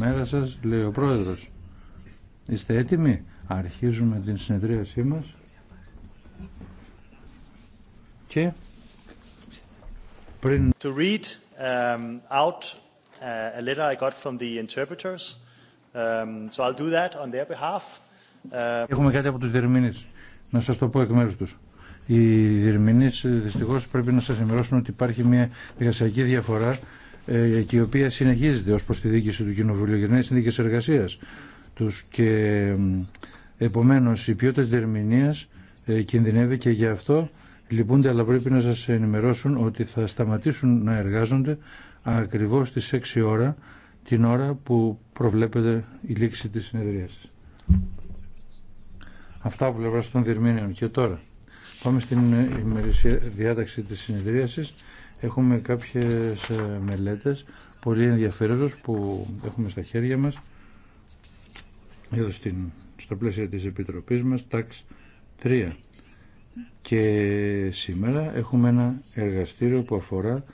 Καλημέρα σας, λέει ο πρόεδρος. Είστε έτοιμοι? Αρχίζουμε την συνεδρίασή μας. Και πριν... To read um, out uh, a letter I got from the interpreters. Um, so I'll do that on their behalf. Uh, Έχουμε κάτι από τους διερμηνείς. Να σας το πω εκ μέρους τους. Οι διερμηνείς ε, δυστυχώς πρέπει να σας ενημερώσουν ότι υπάρχει μια εργασιακή διαφορά ε, και η οποία συνεχίζεται ως προς τη διοίκηση του Κοινοβουλίου για νέες συνδίκες εργασίας τους και επομένως η ποιότητα της δερμηνίας ε, κινδυνεύει και γι' αυτό λυπούνται αλλά πρέπει να σας ενημερώσουν ότι θα σταματήσουν να εργάζονται ακριβώς στις 6 ώρα την ώρα που προβλέπεται η λήξη της συνεδρίας. Αυτά από πλευρά των Δερμήνιων Και τώρα πάμε στην ε, ημερησία διάταξη της συνεδρίασης. Έχουμε κάποιες ε, μελέτες πολύ ενδιαφέροντος που έχουμε στα χέρια μας εδώ στην, στο πλαίσιο της Επιτροπής μας, τάξ 3. Και σήμερα έχουμε ένα εργαστήριο που αφορά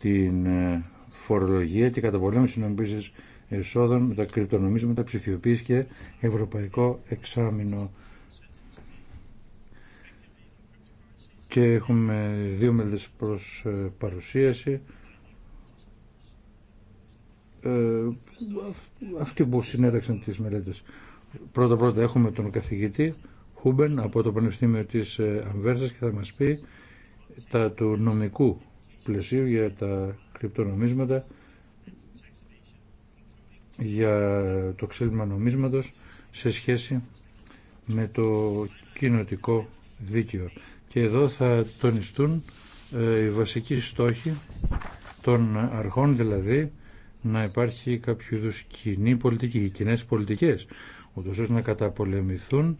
την ε, φορολογία και καταπολέμηση νομίζεις εσόδων με τα κρυπτονομίσματα ψηφιοποίηση και ευρωπαϊκό εξάμεινο και έχουμε δύο μελέτες προς ε, παρουσίαση. Ε, αυτοί που συνέταξαν τις μελέτες. Πρώτα-πρώτα έχουμε τον καθηγητή Χούμπεν από το Πανεπιστήμιο της ε, Αμβέρσας και θα μας πει τα του νομικού πλαισίου για τα κρυπτονομίσματα, για το ξύλιμα νομίσματος σε σχέση με το κοινοτικό δίκαιο και εδώ θα τονιστούν ε, οι βασικοί στόχοι των αρχών δηλαδή να υπάρχει κάποιο είδου κοινή πολιτική, κοινέ πολιτικές ούτως ώστε να καταπολεμηθούν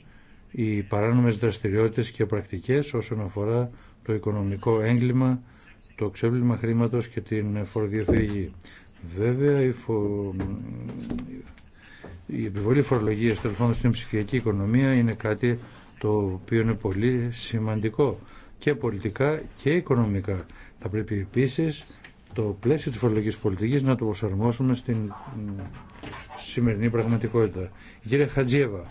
οι παράνομες δραστηριότητες και πρακτικές όσον αφορά το οικονομικό έγκλημα, το ξέπλυμα χρήματος και την φοροδιαφυγή. Βέβαια, η, φο... η επιβολή φορολογίας στην ψηφιακή οικονομία είναι κάτι το οποίο είναι πολύ σημαντικό και πολιτικά και οικονομικά. Θα πρέπει επίσης το πλαίσιο της φορολογικής πολιτικής να το προσαρμόσουμε στην σημερινή πραγματικότητα. Η κυρία Χατζίεβα,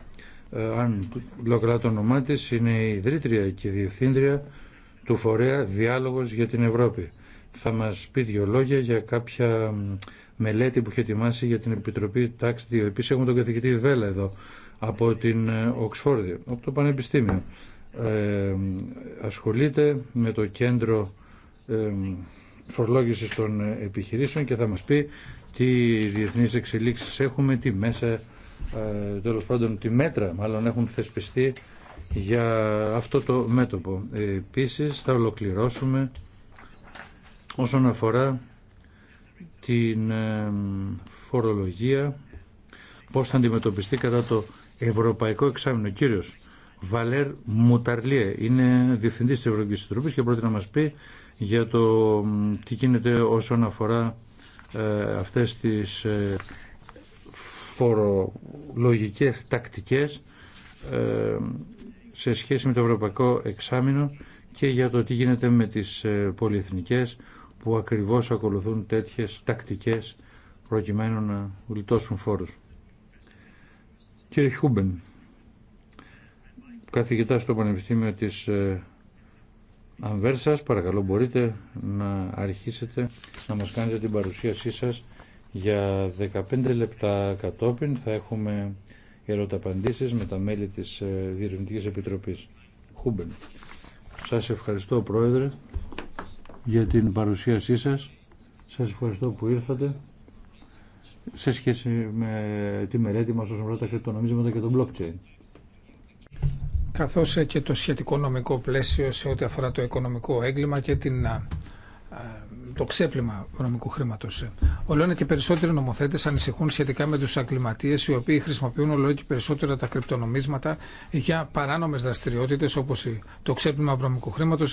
ε, αν λέω καλά το όνομά της, είναι η ιδρύτρια και διευθύντρια του φορέα Διάλογος για την Ευρώπη. Θα μας πει δύο λόγια για κάποια μελέτη που έχει ετοιμάσει για την Επιτροπή Τάξη 2. Επίσης έχουμε τον καθηγητή Βέλα εδώ από την ε, Οξφόρδη, από το Πανεπιστήμιο. Ε, ασχολείται με το κέντρο ε, φορολόγησης των επιχειρήσεων και θα μας πει τι διεθνείς εξελίξεις έχουμε, τι μέσα, ε, πάντων τι μέτρα μάλλον έχουν θεσπιστεί για αυτό το μέτωπο. Ε, επίσης θα ολοκληρώσουμε όσον αφορά την ε, φορολογία, πώς θα αντιμετωπιστεί κατά το Ευρωπαϊκό Εξάμεινο. Κύριο Βαλέρ Μουταρλίε είναι διευθυντή τη Ευρωπαϊκή Επιτροπή και πρότεινε να μα πει για το τι γίνεται όσον αφορά ε, αυτές τις ε, φορολογικές τακτικές ε, σε σχέση με το Ευρωπαϊκό Εξάμεινο και για το τι γίνεται με τις πολυεθνικές που ακριβώς ακολουθούν τέτοιες τακτικές προκειμένου να γλιτώσουν φόρους. Κύριε Χούμπεν, καθηγητά στο Πανεπιστήμιο της ε, Αμβέρσας, παρακαλώ μπορείτε να αρχίσετε να μας κάνετε την παρουσίασή σας για 15 λεπτά κατόπιν θα έχουμε ερωταπαντήσεις με τα μέλη της ε, Διερευνητικής Επιτροπής. Χούμπεν. Σας ευχαριστώ Πρόεδρε για την παρουσίασή σας. Σας ευχαριστώ που ήρθατε σε σχέση με τη μελέτη μας όσον αφορά τα κρυπτονομίσματα και το blockchain. Καθώς ε, και το σχετικό νομικό πλαίσιο σε ό,τι αφορά το οικονομικό έγκλημα και την ε, το ξέπλυμα οικονομικού χρήματο. Όλο ε, και περισσότεροι νομοθέτε ανησυχούν σχετικά με του αγκληματίε οι οποίοι χρησιμοποιούν όλο και περισσότερα τα κρυπτονομίσματα για παράνομε δραστηριότητε όπω το ξέπλυμα βρωμικού χρήματο, η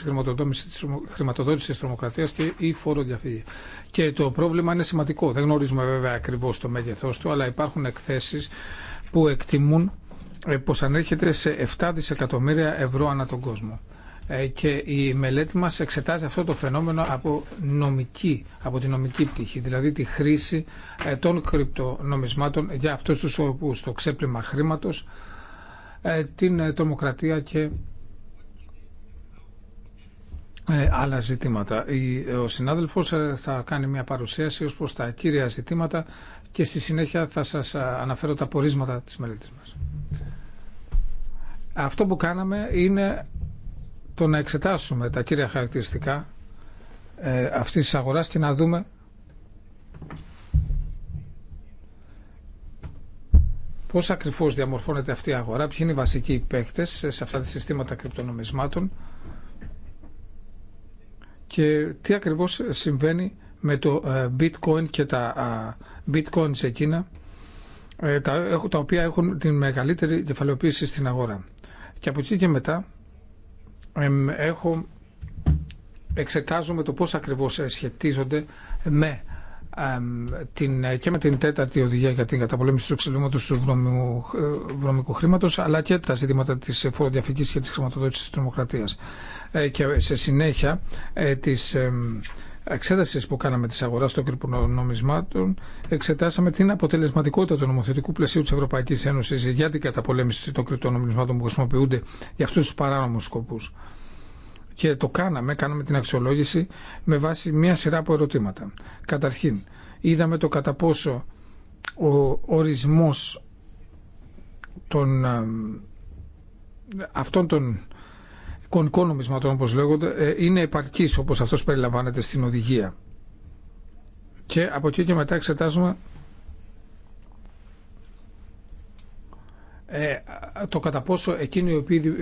χρηματοδότηση τη τρομοκρατία και η φοροδιαφυγή. Και το πρόβλημα είναι σημαντικό. Δεν γνωρίζουμε βέβαια ακριβώ το μέγεθό του, αλλά υπάρχουν εκθέσει που εκτιμούν ε, πω ανέρχεται σε 7 δισεκατομμύρια ευρώ ανά τον κόσμο. Ε, και η μελέτη μας εξετάζει αυτό το φαινόμενο από, νομική, από τη νομική πτυχή, δηλαδή τη χρήση ε, των κρυπτονομισμάτων για αυτούς τους σκοπούς, το ξέπλυμα χρήματος, ε, την τρομοκρατία και άλλα ζητήματα. Ο συνάδελφος θα κάνει μια παρουσίαση ως προς τα κύρια ζητήματα και στη συνέχεια θα σας αναφέρω τα πορίσματα της μελέτης μας. Αυτό που κάναμε είναι το να εξετάσουμε τα κύρια χαρακτηριστικά ε, αυτής της αγοράς και να δούμε πώς ακριβώς διαμορφώνεται αυτή η αγορά, ποιοι είναι οι βασικοί παίκτες σε αυτά τα συστήματα κρυπτονομισμάτων και τι ακριβώς συμβαίνει με το ε, bitcoin και τα bitcoin σε εκείνα, ε, τα οποία έχουν τη μεγαλύτερη κεφαλαιοποίηση στην αγορά. Και από εκεί και μετά έχω, εξετάζουμε το πώς ακριβώς ε, σχετίζονται με την, ε, και με την τέταρτη οδηγία για την καταπολέμηση του ξυλίματος του βρώμικου, ε, βρώμικου χρήματος αλλά και τα ζητήματα της φοροδιαφυγής και της χρηματοδότησης της τρομοκρατίας. Και σε συνέχεια της εξέταση που κάναμε τη αγορά των κρυπτονομισμάτων, εξετάσαμε την αποτελεσματικότητα του νομοθετικού πλαισίου τη Ευρωπαϊκή Ένωση για την καταπολέμηση των κρυπτονομισμάτων που χρησιμοποιούνται για αυτού του παράνομου σκοπού. Και το κάναμε, κάναμε την αξιολόγηση με βάση μία σειρά από ερωτήματα. Καταρχήν, είδαμε το κατά πόσο ο ορισμός ε, αυτών των κονικών νομισματών όπως λέγονται ε, είναι επαρκής όπως αυτός περιλαμβάνεται στην οδηγία. Και από εκεί και μετά εξετάζουμε ε, το κατά πόσο εκείνοι οι οποίοι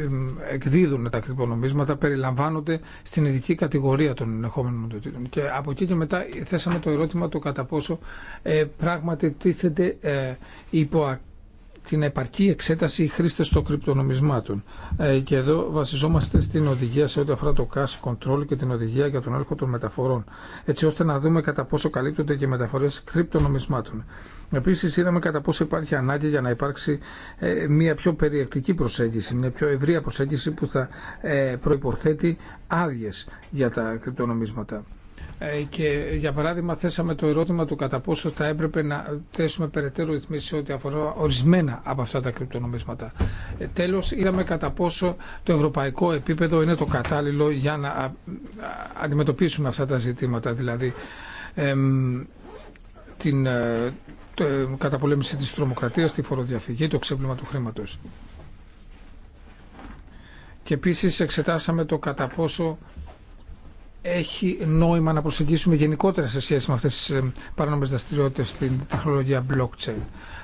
εκδίδουν τα κρυπτονομίσματα περιλαμβάνονται στην ειδική κατηγορία των ενεχόμενων οντοτήτων. Και από εκεί και μετά θέσαμε το ερώτημα το κατά πόσο ε, πράγματι τίθεται υπό την επαρκή εξέταση χρήστες των κρυπτονομισμάτων. Ε, και εδώ βασιζόμαστε στην οδηγία σε ό,τι αφορά το cash control και την οδηγία για τον έλεγχο των μεταφορών, έτσι ώστε να δούμε κατά πόσο καλύπτονται και μεταφορές κρυπτονομισμάτων. Επίση, είδαμε κατά πόσο υπάρχει ανάγκη για να υπάρξει ε, μια πιο περιεκτική προσέγγιση, μια πιο ευρεία προσέγγιση που θα ε, προποθέτει άδειε για τα κρυπτονομίσματα. Ε, και για παράδειγμα θέσαμε το ερώτημα του κατά πόσο θα έπρεπε να θέσουμε περαιτέρω ρυθμίσει σε ό,τι αφορά ορισμένα από αυτά τα κρυπτονομίσματα. Ε, τέλος είδαμε κατά πόσο το ευρωπαϊκό επίπεδο είναι το κατάλληλο για να αντιμετωπίσουμε αυτά τα ζητήματα, δηλαδή την ε, ε, καταπολέμηση της τρομοκρατίας, τη φοροδιαφυγή, το ξέπλυμα του χρήματος. Και επίσης εξετάσαμε το κατά πόσο έχει νόημα να προσεγγίσουμε γενικότερα σε σχέση με αυτές τις ε, παράνομες δραστηριότητες στην τεχνολογία blockchain.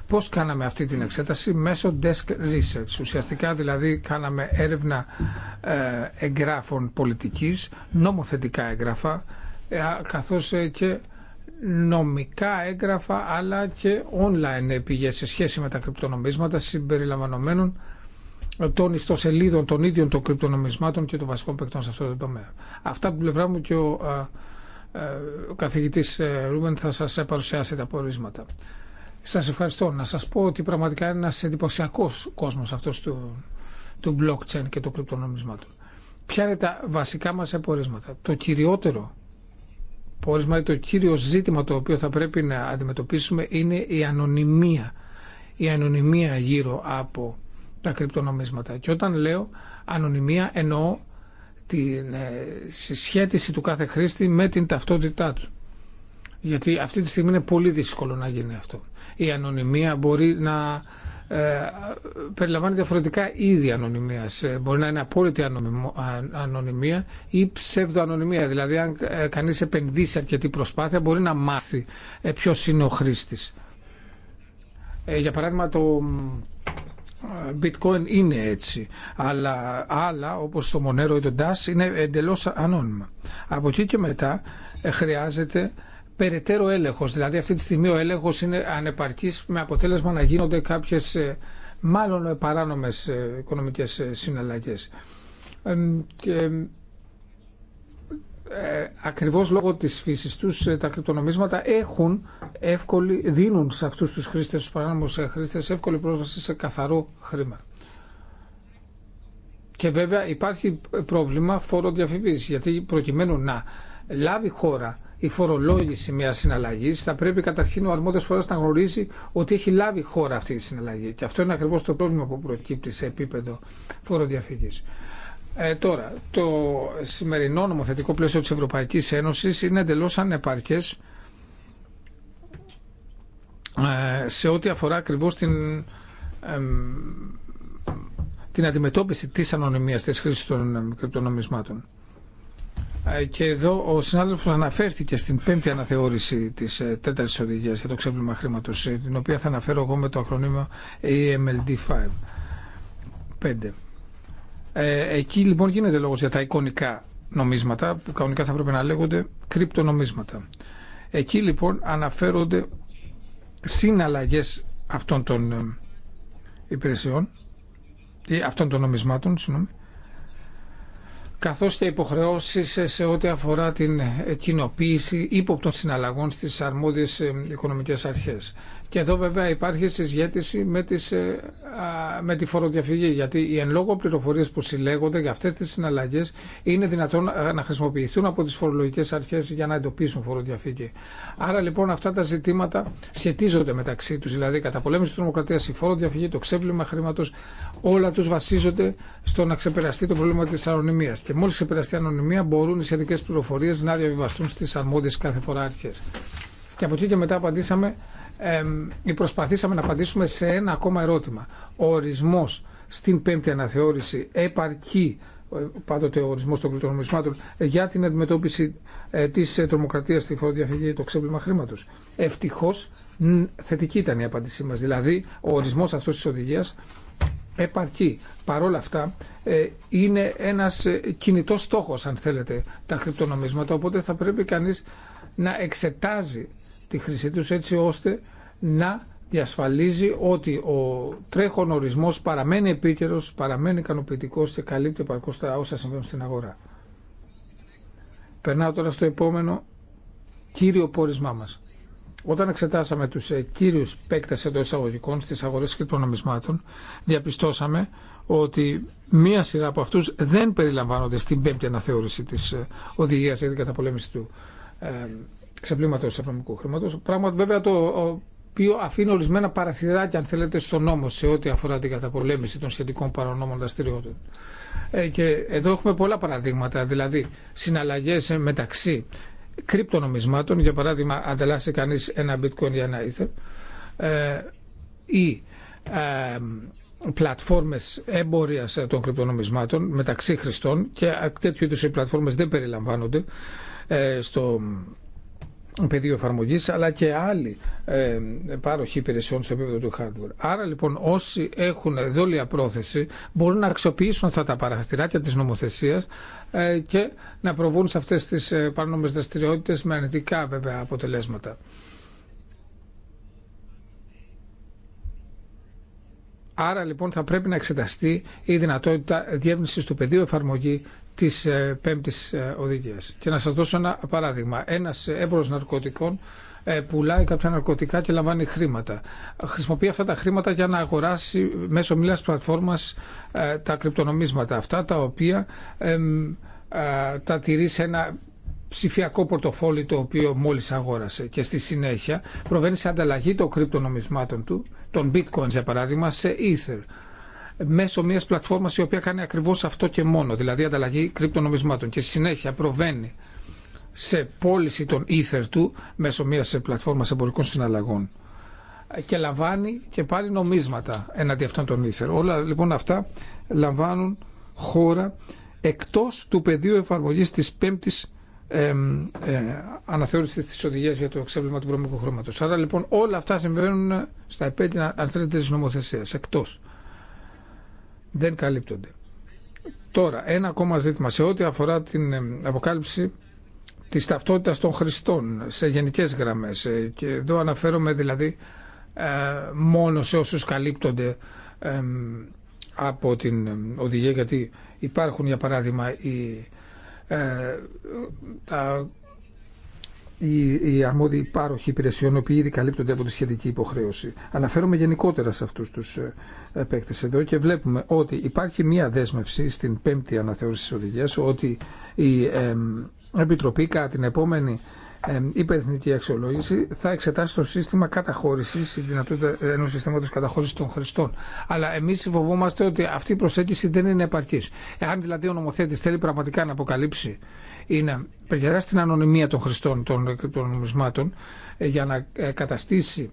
Πώς κάναμε αυτή την εξέταση μέσω desk research. Ουσιαστικά δηλαδή κάναμε έρευνα ε, εγγράφων πολιτικής, νομοθετικά έγγραφα, ε, καθώς και νομικά έγγραφα αλλά και online πηγές σε σχέση με τα κρυπτονομίσματα συμπεριλαμβανομένων των ιστοσελίδων των ίδιων των κρυπτονομισμάτων και των βασικών παικτών σε αυτό το τομέα. Αυτά από την πλευρά μου και ο, ο καθηγητής ε, Ρούμεν θα σας ε, παρουσιάσει τα πορίσματα. Σας ευχαριστώ. Να σας πω ότι πραγματικά είναι ένας εντυπωσιακό κόσμος αυτός του, του blockchain και των κρυπτονομισμάτων. Ποια είναι τα βασικά μας απορίσματα. Ε, το κυριότερο πόρισμα ή το κύριο ζήτημα το οποίο θα πρέπει να αντιμετωπίσουμε είναι η ανωνυμία. Η ανωνυμία γύρω από τα κρυπτονομίσματα. Και όταν λέω ανωνυμία εννοώ τη ε, συσχέτιση του κάθε χρήστη με την ταυτότητά του. Γιατί αυτή τη στιγμή είναι πολύ δύσκολο να γίνει αυτό. Η ανωνυμία μπορεί να ε, περιλαμβάνει διαφορετικά είδη ανωνυμίας. Ε, μπορεί να είναι απόλυτη ανωνυμία ή ψευδοανωνυμία. Δηλαδή αν ε, κανείς επενδύσει αρκετή προσπάθεια μπορεί να μάθει ποιος είναι ο χρήστης. Για παράδειγμα το bitcoin είναι έτσι, αλλά άλλα όπως το Monero ή το Dash είναι εντελώς ανώνυμα. Από εκεί και μετά ε, χρειάζεται περαιτέρω έλεγχος, δηλαδή αυτή τη στιγμή ο έλεγχος είναι ανεπαρκής με αποτέλεσμα να γίνονται κάποιες ε, μάλλον παράνομες ε, οικονομικές συναλλαγές. Και ε, ακριβώς λόγω της φύσης τους ε, τα κρυπτονομίσματα έχουν εύκολη, δίνουν σε αυτούς τους χρήστες, τους παράνομους ε, χρήστες εύκολη πρόσβαση σε καθαρό χρήμα. Και βέβαια υπάρχει πρόβλημα φόρο γιατί προκειμένου να λάβει χώρα η φορολόγηση μια συναλλαγή, θα πρέπει καταρχήν ο αρμόδιο φορέα να γνωρίζει ότι έχει λάβει χώρα αυτή η συναλλαγή. Και αυτό είναι ακριβώ το πρόβλημα που προκύπτει σε επίπεδο φοροδιαφυγή. Ε, τώρα, το σημερινό νομοθετικό πλαίσιο της Ευρωπαϊκής Ένωσης είναι εντελώς ανεπαρκές ε, σε ό,τι αφορά ακριβώς την, την αντιμετώπιση της ανωνυμίας της χρήσης των κρυπτονομισμάτων. Ε, και εδώ ο συνάδελφος αναφέρθηκε στην πέμπτη αναθεώρηση τη ε, τέταρτης οδηγίας για το ξέπλυμα χρήματο, την οποία θα αναφέρω εγώ με το ακρονίμιο AMLD5. Ε, εκεί λοιπόν γίνεται λόγος για τα εικονικά νομίσματα που κανονικά θα πρέπει να λέγονται κρυπτονομίσματα. Εκεί λοιπόν αναφέρονται συναλλαγές αυτών των ε, υπηρεσιών ή αυτών των νομισμάτων, συγγνώμη, καθώς και υποχρεώσεις σε ό,τι αφορά την κοινοποίηση ύποπτων συναλλαγών στις αρμόδιες ε, οικονομικές αρχές. Και εδώ βέβαια υπάρχει συζήτηση με, τις, ε, με τη φοροδιαφυγή, γιατί οι εν λόγω πληροφορίε που συλλέγονται για αυτέ τι συναλλαγέ είναι δυνατόν ε, να χρησιμοποιηθούν από τι φορολογικέ αρχέ για να εντοπίσουν φοροδιαφυγή. Άρα λοιπόν αυτά τα ζητήματα σχετίζονται μεταξύ του, δηλαδή η καταπολέμηση τη τρομοκρατία, η φοροδιαφυγή, το ξέπλυμα χρήματο, όλα του βασίζονται στο να ξεπεραστεί το πρόβλημα τη ανωνυμία. Και μόλι ξεπεραστεί η ανωνυμία μπορούν οι σχετικέ πληροφορίε να διαβιβαστούν στι αρμόδιε κάθε φορά αρχέ. Και από εκεί και μετά απαντήσαμε ε, προσπαθήσαμε να απαντήσουμε σε ένα ακόμα ερώτημα. Ο ορισμός στην πέμπτη αναθεώρηση επαρκεί ε, πάντοτε ο ορισμό των κρυπτονομισμάτων για την αντιμετώπιση ε, τη ε, τρομοκρατία, τη φοροδιαφυγή και το ξέπλυμα χρήματο. Ευτυχώ θετική ήταν η απάντησή μα. Δηλαδή, ο ορισμό αυτό τη οδηγία επαρκεί. Παρ' όλα αυτά, είναι ένα κινητό στόχο, αν θέλετε, τα κρυπτονομίσματα. Οπότε θα πρέπει κανεί να εξετάζει τη χρήση τους έτσι ώστε να διασφαλίζει ότι ο τρέχον ορισμός παραμένει επίκαιρος, παραμένει ικανοποιητικό και καλύπτει επαρκώς τα όσα συμβαίνουν στην αγορά. Περνάω τώρα στο επόμενο κύριο πόρισμά μας. Όταν εξετάσαμε τους ε, κύριους παίκτες εντός εισαγωγικών στις αγορές κρυπτονομισμάτων, διαπιστώσαμε ότι μία σειρά από αυτούς δεν περιλαμβάνονται στην πέμπτη αναθεώρηση της ε, οδηγίας για την καταπολέμηση του ε, ξεπλήματο οικονομικού χρήματο. Πράγμα βέβαια το οποίο αφήνει ορισμένα παραθυράκια, αν θέλετε, στο νόμο σε ό,τι αφορά την καταπολέμηση των σχετικών παρανόμων δραστηριότητων. Ε, και εδώ έχουμε πολλά παραδείγματα, δηλαδή συναλλαγέ ε, μεταξύ κρυπτονομισμάτων, για παράδειγμα, ανταλλάσσει κανεί ένα bitcoin για ένα ether, ε, ή πλατφόρμες έμπορίας των κρυπτονομισμάτων μεταξύ χρηστών και τέτοιου είδους οι πλατφόρμες δεν περιλαμβάνονται στο πεδίο εφαρμογή, αλλά και άλλοι παροχή ε, πάροχοι υπηρεσιών στο επίπεδο του hardware. Άρα λοιπόν όσοι έχουν δόλια πρόθεση μπορούν να αξιοποιήσουν αυτά τα παραστηράκια τη νομοθεσία ε, και να προβούν σε αυτέ τι ε, παράνομες δραστηριότητες με αρνητικά βέβαια αποτελέσματα. Άρα λοιπόν θα πρέπει να εξεταστεί η δυνατότητα διεύνησης του πεδίου εφαρμογή της ε, πέμπτης ε, οδηγία. Και να σα δώσω ένα παράδειγμα. ένα ε, έμπορο ναρκωτικών πουλάει κάποια ναρκωτικά και λαμβάνει χρήματα. Χρησιμοποιεί αυτά τα χρήματα για να αγοράσει μέσω μιας πλατφόρμας τα κρυπτονομίσματα αυτά, τα οποία τα τηρεί σε ένα ψηφιακό πορτοφόλι το οποίο μόλις αγόρασε και στη συνέχεια προβαίνει σε ανταλλαγή των κρυπτονομισμάτων του, των bitcoins για παράδειγμα, σε ether μέσω μια πλατφόρμα η οποία κάνει ακριβώ αυτό και μόνο, δηλαδή ανταλλαγή κρυπτονομισμάτων και συνέχεια προβαίνει σε πώληση των ether του μέσω μια ε, πλατφόρμα εμπορικών συναλλαγών και λαμβάνει και πάλι νομίσματα εναντί αυτών των ether. Όλα λοιπόν αυτά λαμβάνουν χώρα εκτός του πεδίου εφαρμογής της πέμπτης ε, ε, αναθεώρηση τη οδηγία για το εξέβλημα του βρωμικού χρώματο. Άρα λοιπόν όλα αυτά συμβαίνουν στα επέτεινα αν τη νομοθεσία, εκτό δεν καλύπτονται. Τώρα, ένα ακόμα ζήτημα σε ό,τι αφορά την αποκάλυψη της ταυτότητας των χρηστών σε γενικές γραμμές ε, και εδώ αναφέρομαι δηλαδή ε, μόνο σε όσους καλύπτονται από την οδηγία γιατί υπάρχουν για παράδειγμα οι, ε, τα οι, οι αρμόδιοι πάροχοι υπηρεσιών, οι οποίοι ήδη καλύπτονται από τη σχετική υποχρέωση. Αναφέρομαι γενικότερα σε αυτού του ε, παίκτε εδώ και βλέπουμε ότι υπάρχει μία δέσμευση στην πέμπτη αναθεώρηση τη οδηγία ότι η Επιτροπή κατά την επόμενη υπερεθνική αξιολόγηση θα εξετάσει το σύστημα καταχώρηση, η δυνατότητα ενό συστήματο καταχώρηση των χρηστών. Αλλά εμεί φοβόμαστε ότι αυτή η προσέγγιση δεν είναι επαρκή. Εάν δηλαδή ο νομοθέτη θέλει πραγματικά να αποκαλύψει είναι περιγράψει την ανωνυμία των χρηστών των, των νομισμάτων ε, για να ε, καταστήσει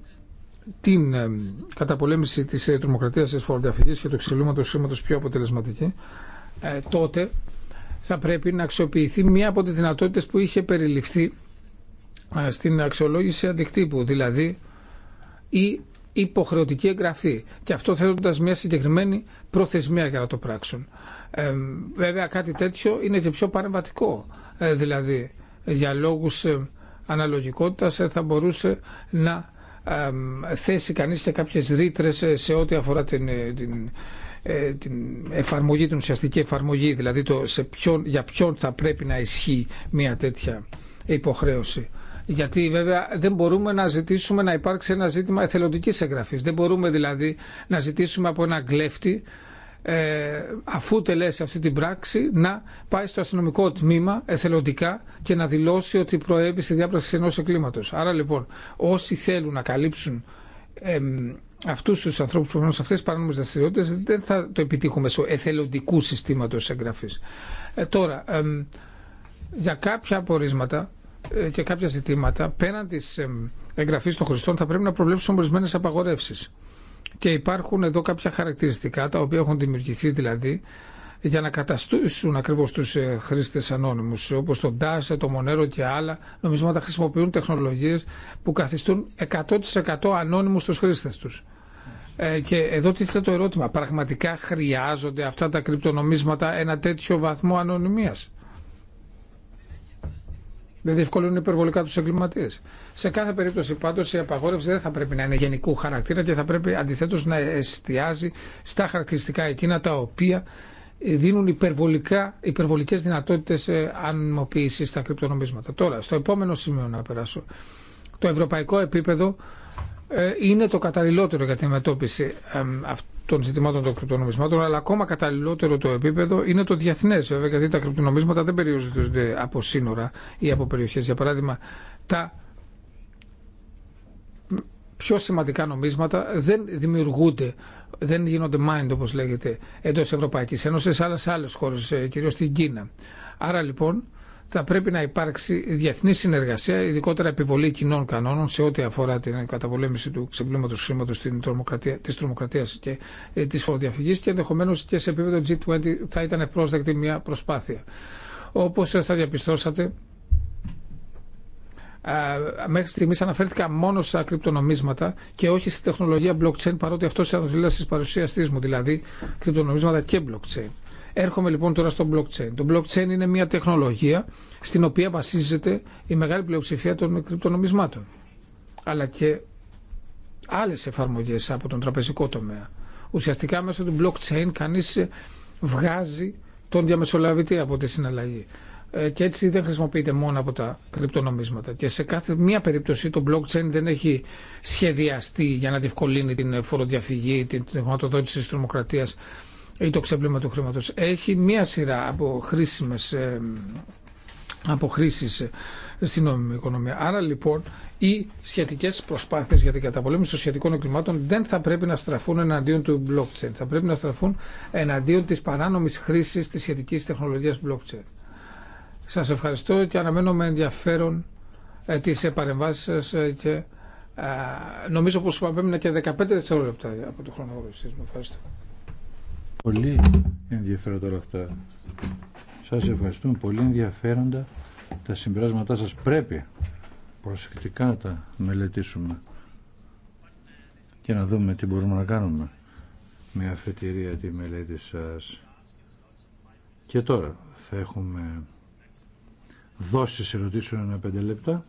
την ε, καταπολέμηση της τρομοκρατίας της φοροδιαφυγής και του ξυλούματος σήματος πιο αποτελεσματική, τότε θα πρέπει να αξιοποιηθεί μία από τις δυνατότητες που είχε περιληφθεί στην αξιολόγηση αντικτύπου, δηλαδή η υποχρεωτική εγγραφή και αυτό θέτοντα μια συγκεκριμένη προθεσμία για να το πράξουν. Ε, βέβαια κάτι τέτοιο είναι και πιο παρεμβατικό. Ε, δηλαδή για λόγους ε, αναλογικότητας ε, θα μπορούσε να θέσει κανείς και κάποιες ρήτρε σε ό,τι αφορά την, την, την εφαρμογή, την ουσιαστική εφαρμογή, δηλαδή το σε για ποιον θα πρέπει να ισχύει μια τέτοια υποχρέωση. Γιατί βέβαια δεν μπορούμε να ζητήσουμε να υπάρξει ένα ζήτημα εθελοντική εγγραφή. Δεν μπορούμε δηλαδή να ζητήσουμε από ένα κλέφτη ε, αφού τελέσει αυτή την πράξη να πάει στο αστυνομικό τμήμα εθελοντικά και να δηλώσει ότι προέβη στη διάπραξη ενό εγκλήματο. Άρα λοιπόν όσοι θέλουν να καλύψουν ε, αυτού του ανθρώπου που έχουν αυτέ τι παράνομε δραστηριότητε δεν θα το επιτύχουν μέσω εθελοντικού συστήματο εγγραφή. Ε, τώρα, για κάποια απορίσματα ε, και κάποια ζητήματα πέραν τη εγγραφή των χρηστών θα πρέπει να προβλέψουν ορισμένε απαγορεύσει. Και υπάρχουν εδώ κάποια χαρακτηριστικά τα οποία έχουν δημιουργηθεί δηλαδή για να καταστούσουν ακριβώ του ε, χρήστε ανώνυμου, όπω το Dash, το Μονέρο και άλλα νομίσματα χρησιμοποιούν τεχνολογίε που καθιστούν 100% ανώνυμου του χρήστε του. Ε, και εδώ τίθεται το ερώτημα, πραγματικά χρειάζονται αυτά τα κρυπτονομίσματα ένα τέτοιο βαθμό ανωνυμίας δεν διευκολύνουν υπερβολικά του εγκληματίε. Σε κάθε περίπτωση πάντω η απαγόρευση δεν θα πρέπει να είναι γενικού χαρακτήρα και θα πρέπει αντιθέτω να εστιάζει στα χαρακτηριστικά εκείνα τα οποία δίνουν υπερβολικά, υπερβολικές δυνατότητες ε, στα κρυπτονομίσματα. Τώρα, στο επόμενο σημείο να περάσω. Το ευρωπαϊκό επίπεδο ε, είναι το καταλληλότερο για την μετώπιση των ζητημάτων των κρυπτονομισμάτων, αλλά ακόμα καταλληλότερο το επίπεδο είναι το διεθνέ, βέβαια, γιατί τα κρυπτονομίσματα δεν περιορίζονται από σύνορα ή από περιοχέ. Για παράδειγμα, τα πιο σημαντικά νομίσματα δεν δημιουργούνται, δεν γίνονται mind όπως λέγεται εντός Ευρωπαϊκής Ένωσης αλλά σε άλλες χώρες, ε, κυρίως στην Κίνα. Άρα λοιπόν θα πρέπει να υπάρξει διεθνή συνεργασία, ειδικότερα επιβολή κοινών κανόνων σε ό,τι αφορά την καταπολέμηση του ξεπλήματο χρήματο τη τρομοκρατία και ε, τη φοροδιαφυγής και ενδεχομένω και σε επίπεδο G20 θα ήταν πρόσδεκτη μια προσπάθεια. Όπω θα διαπιστώσατε, μέχρι στιγμή αναφέρθηκα μόνο στα κρυπτονομίσματα και όχι στη τεχνολογία blockchain, παρότι αυτό ήταν ο τη παρουσίασή μου, δηλαδή κρυπτονομίσματα και blockchain. Έρχομαι λοιπόν τώρα στο blockchain. Το blockchain είναι μια τεχνολογία στην οποία βασίζεται η μεγάλη πλειοψηφία των κρυπτονομισμάτων. Αλλά και άλλες εφαρμογές από τον τραπεζικό τομέα. Ουσιαστικά μέσω του blockchain κανείς βγάζει τον διαμεσολαβητή από τη συναλλαγή. Ε, και έτσι δεν χρησιμοποιείται μόνο από τα κρυπτονομίσματα. Και σε κάθε μία περίπτωση το blockchain δεν έχει σχεδιαστεί για να διευκολύνει την φοροδιαφυγή, την χρηματοδότηση τη τρομοκρατία ή το ξέπλυμα του χρήματος έχει μία σειρά από χρήσιμες ε, αποχρήσεις ε, στην νόμιμη οικονομία. Άρα λοιπόν οι σχετικέ προσπάθειε για την καταπολέμηση των σχετικών εγκλημάτων δεν θα πρέπει να στραφούν εναντίον του blockchain. Θα πρέπει να στραφούν εναντίον τη παράνομη χρήση τη σχετική τεχνολογία blockchain. Σα ευχαριστώ και αναμένω με ενδιαφέρον ε, τι παρεμβάσει σα ε, και νομίζω πω πρέπει να και 15 δευτερόλεπτα από το χρόνο Ευχαριστώ. Πολύ ενδιαφέροντα όλα αυτά. Σας ευχαριστούμε. Πολύ ενδιαφέροντα τα συμπεράσματά σας. Πρέπει προσεκτικά να τα μελετήσουμε και να δούμε τι μπορούμε να κάνουμε με αφετηρία τη μελέτη σας. Και τώρα θα έχουμε δόσεις ερωτήσεων ένα πέντε λεπτά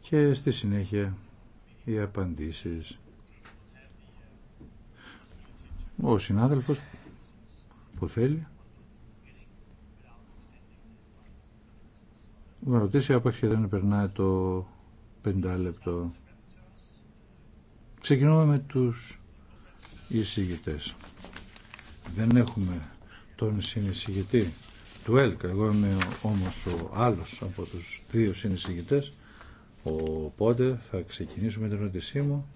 και στη συνέχεια οι απαντήσεις ο συνάδελφος που θέλει να ρωτήσει άπαξ και δεν περνάει το πεντάλεπτο. Ξεκινούμε με τους εισηγητές. Δεν έχουμε τον συνεισηγητή του ΕΛΚΑ, Εγώ είμαι όμως ο άλλος από τους δύο συνεισηγητές. Οπότε θα ξεκινήσουμε την ερώτησή μου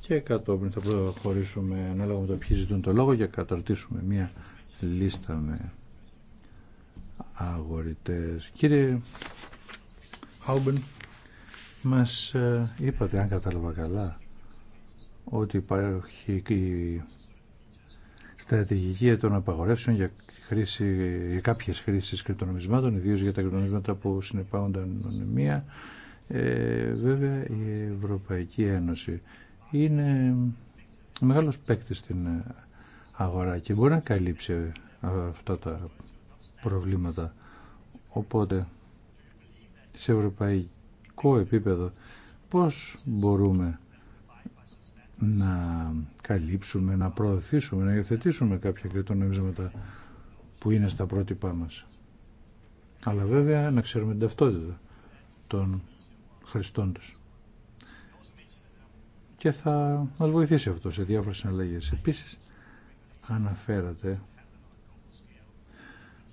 και κατόπιν θα προχωρήσουμε ανάλογα με το ποιοι ζητούν το λόγο να καταρτήσουμε μια λίστα με αγορητές. Κύριε Χάουμπεν, μας ε, είπατε, αν κατάλαβα καλά, ότι υπάρχει η στρατηγική των απαγορεύσεων για, χρήση, για κάποιες χρήσεις κρυπτονομισμάτων, ιδίως για τα κρυπτονομισμάτα που συνεπάγονται ανωνυμία. Ε, βέβαια, η Ευρωπαϊκή Ένωση είναι μεγάλος παίκτη στην ε, αγορά και μπορεί να καλύψει ε, αυτά τα προβλήματα. Οπότε, σε ευρωπαϊκό επίπεδο, πώς μπορούμε να καλύψουμε, να προωθήσουμε, να υιοθετήσουμε κάποια κρυπτονομίσματα που είναι στα πρότυπά μας. Αλλά βέβαια να ξέρουμε την ταυτότητα των χρηστών τους και θα μας βοηθήσει αυτό σε διάφορες συναλλαγές. Επίσης, αναφέρατε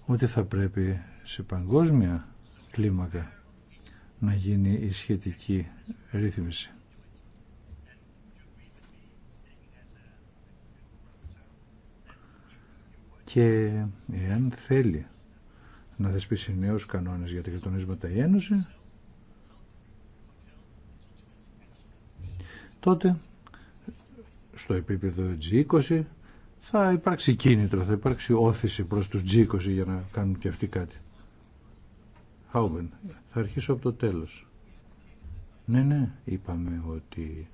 ότι θα πρέπει σε παγκόσμια κλίμακα να γίνει η σχετική ρύθμιση. Και εάν θέλει να δεσπίσει νέους κανόνες για τα κρυπτονίσματα η Ένωση, τότε στο επίπεδο G20 θα υπάρξει κίνητρο, θα υπάρξει όθηση προς τους G20 για να κάνουν και αυτοί κάτι. θα αρχίσω από το τέλος. Ναι, ναι, είπαμε ότι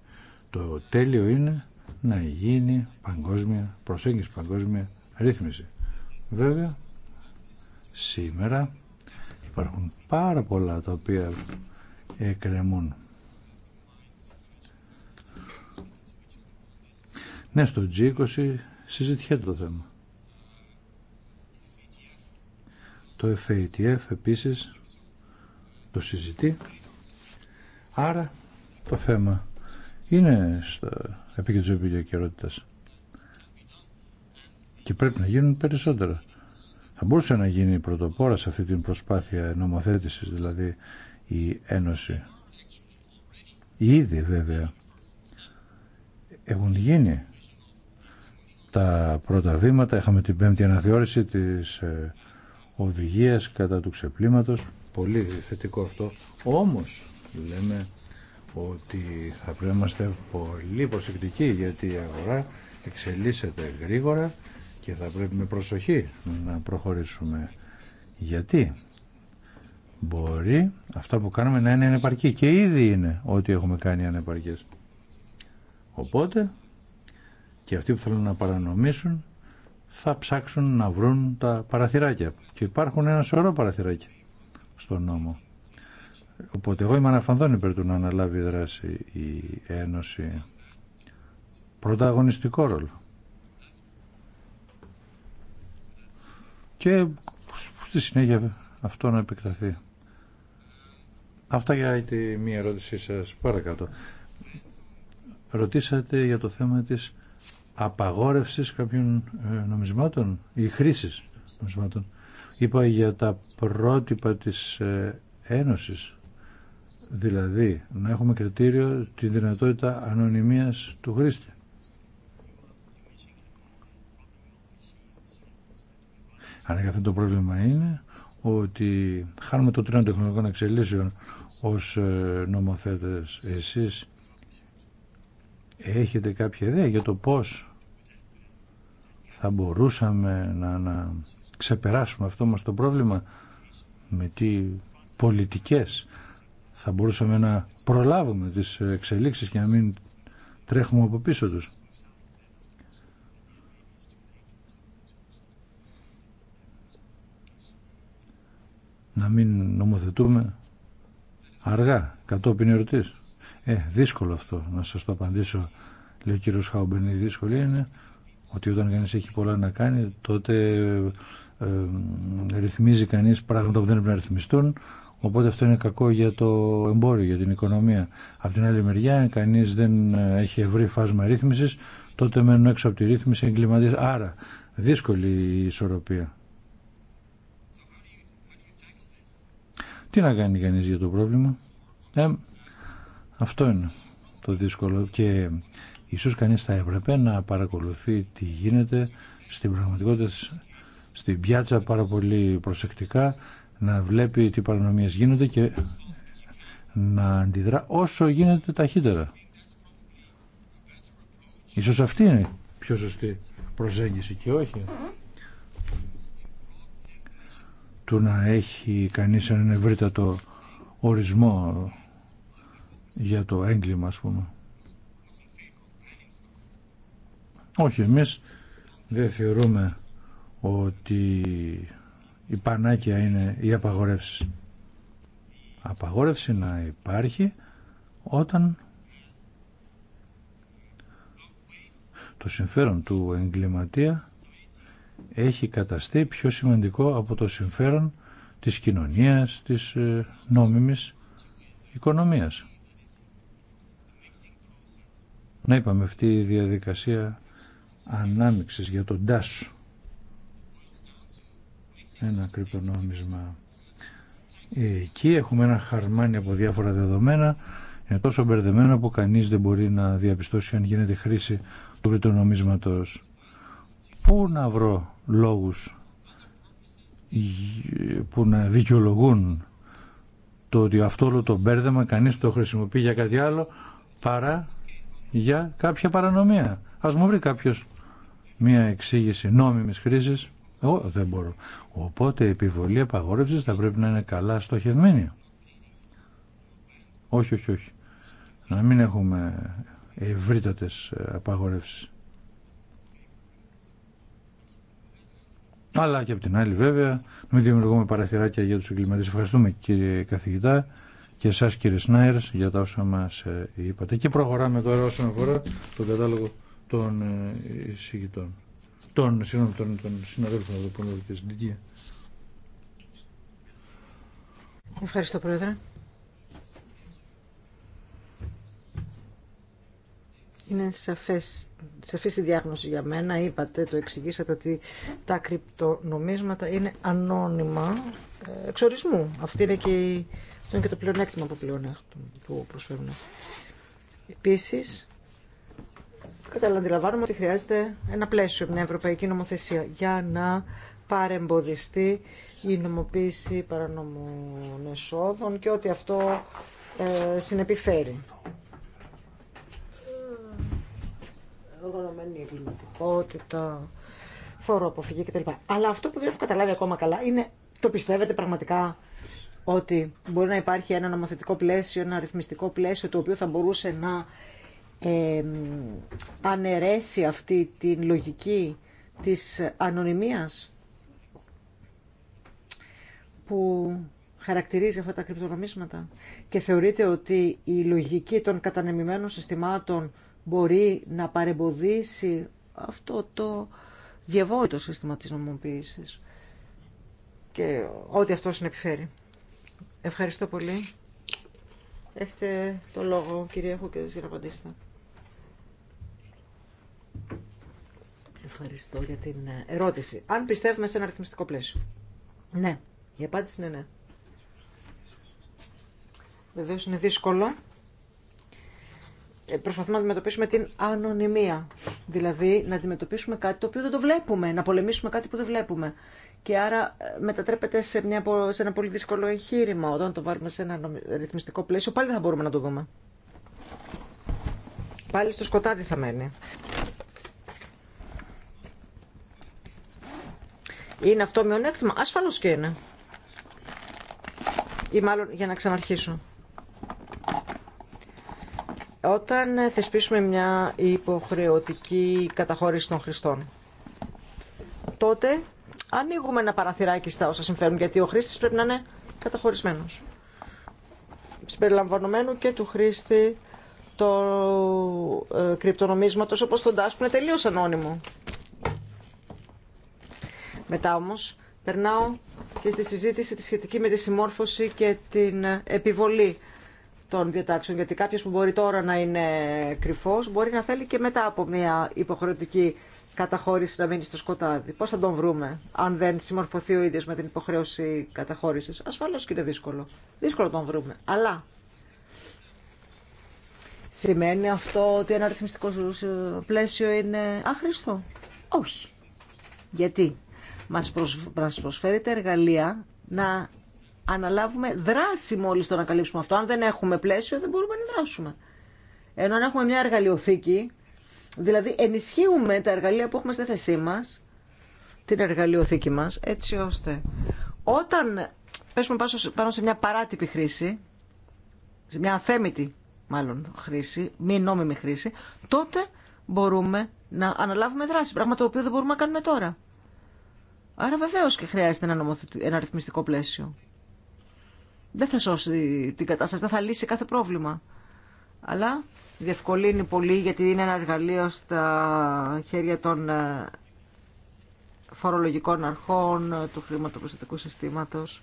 το τέλειο είναι να γίνει παγκόσμια, προσέγγιση παγκόσμια ρύθμιση. Βέβαια, σήμερα υπάρχουν πάρα πολλά τα οποία εκκρεμούν Ναι, στο G20 συζητιέται το θέμα. Το FATF επίσης το συζητεί. Άρα το θέμα είναι στα επίκεντρο και επικαιρότητας. Και πρέπει να γίνουν περισσότερα. Θα μπορούσε να γίνει πρωτοπόρα σε αυτή την προσπάθεια νομοθέτησης, δηλαδή η Ένωση. Ήδη βέβαια έχουν γίνει τα πρώτα βήματα. Είχαμε την πέμπτη αναθεώρηση της ε, οδηγίας κατά του ξεπλήματος. Πολύ θετικό αυτό. Όμως λέμε ότι θα πρέπει να είμαστε πολύ προσεκτικοί γιατί η αγορά εξελίσσεται γρήγορα και θα πρέπει με προσοχή να προχωρήσουμε. Γιατί μπορεί αυτά που κάνουμε να είναι ανεπαρκή και ήδη είναι ό,τι έχουμε κάνει ανεπαρκές. Οπότε και αυτοί που θέλουν να παρανομήσουν θα ψάξουν να βρουν τα παραθυράκια. Και υπάρχουν ένα σωρό παραθυράκια στον νόμο. Οπότε εγώ είμαι αναφανδόν υπέρ του να αναλάβει δράση η Ένωση πρωταγωνιστικό ρόλο. Και στη συνέχεια αυτό να επεκταθεί. Αυτά για τη μία ερώτησή σας. Παρακάτω. Ρωτήσατε για το θέμα της απαγόρευσης κάποιων ε, νομισμάτων ή χρήσης νομισμάτων. Είπα για τα πρότυπα της ε, Ένωσης, δηλαδή να έχουμε κριτήριο τη δυνατότητα ανωνυμίας του χρήστη. Αν το πρόβλημα είναι ότι χάνουμε το τρένο τεχνολογικών εξελίσσεων ως ε, νομοθέτες εσείς Έχετε κάποια ιδέα για το πώς θα μπορούσαμε να, να ξεπεράσουμε αυτό μας το πρόβλημα με τι πολιτικές θα μπορούσαμε να προλάβουμε τις εξελίξεις και να μην τρέχουμε από πίσω τους. Να μην νομοθετούμε αργά, κατόπιν ερωτήσεις. Ε, δύσκολο αυτό να σα το απαντήσω, λέει ο κύριο Χάουμπεν. Η δύσκολη είναι ότι όταν κανείς έχει πολλά να κάνει, τότε ε, ρυθμίζει κανεί πράγματα που δεν πρέπει να ρυθμιστούν, οπότε αυτό είναι κακό για το εμπόριο, για την οικονομία. Από την άλλη μεριά, αν κανείς δεν ε, έχει ευρύ φάσμα ρύθμιση, τότε μένουν έξω από τη ρύθμιση εγκληματίε. Άρα, δύσκολη η ισορροπία. Τι να κάνει κανείς για το πρόβλημα. Ε, αυτό είναι το δύσκολο και ίσως κανείς θα έπρεπε να παρακολουθεί τι γίνεται στην πραγματικότητα στην πιάτσα πάρα πολύ προσεκτικά να βλέπει τι παρανομίες γίνονται και να αντιδρά όσο γίνεται ταχύτερα. Ίσως αυτή είναι πιο σωστή προσέγγιση και όχι του να έχει κανείς έναν ευρύτατο ορισμό για το έγκλημα ας πούμε. Όχι, εμείς δεν θεωρούμε ότι η πανάκια είναι η απαγορεύση. Απαγορεύση να υπάρχει όταν το συμφέρον του εγκληματία έχει καταστεί πιο σημαντικό από το συμφέρον της κοινωνίας, της ε, νόμιμης οικονομίας. Να είπαμε αυτή η διαδικασία ανάμειξης για τον τάσο. Ένα κρυπτονόμισμα. Ε, εκεί έχουμε ένα χαρμάνι από διάφορα δεδομένα. Είναι τόσο μπερδεμένα που κανείς δεν μπορεί να διαπιστώσει αν γίνεται χρήση του κρυπτονομίσματος. Πού να βρω λόγους που να δικαιολογούν το ότι αυτό το μπέρδεμα κανείς το χρησιμοποιεί για κάτι άλλο παρά για κάποια παρανομία. Α μου βρει κάποιο. μία εξήγηση νόμιμη χρήση. Εγώ δεν μπορώ. Οπότε η επιβολή απαγόρευση θα πρέπει να είναι καλά στοχευμένη. Όχι, όχι, όχι. Να μην έχουμε ευρύτατε απαγορεύσει. Αλλά και από την άλλη βέβαια, μην δημιουργούμε παραθυράκια για τους εγκληματίες. Ευχαριστούμε κύριε καθηγητά και εσά κύριε Σνάιρ για τα όσα μα ε, είπατε. Και προχωράμε τώρα όσον αφορά τον κατάλογο των ε, εισηγητών. Των, συγγνώμη, τον τον συναδέλφων εδώ που είναι Ευχαριστώ, Πρόεδρε. Είναι σαφές, σαφής η διάγνωση για μένα. Είπατε, το εξηγήσατε ότι τα κρυπτονομίσματα είναι ανώνυμα ε, εξορισμού. Αυτή είναι και η αυτό είναι και το πλεονέκτημα που, έχουν, που προσφέρουν. Επίσης, καταλαβαίνουμε ότι χρειάζεται ένα πλαίσιο, μια ευρωπαϊκή νομοθεσία για να παρεμποδιστεί η νομοποίηση παρανομών εσόδων και ότι αυτό ε, συνεπιφέρει. Οργανωμένη εγκληματικότητα, φοροαποφυγή κτλ. Αλλά αυτό που δεν έχω καταλάβει ακόμα καλά είναι το πιστεύετε πραγματικά ότι μπορεί να υπάρχει ένα νομοθετικό πλαίσιο, ένα αριθμιστικό πλαίσιο το οποίο θα μπορούσε να ε, αναιρέσει αυτή τη λογική της ανωνυμίας που χαρακτηρίζει αυτά τα κρυπτονομίσματα και θεωρείται ότι η λογική των κατανεμημένων συστημάτων μπορεί να παρεμποδίσει αυτό το διαβόητο σύστημα της νομοποίησης και ό,τι αυτό συνεπιφέρει. Ευχαριστώ πολύ. Έχετε το λόγο, κύριε έχω για να απαντήσετε. Ευχαριστώ για την ε, ερώτηση. Αν πιστεύουμε σε ένα αριθμιστικό πλαίσιο. Ναι. Η απάντηση είναι ναι. Βεβαίω είναι δύσκολο. Ε, προσπαθούμε να αντιμετωπίσουμε την ανωνυμία. Δηλαδή να αντιμετωπίσουμε κάτι το οποίο δεν το βλέπουμε. Να πολεμήσουμε κάτι που δεν βλέπουμε και άρα ε, μετατρέπεται σε, μια, σε ένα πολύ δύσκολο εγχείρημα. Όταν το βάλουμε σε ένα ρυθμιστικό πλαίσιο πάλι δεν θα μπορούμε να το δούμε. Πάλι στο σκοτάδι θα μένει. Είναι αυτό μειονέκτημα. Ασφαλώς και είναι. Ή μάλλον για να ξαναρχίσω. Όταν θεσπίσουμε μια υποχρεωτική καταχώρηση των χρηστών, τότε ανοίγουμε ένα παραθυράκι στα όσα συμφέρουν, γιατί ο χρήστη πρέπει να είναι καταχωρισμένο. Συμπεριλαμβανομένου και του χρήστη το ε, κρυπτονομίσματος όπως τον τάσκο είναι τελείως ανώνυμο. Μετά όμως περνάω και στη συζήτηση τη σχετική με τη συμμόρφωση και την επιβολή των διατάξεων. Γιατί κάποιος που μπορεί τώρα να είναι κρυφός, μπορεί να θέλει και μετά από μια υποχρεωτική καταχώρηση να μείνει στο σκοτάδι. Πώς θα τον βρούμε αν δεν συμμορφωθεί ο ίδιο με την υποχρέωση καταχώρηση. Ασφαλώς και είναι δύσκολο. Δύσκολο τον βρούμε. Αλλά σημαίνει αυτό ότι ένα αριθμιστικό πλαίσιο είναι άχρηστο. Όχι. Γιατί μας προσφέρεται εργαλεία να αναλάβουμε δράση μόλις το να καλύψουμε αυτό. Αν δεν έχουμε πλαίσιο δεν μπορούμε να δράσουμε. Ενώ αν έχουμε μια εργαλειοθήκη Δηλαδή ενισχύουμε τα εργαλεία που έχουμε στη θέσή μας, την εργαλειοθήκη μας, έτσι ώστε όταν πέσουμε πάνω σε μια παράτυπη χρήση, σε μια αφέμητη μάλλον χρήση, μη νόμιμη χρήση, τότε μπορούμε να αναλάβουμε δράση, πράγμα το οποίο δεν μπορούμε να κάνουμε τώρα. Άρα βεβαίω και χρειάζεται ένα, νομοθετη... ένα ρυθμιστικό πλαίσιο. Δεν θα σώσει την κατάσταση, δεν θα λύσει κάθε πρόβλημα. Αλλά διευκολύνει πολύ γιατί είναι ένα εργαλείο στα χέρια των ε, φορολογικών αρχών, ε, του χρηματοπιστωτικού συστήματος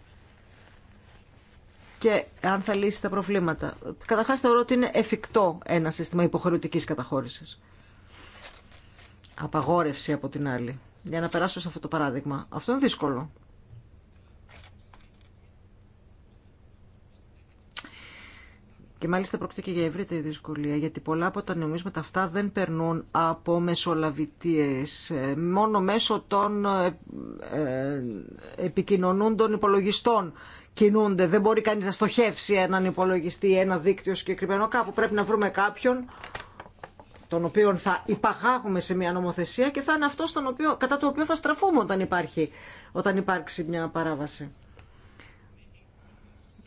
και αν θα λύσει τα προβλήματα. Καταρχάς, θεωρώ ότι είναι εφικτό ένα σύστημα υποχρεωτική καταχώρησης. Απαγόρευση από την άλλη. Για να περάσω σε αυτό το παράδειγμα. Αυτό είναι δύσκολο. Και μάλιστα πρόκειται και για ευρύτερη δυσκολία, γιατί πολλά από τα νομίσματα αυτά δεν περνούν από μεσολαβητίες. Ε, μόνο μέσω των ε, ε, επικοινωνούν των υπολογιστών κινούνται. Δεν μπορεί κανείς να στοχεύσει έναν υπολογιστή, ή ένα δίκτυο συγκεκριμένο κάπου. Πρέπει να βρούμε κάποιον τον οποίο θα υπαγάγουμε σε μια νομοθεσία και θα είναι αυτό οποίο, κατά το οποίο θα στραφούμε όταν, υπάρχει, όταν υπάρξει μια παράβαση.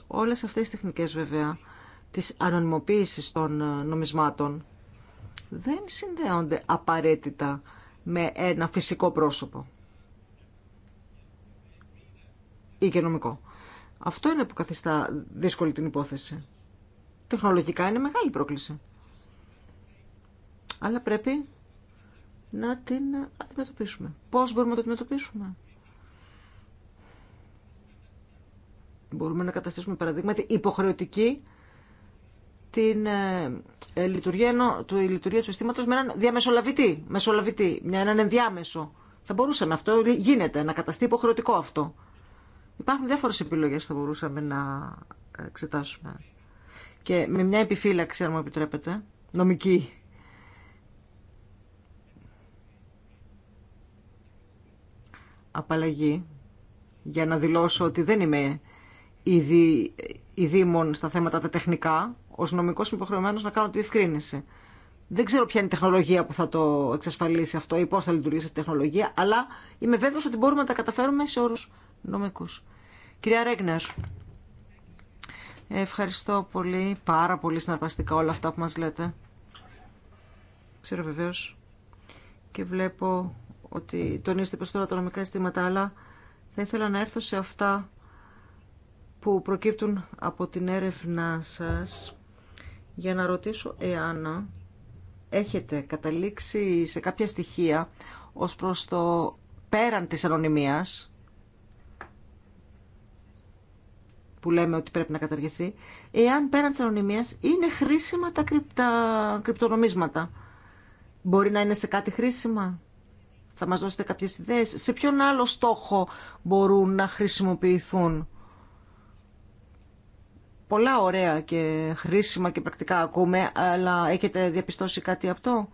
Όλες αυτές οι τεχνικές βέβαια της ανωνυμοποίησης των ε, νομισμάτων δεν συνδέονται απαραίτητα με ένα φυσικό πρόσωπο ή και νομικό. Αυτό είναι που καθιστά δύσκολη την υπόθεση. Τεχνολογικά είναι μεγάλη πρόκληση. Αλλά πρέπει να την αντιμετωπίσουμε. Πώς μπορούμε να την αντιμετωπίσουμε. Μπορούμε να καταστήσουμε παραδείγματι υποχρεωτική την ε, ε, λειτουργία, του, η λειτουργία του συστήματος με έναν διαμεσολαβητή, μεσολαβητή, μια, έναν ενδιάμεσο. Θα μπορούσαμε αυτό, γίνεται, να καταστεί υποχρεωτικό αυτό. Υπάρχουν διάφορε επιλογές που θα μπορούσαμε να εξετάσουμε. Και με μια επιφύλαξη, αν μου επιτρέπετε, νομική. Απαλλαγή για να δηλώσω ότι δεν είμαι η ε, δήμων στα θέματα τα τεχνικά ω νομικό υποχρεωμένο υποχρεωμένος να κάνω τη διευκρίνηση. Δεν ξέρω ποια είναι η τεχνολογία που θα το εξασφαλίσει αυτό ή πώς θα λειτουργήσει αυτή η τεχνολογία, αλλά είμαι βέβαιος ότι μπορούμε να τα καταφέρουμε σε όρου νομικούς. Κυρία Ρέγνερ, ευχαριστώ πολύ, πάρα πολύ συναρπαστικά όλα αυτά που μας λέτε. Ξέρω βεβαίω. και βλέπω ότι τονίζετε περισσότερο τα νομικά αισθήματα, αλλά θα ήθελα να έρθω σε αυτά που προκύπτουν από την έρευνά σας για να ρωτήσω εάν έχετε καταλήξει σε κάποια στοιχεία ως προς το πέραν της ανωνυμίας που λέμε ότι πρέπει να καταργηθεί, εάν πέραν της ανωνυμίας είναι χρήσιμα τα, κρυπτονομίσματα. Μπορεί να είναι σε κάτι χρήσιμα. Θα μας δώσετε κάποιες ιδέες. Σε ποιον άλλο στόχο μπορούν να χρησιμοποιηθούν πολλά ωραία και χρήσιμα και πρακτικά ακούμε, αλλά έχετε διαπιστώσει κάτι αυτό.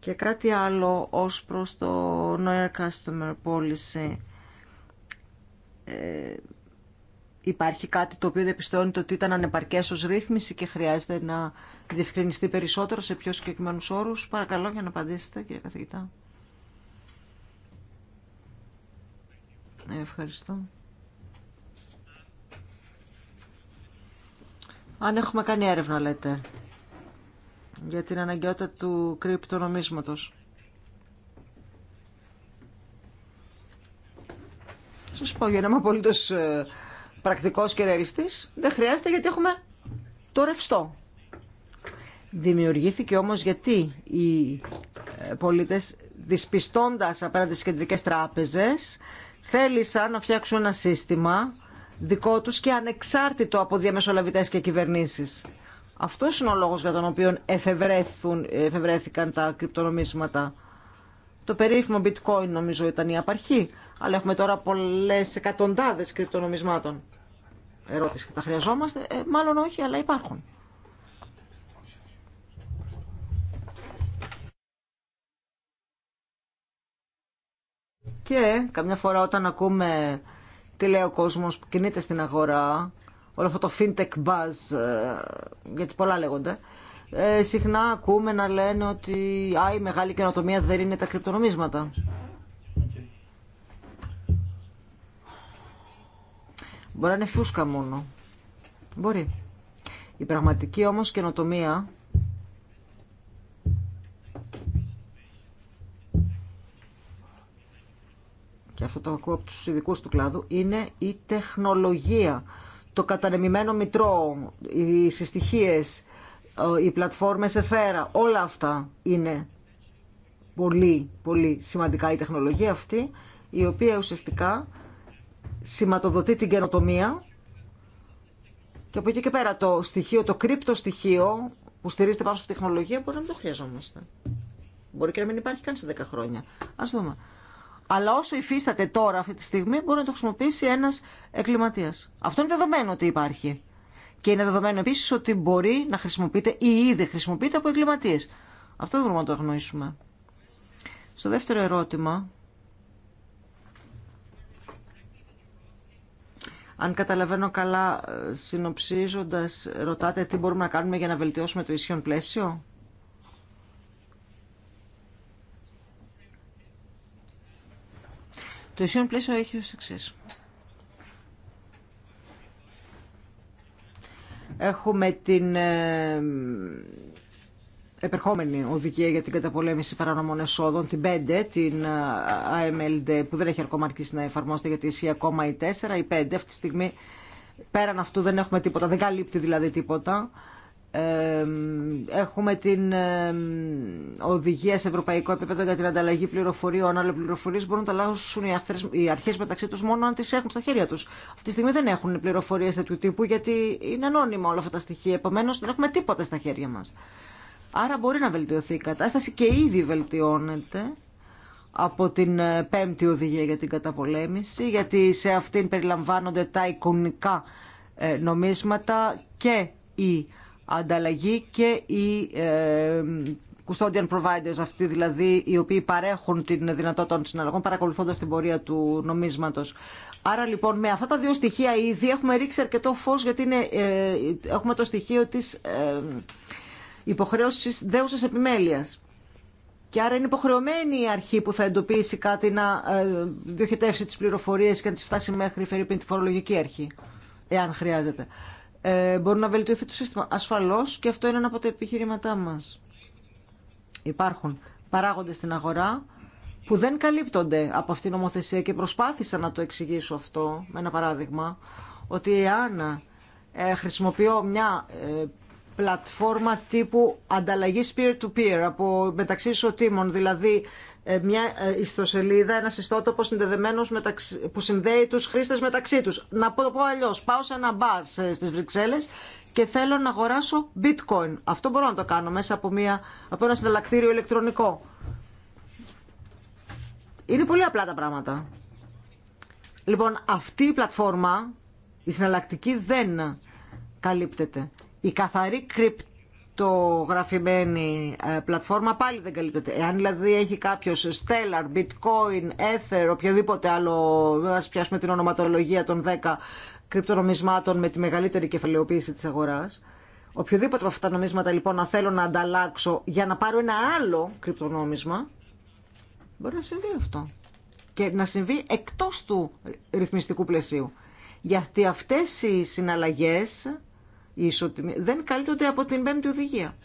Και κάτι άλλο ως προς το No Air Customer Policy. Ε, υπάρχει κάτι το οποίο διαπιστώνει ότι ήταν ανεπαρκές ως ρύθμιση και χρειάζεται να διευκρινιστεί περισσότερο σε πιο συγκεκριμένους όρους. Παρακαλώ για να απαντήσετε κύριε καθηγητά. Ευχαριστώ. Αν έχουμε κάνει έρευνα, λέτε, για την αναγκαιότητα του κρυπτονομίσματος. Σας πω, για να είμαι απολύτως ε, πρακτικός και ρεαλιστής, δεν χρειάζεται γιατί έχουμε το ρευστό. Δημιουργήθηκε όμως γιατί οι ε, πολίτες δυσπιστώντας απέναντι στις κεντρικές τράπεζες θέλησαν να φτιάξουν ένα σύστημα δικό τους και ανεξάρτητο από διαμεσολαβητές και κυβερνήσεις. Αυτό είναι ο λόγος για τον οποίο εφευρέθηκαν τα κρυπτονομίσματα. Το περίφημο bitcoin νομίζω ήταν η απαρχή, αλλά έχουμε τώρα πολλές εκατοντάδες κρυπτονομισμάτων. Ερώτηση, τα χρειαζόμαστε. Ε, μάλλον όχι, αλλά υπάρχουν. Και καμιά φορά όταν ακούμε τι λέει ο κόσμο που κινείται στην αγορά, όλο αυτό το fintech buzz, ε, γιατί πολλά λέγονται, ε, συχνά ακούμε να λένε ότι α, η μεγάλη καινοτομία δεν είναι τα κρυπτονομίσματα. Μπορεί να είναι φούσκα μόνο. Μπορεί. Η πραγματική όμως καινοτομία και αυτό το ακούω από τους ειδικού του κλάδου, είναι η τεχνολογία, το κατανεμημένο μητρό, οι συστοιχίες, οι πλατφόρμες εθέρα, όλα αυτά είναι πολύ, πολύ σημαντικά η τεχνολογία αυτή, η οποία ουσιαστικά σηματοδοτεί την καινοτομία και από εκεί και πέρα το στοιχείο, το κρύπτο στοιχείο που στηρίζεται πάνω στη τεχνολογία μπορεί να μην το χρειαζόμαστε. Μπορεί και να μην υπάρχει καν σε 10 χρόνια. Ας δούμε. Αλλά όσο υφίσταται τώρα αυτή τη στιγμή μπορεί να το χρησιμοποιήσει ένας εγκληματία. Αυτό είναι δεδομένο ότι υπάρχει. Και είναι δεδομένο επίσης ότι μπορεί να χρησιμοποιείται ή ήδη χρησιμοποιείται από εγκληματίε. Αυτό δεν μπορούμε να το αγνοήσουμε. Στο δεύτερο ερώτημα, αν καταλαβαίνω καλά, συνοψίζοντας, ρωτάτε τι μπορούμε να κάνουμε για να βελτιώσουμε το ισχύον πλαίσιο. Το ισχύον πλαίσιο έχει ως εξή. Έχουμε την ε, επερχόμενη οδηγία για την καταπολέμηση παρανομών εσόδων, την 5, την AMLD, ε, που δεν έχει ακόμα αρχίσει να εφαρμόζεται γιατί ισχύει ακόμα η 4, η 5. Αυτή τη στιγμή πέραν αυτού δεν έχουμε τίποτα, δεν καλύπτει δηλαδή τίποτα έχουμε την οδηγία σε ευρωπαϊκό επίπεδο για την ανταλλαγή πληροφοριών, αλλά πληροφορίε μπορούν να τα αλλάξουν οι, οι αρχέ μεταξύ του μόνο αν τι έχουν στα χέρια του. Αυτή τη στιγμή δεν έχουν πληροφορίε τέτοιου τύπου, γιατί είναι ανώνυμα όλα αυτά τα στοιχεία. Επομένω, δεν έχουμε τίποτα στα χέρια μα. Άρα μπορεί να βελτιωθεί η κατάσταση και ήδη βελτιώνεται από την ε, πέμπτη οδηγία για την καταπολέμηση, γιατί σε αυτήν περιλαμβάνονται τα εικονικά ε, νομίσματα και οι ανταλλαγή και οι ε, custodian providers, αυτοί δηλαδή οι οποίοι παρέχουν την δυνατότητα των συναλλαγών παρακολουθώντας την πορεία του νομίσματος. Άρα λοιπόν με αυτά τα δύο στοιχεία ήδη έχουμε ρίξει αρκετό φως γιατί είναι, ε, έχουμε το στοιχείο της ε, υποχρέωσης δέουσας επιμέλειας. Και άρα είναι υποχρεωμένη η αρχή που θα εντοπίσει κάτι να ε, διοχετεύσει τις πληροφορίες και να τις φτάσει μέχρι η φορολογική αρχή, εάν χρειάζεται ε, μπορεί να βελτιωθεί το σύστημα. Ασφαλώς και αυτό είναι ένα από τα επιχειρήματά μας. Υπάρχουν παράγοντες στην αγορά που δεν καλύπτονται από αυτήν την νομοθεσία και προσπάθησα να το εξηγήσω αυτό με ένα παράδειγμα ότι εάν ε, χρησιμοποιώ μια ε, πλατφόρμα τύπου ανταλλαγή peer-to-peer από μεταξύ ισοτήμων, δηλαδή ε, μια ε, ιστοσελίδα, ένα ιστότοπο μεταξύ, που συνδέει τους χρήστες μεταξύ τους. Να πω, πω πάω σε ένα μπαρ στι Βρυξέλλες και θέλω να αγοράσω bitcoin. Αυτό μπορώ να το κάνω μέσα από, μια, από ένα συναλλακτήριο ηλεκτρονικό. Είναι πολύ απλά τα πράγματα. Λοιπόν, αυτή η πλατφόρμα, η συναλλακτική δεν καλύπτεται. Η καθαρή κρυπτο κρυπτογραφημένη ε, πλατφόρμα πάλι δεν καλύπτεται. Εάν δηλαδή έχει κάποιο Stellar, Bitcoin, Ether, οποιοδήποτε άλλο, α πιάσουμε την ονοματολογία των 10 κρυπτονομισμάτων με τη μεγαλύτερη κεφαλαιοποίηση τη αγορά. Οποιοδήποτε από αυτά τα νομίσματα λοιπόν να θέλω να ανταλλάξω για να πάρω ένα άλλο κρυπτονόμισμα, μπορεί να συμβεί αυτό. Και να συμβεί εκτός του ρυθμιστικού πλαισίου. Γιατί αυτές οι συναλλαγές δεν καλύπτονται από την πέμπτη οδηγία.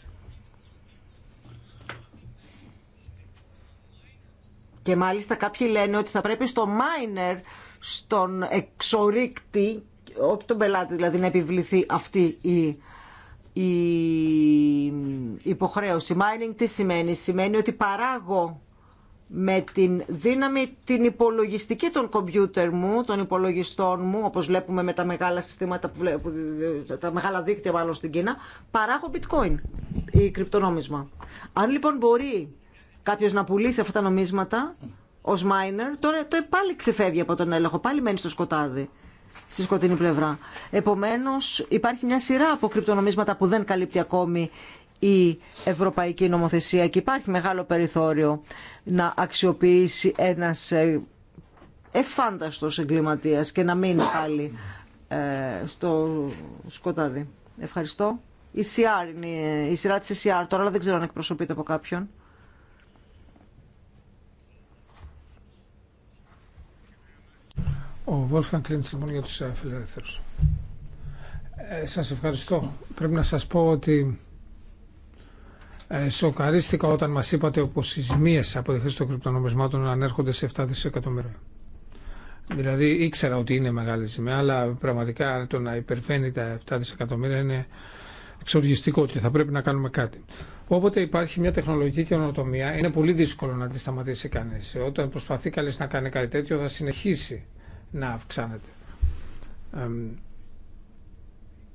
Και μάλιστα κάποιοι λένε ότι θα πρέπει στο miner, στον εξορίκτη, όχι τον πελάτη δηλαδή, να επιβληθεί αυτή η, υποχρέωση. Mining τι σημαίνει. Σημαίνει ότι παράγω με την δύναμη την υπολογιστική των κομπιούτερ μου, των υπολογιστών μου, όπως βλέπουμε με τα μεγάλα συστήματα, που τα μεγάλα δίκτυα μάλλον στην Κίνα, παράγω bitcoin, η κρυπτονόμισμα. Αν λοιπόν μπορεί κάποιος να πουλήσει αυτά τα νομίσματα ως miner, τώρα το πάλι ξεφεύγει από τον έλεγχο, πάλι μένει στο σκοτάδι στη σκοτεινή πλευρά. Επομένως, υπάρχει μια σειρά από κρυπτονομίσματα που δεν καλύπτει ακόμη η ευρωπαϊκή νομοθεσία και υπάρχει μεγάλο περιθώριο να αξιοποιήσει ένας ε, εφάνταστος εγκληματίας και να μείνει πάλι ε, στο σκοτάδι. Ευχαριστώ. Η, CR η σειρά της CR τώρα, αλλά δεν ξέρω αν εκπροσωπείται από κάποιον. Ο Βόλφαν κλείνει λοιπόν για τους ε, φιλελεύθερους. Ε, σας ευχαριστώ. Πρέπει να σας πω ότι ε, σοκαρίστηκα όταν μας είπατε πως οι ζημίες από τη χρήση των κρυπτονομισμάτων ανέρχονται σε 7 δισεκατομμύρια. Δηλαδή ήξερα ότι είναι μεγάλη ζημία, αλλά πραγματικά το να υπερβαίνει τα 7 δισεκατομμύρια είναι εξοργιστικό και θα πρέπει να κάνουμε κάτι. Όποτε υπάρχει μια τεχνολογική καινοτομία, είναι πολύ δύσκολο να τη σταματήσει κανεί. Όταν προσπαθεί καλή να κάνει κάτι τέτοιο, θα συνεχίσει να αυξάνεται.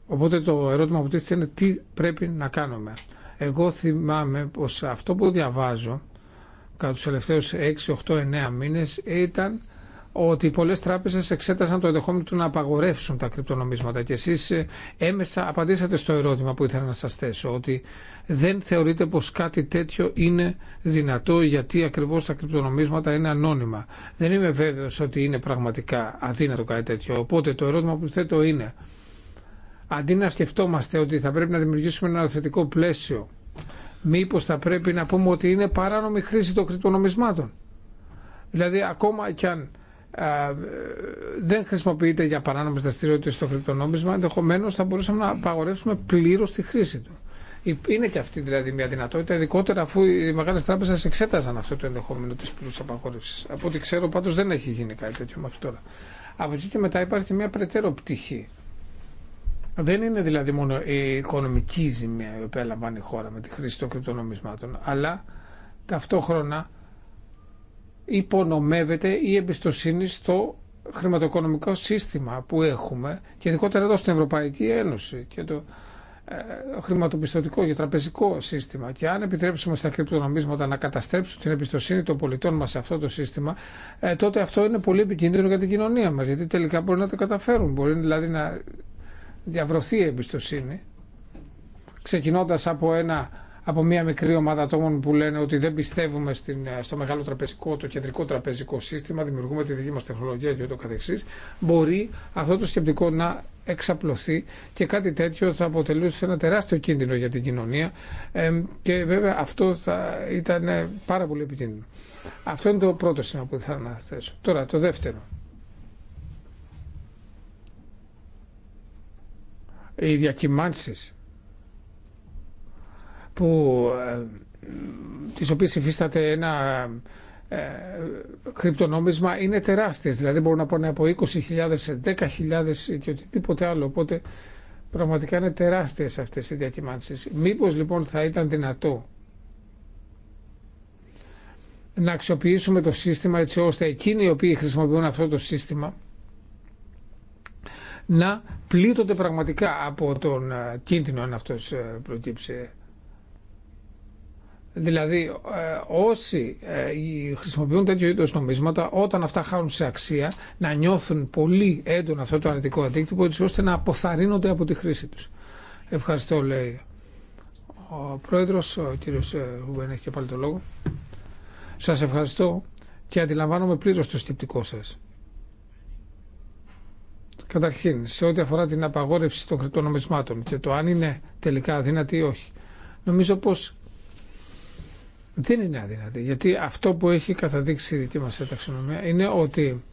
Οπότε το ερώτημα που τίθεται είναι τι πρέπει να κάνουμε. Εγώ θυμάμαι πως αυτό που διαβάζω κατά τους τελευταίους 6, 8, 9 μήνες ήταν ότι πολλές τράπεζες εξέτασαν το ενδεχόμενο του να απαγορεύσουν τα κρυπτονομίσματα και εσείς ε, έμεσα απαντήσατε στο ερώτημα που ήθελα να σας θέσω ότι δεν θεωρείτε πως κάτι τέτοιο είναι δυνατό γιατί ακριβώς τα κρυπτονομίσματα είναι ανώνυμα. Δεν είμαι βέβαιος ότι είναι πραγματικά αδύνατο κάτι τέτοιο. Οπότε το ερώτημα που θέτω είναι αντί να σκεφτόμαστε ότι θα πρέπει να δημιουργήσουμε ένα θετικό πλαίσιο, μήπω θα πρέπει να πούμε ότι είναι παράνομη χρήση των κρυπτονομισμάτων. Δηλαδή ακόμα κι αν δεν χρησιμοποιείται για παράνομε δραστηριότητε το κρυπτονόμισμα, ενδεχομένω θα μπορούσαμε να απαγορεύσουμε πλήρω τη χρήση του. Είναι και αυτή δηλαδή μια δυνατότητα, ειδικότερα αφού οι μεγάλε τράπεζε εξέταζαν αυτό το ενδεχόμενο τη πλήρου απαγόρευση. Από ό,τι ξέρω, πάντω δεν έχει γίνει κάτι τέτοιο μέχρι τώρα. Από εκεί και μετά υπάρχει μια περαιτέρω πτυχή δεν είναι δηλαδή μόνο η οικονομική ζημία που οποία η χώρα με τη χρήση των κρυπτονομισμάτων, αλλά ταυτόχρονα υπονομεύεται η εμπιστοσύνη στο χρηματοοικονομικό σύστημα που έχουμε και ειδικότερα εδώ στην Ευρωπαϊκή Ένωση και το ε, χρηματοπιστωτικό και τραπεζικό σύστημα και αν επιτρέψουμε στα κρυπτονομίσματα να καταστρέψουν την εμπιστοσύνη των πολιτών μας σε αυτό το σύστημα ε, τότε αυτό είναι πολύ επικίνδυνο για την κοινωνία μας γιατί τελικά μπορεί να τα καταφέρουν μπορεί δηλαδή να διαβρωθεί η εμπιστοσύνη ξεκινώντας από ένα από μια μικρή ομάδα ατόμων που λένε ότι δεν πιστεύουμε στην, στο μεγάλο τραπεζικό, το κεντρικό τραπεζικό σύστημα, δημιουργούμε τη δική μας τεχνολογία και ούτω καθεξής, μπορεί αυτό το σκεπτικό να εξαπλωθεί και κάτι τέτοιο θα αποτελούσε ένα τεράστιο κίνδυνο για την κοινωνία και βέβαια αυτό θα ήταν πάρα πολύ επικίνδυνο. Αυτό είναι το πρώτο σημείο που θα αναθέσω. Τώρα το δεύτερο. Ε, οι διακυμάνσεις που, ε, τις οποίες υφίσταται ένα ε, κρυπτονόμισμα είναι τεράστιες. Δηλαδή μπορούν να πάνε από 20.000 σε 10.000 και οτιδήποτε άλλο. Οπότε πραγματικά είναι τεράστιες αυτές οι διακυμάνσεις. Μήπως λοιπόν θα ήταν δυνατό να αξιοποιήσουμε το σύστημα έτσι ώστε εκείνοι οι οποίοι χρησιμοποιούν αυτό το σύστημα να πλήττονται πραγματικά από τον ε, κίνδυνο αν αυτός ε, προκύψει. Δηλαδή, ε, όσοι χρησιμοποιούν τέτοιο είδο νομίσματα, όταν αυτά χάνουν σε αξία, να νιώθουν πολύ έντονο αυτό το αρνητικό αντίκτυπο, έτσι ώστε να αποθαρρύνονται από τη χρήση του. Ευχαριστώ, λέει ο πρόεδρο, ο κύριο Ρουβέν έχει και πάλι το λόγο. Σα ευχαριστώ και αντιλαμβάνομαι πλήρω το σκεπτικό σα. Καταρχήν, σε ό,τι αφορά την απαγόρευση των κρυπτονομισμάτων και το αν είναι τελικά αδύνατη ή όχι, νομίζω πως δεν είναι αδύνατη. Γιατί αυτό που έχει καταδείξει η δική μας ταξινομία είναι ότι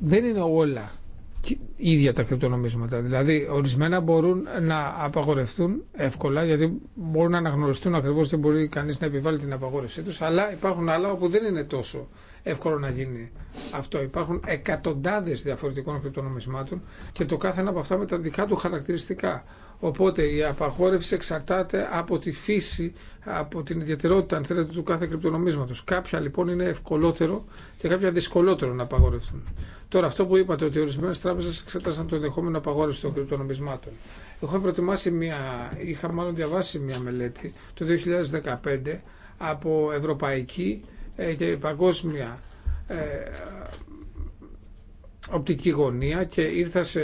δεν είναι όλα ίδια τα κρυπτονομίσματα. Δηλαδή, ορισμένα μπορούν να απαγορευτούν εύκολα, γιατί μπορούν να αναγνωριστούν ακριβώ και μπορεί κανεί να επιβάλλει την απαγόρευσή του, αλλά υπάρχουν άλλα όπου δεν είναι τόσο εύκολο να γίνει αυτό. Υπάρχουν εκατοντάδες διαφορετικών κρυπτονομισμάτων και το κάθε ένα από αυτά με τα δικά του χαρακτηριστικά. Οπότε η απαγόρευση εξαρτάται από τη φύση, από την ιδιαιτερότητα αν θέλετε του κάθε κρυπτονομίσματος. Κάποια λοιπόν είναι ευκολότερο και κάποια δυσκολότερο να απαγορευτούν. Τώρα αυτό που είπατε ότι ορισμένε τράπεζε εξέτασαν το ενδεχόμενο απαγόρευση των κρυπτονομισμάτων. Έχω προετοιμάσει μια, είχα μάλλον διαβάσει μια μελέτη το 2015 από Ευρωπαϊκή ε, και η παγκόσμια ε, οπτική γωνία και ήρθα σε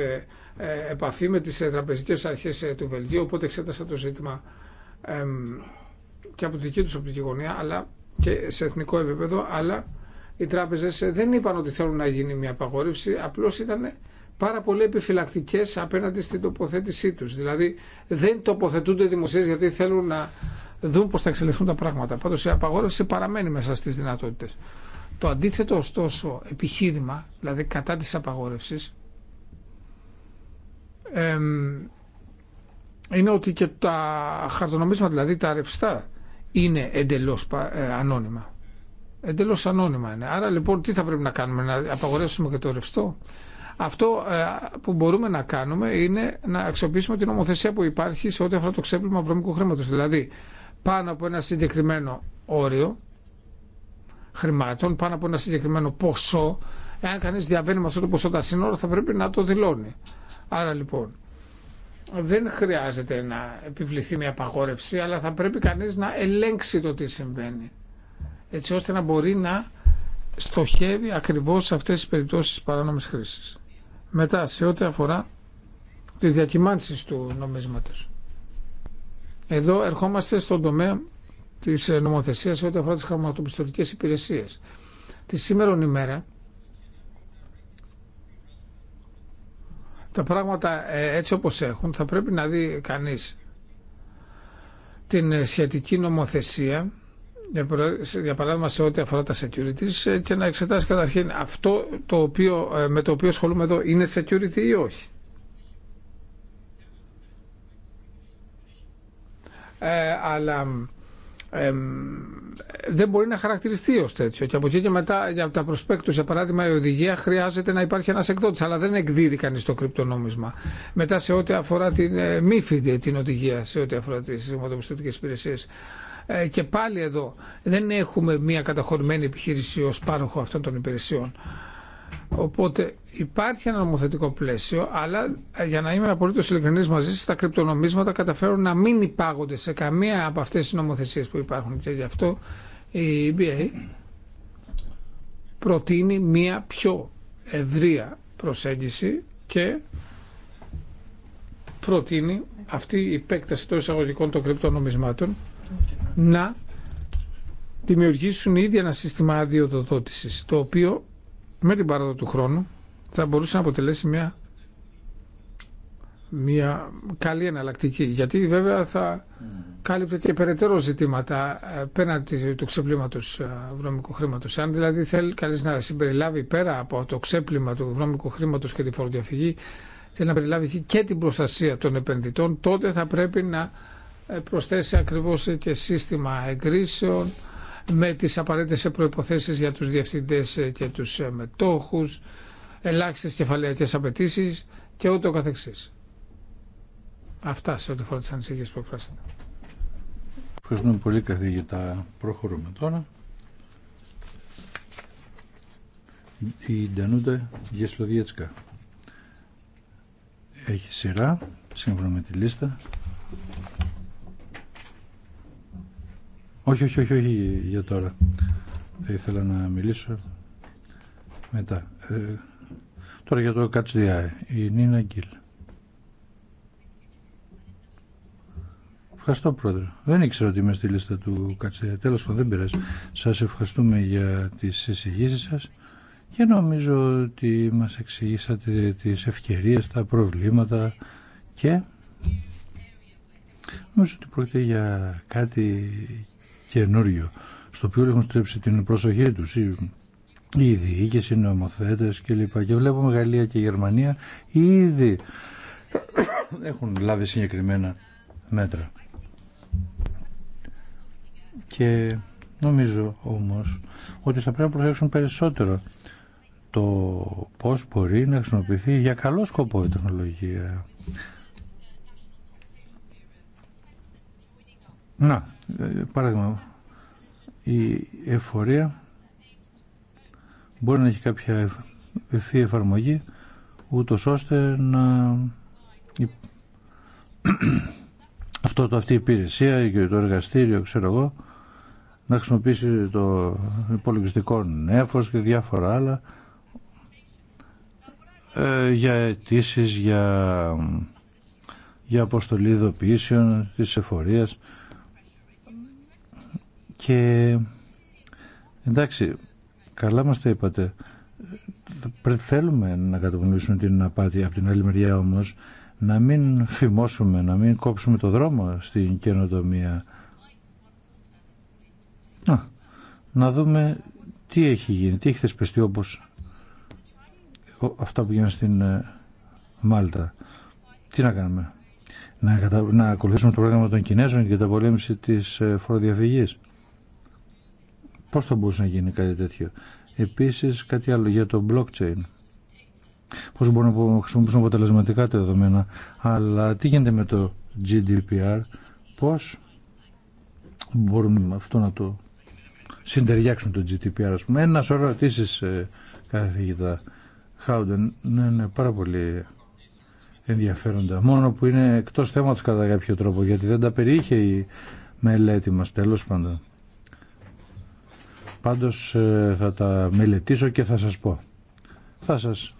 ε, επαφή με τις τραπεζικές αρχές του Βελγίου, οπότε εξέτασα το ζήτημα και από τη δική τους οπτική γωνία, αλλά και σε εθνικό επίπεδο, αλλά οι τράπεζες δεν είπαν ότι θέλουν να γίνει μια απαγόρευση, απλώς ήταν πάρα πολύ επιφυλακτικές απέναντι στην τοποθέτησή τους. Δηλαδή δεν τοποθετούνται δημοσίες γιατί θέλουν να δουν πώ θα εξελιχθούν τα πράγματα. Πάντω η απαγόρευση παραμένει μέσα στι δυνατότητε. Το αντίθετο ωστόσο επιχείρημα, δηλαδή κατά τη απαγόρευσης, είναι ότι και τα χαρτονομίσματα, δηλαδή τα ρευστά, είναι εντελώ ε, ανώνυμα. Εντελώς ανώνυμα είναι. Άρα λοιπόν τι θα πρέπει να κάνουμε, να απαγορεύσουμε και το ρευστό. Αυτό ε, που μπορούμε να κάνουμε είναι να αξιοποιήσουμε την νομοθεσία που υπάρχει σε ό,τι αφορά το ξέπλυμα βρωμικού χρήματο. Δηλαδή πάνω από ένα συγκεκριμένο όριο χρημάτων, πάνω από ένα συγκεκριμένο ποσό, εάν κανείς διαβαίνει με αυτό το ποσό τα σύνορα θα πρέπει να το δηλώνει. Άρα λοιπόν, δεν χρειάζεται να επιβληθεί μια απαγόρευση, αλλά θα πρέπει κανείς να ελέγξει το τι συμβαίνει. Έτσι ώστε να μπορεί να στοχεύει ακριβώς σε αυτές τις περιπτώσεις παράνομης χρήσης. Μετά, σε ό,τι αφορά τις διακυμάνσεις του νομίσματος. Εδώ ερχόμαστε στον τομέα της ε, νομοθεσία ό,τι αφορά τις χρηματοπιστωτικέ υπηρεσίες. Τη σήμερα ημέρα τα πράγματα ε, έτσι όπως έχουν θα πρέπει να δει κανείς την ε, σχετική νομοθεσία για παράδειγμα σε ό,τι αφορά τα securities και να εξετάσει καταρχήν αυτό το οποίο, με το οποίο ασχολούμαι εδώ είναι security ή όχι. Ε, αλλά δεν μπορεί να χαρακτηριστεί ω τέτοιο. Και από εκεί και μετά, για τα προσπέκτου, για παράδειγμα, η οδηγία χρειάζεται να υπάρχει ένα εκδότη, αλλά δεν εκδίδει κανεί το κρυπτονόμισμα. Μετά, σε ό,τι αφορά την ε, την οδηγία, σε ό,τι αφορά τι χρηματοπιστωτικέ υπηρεσίε. Ε, και πάλι εδώ δεν έχουμε μια καταχωρημένη επιχείρηση ω πάροχο αυτών των υπηρεσιών. Οπότε υπάρχει ένα νομοθετικό πλαίσιο, αλλά ε, για να είμαι απολύτω ειλικρινή μαζί σα, τα κρυπτονομίσματα καταφέρουν να μην υπάγονται σε καμία από αυτέ τι νομοθεσίε που υπάρχουν. Και γι' αυτό η EBA προτείνει μία πιο ευρία προσέγγιση και προτείνει αυτή η επέκταση των εισαγωγικών των κρυπτονομισμάτων να δημιουργήσουν ήδη ένα σύστημα αδειοδότησης το οποίο με την παράδοση του χρόνου θα μπορούσε να αποτελέσει μια, μια καλή εναλλακτική. Γιατί βέβαια θα κάλυπτε και περαιτέρω ζητήματα ε, πέραν του ξεπλήματος ε, βρώμικου χρήματος. Αν δηλαδή θέλει κανείς να συμπεριλάβει πέρα από το ξέπλυμα του βρώμικου χρήματος και τη φοροδιαφυγή, θέλει να περιλάβει και την προστασία των επενδυτών, τότε θα πρέπει να ε, προσθέσει ακριβώς και σύστημα εγκρίσεων με τις απαραίτητες προϋποθέσεις για τους διευθυντές και τους μετόχους ελάχιστες κεφαλαίες απαιτήσει και ούτω καθεξής. Αυτά σε ό,τι φορά τις ανησυχίες που εκφράσατε. Ευχαριστούμε πολύ καθηγητά. Προχωρούμε τώρα. Η Ντανούτα Γεσλοδιέτσκα έχει σειρά σύμφωνα με τη λίστα. Όχι, όχι, όχι, όχι για τώρα. Θα ήθελα να μιλήσω μετά. Ε, Τώρα για το ΚΑΤΣΔΙΑΕ, η Νίνα Γκίλ. Ευχαριστώ, Πρόεδρε. Δεν ήξερα ότι είμαι στη λίστα του ΚΑΤΣΔΙΑΕ. Τέλος πάντων, δεν πειράζει. Σας ευχαριστούμε για τις εισήγησει σας και νομίζω ότι μας εξηγήσατε τις ευκαιρίε, τα προβλήματα και νομίζω ότι πρόκειται για κάτι καινούριο στο οποίο έχουν στρέψει την προσοχή τους οι διοίκες, οι νομοθέτες κλπ. Και βλέπουμε Γαλλία και Γερμανία ήδη έχουν λάβει συγκεκριμένα μέτρα. Και νομίζω όμως ότι θα πρέπει να προσέξουν περισσότερο το πώς μπορεί να χρησιμοποιηθεί για καλό σκοπό η τεχνολογία. Να, ε, παράδειγμα, η εφορία μπορεί να έχει κάποια ευφύ εφαρμογή ούτω ώστε να αυτό το, αυτή η υπηρεσία και το εργαστήριο ξέρω εγώ να χρησιμοποιήσει το υπολογιστικό νέφος και διάφορα άλλα ε, για αιτήσει, για, για αποστολή ειδοποιήσεων της εφορίας και εντάξει Καλά μας τα είπατε. Θέλουμε να καταπονήσουμε την απάτη. Από την άλλη μεριά όμως να μην φημώσουμε, να μην κόψουμε το δρόμο στην καινοτομία. Να, να δούμε τι έχει γίνει, τι έχει θεσπιστεί όπως αυτά που γίνανε στην ε, Μάλτα. Τι να κάνουμε. Να, κατα... να ακολουθήσουμε το πρόγραμμα των Κινέζων για την πολέμηση της ε, φοροδιαφυγής. Πώς θα μπορούσε να γίνει κάτι τέτοιο. Επίσης κάτι άλλο για το blockchain. Πώς μπορούμε να χρησιμοποιήσουμε αποτελεσματικά τα δεδομένα. Αλλά τι γίνεται με το GDPR. Πώς μπορούμε αυτό να το συντεριάξουν το GDPR. Ας πούμε. Ένα σωρό ερωτήσει ε, καθηγητά. Χάουντεν, ναι, ναι, πάρα πολύ ενδιαφέροντα. Μόνο που είναι εκτός θέματος κατά κάποιο τρόπο, γιατί δεν τα περιείχε η μελέτη μας, τέλος πάντων. Πάντως ε, θα τα μελετήσω και θα σας πω. Θα σας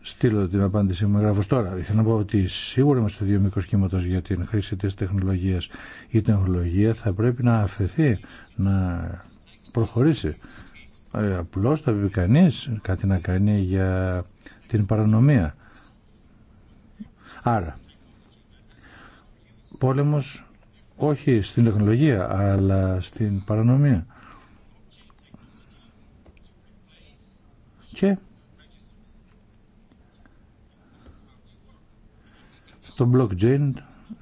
στείλω την απάντηση μου γράφω τώρα. Ήθελα να πω ότι σίγουρα είμαστε στο δύο κύματο για την χρήση της τεχνολογίας. Η τεχνολογία θα πρέπει να αφαιθεί, να προχωρήσει. Ε, απλώς θα πει κανεί κάτι να κάνει για την παρανομία. Άρα, πόλεμος όχι στην τεχνολογία, αλλά στην παρανομία. και το blockchain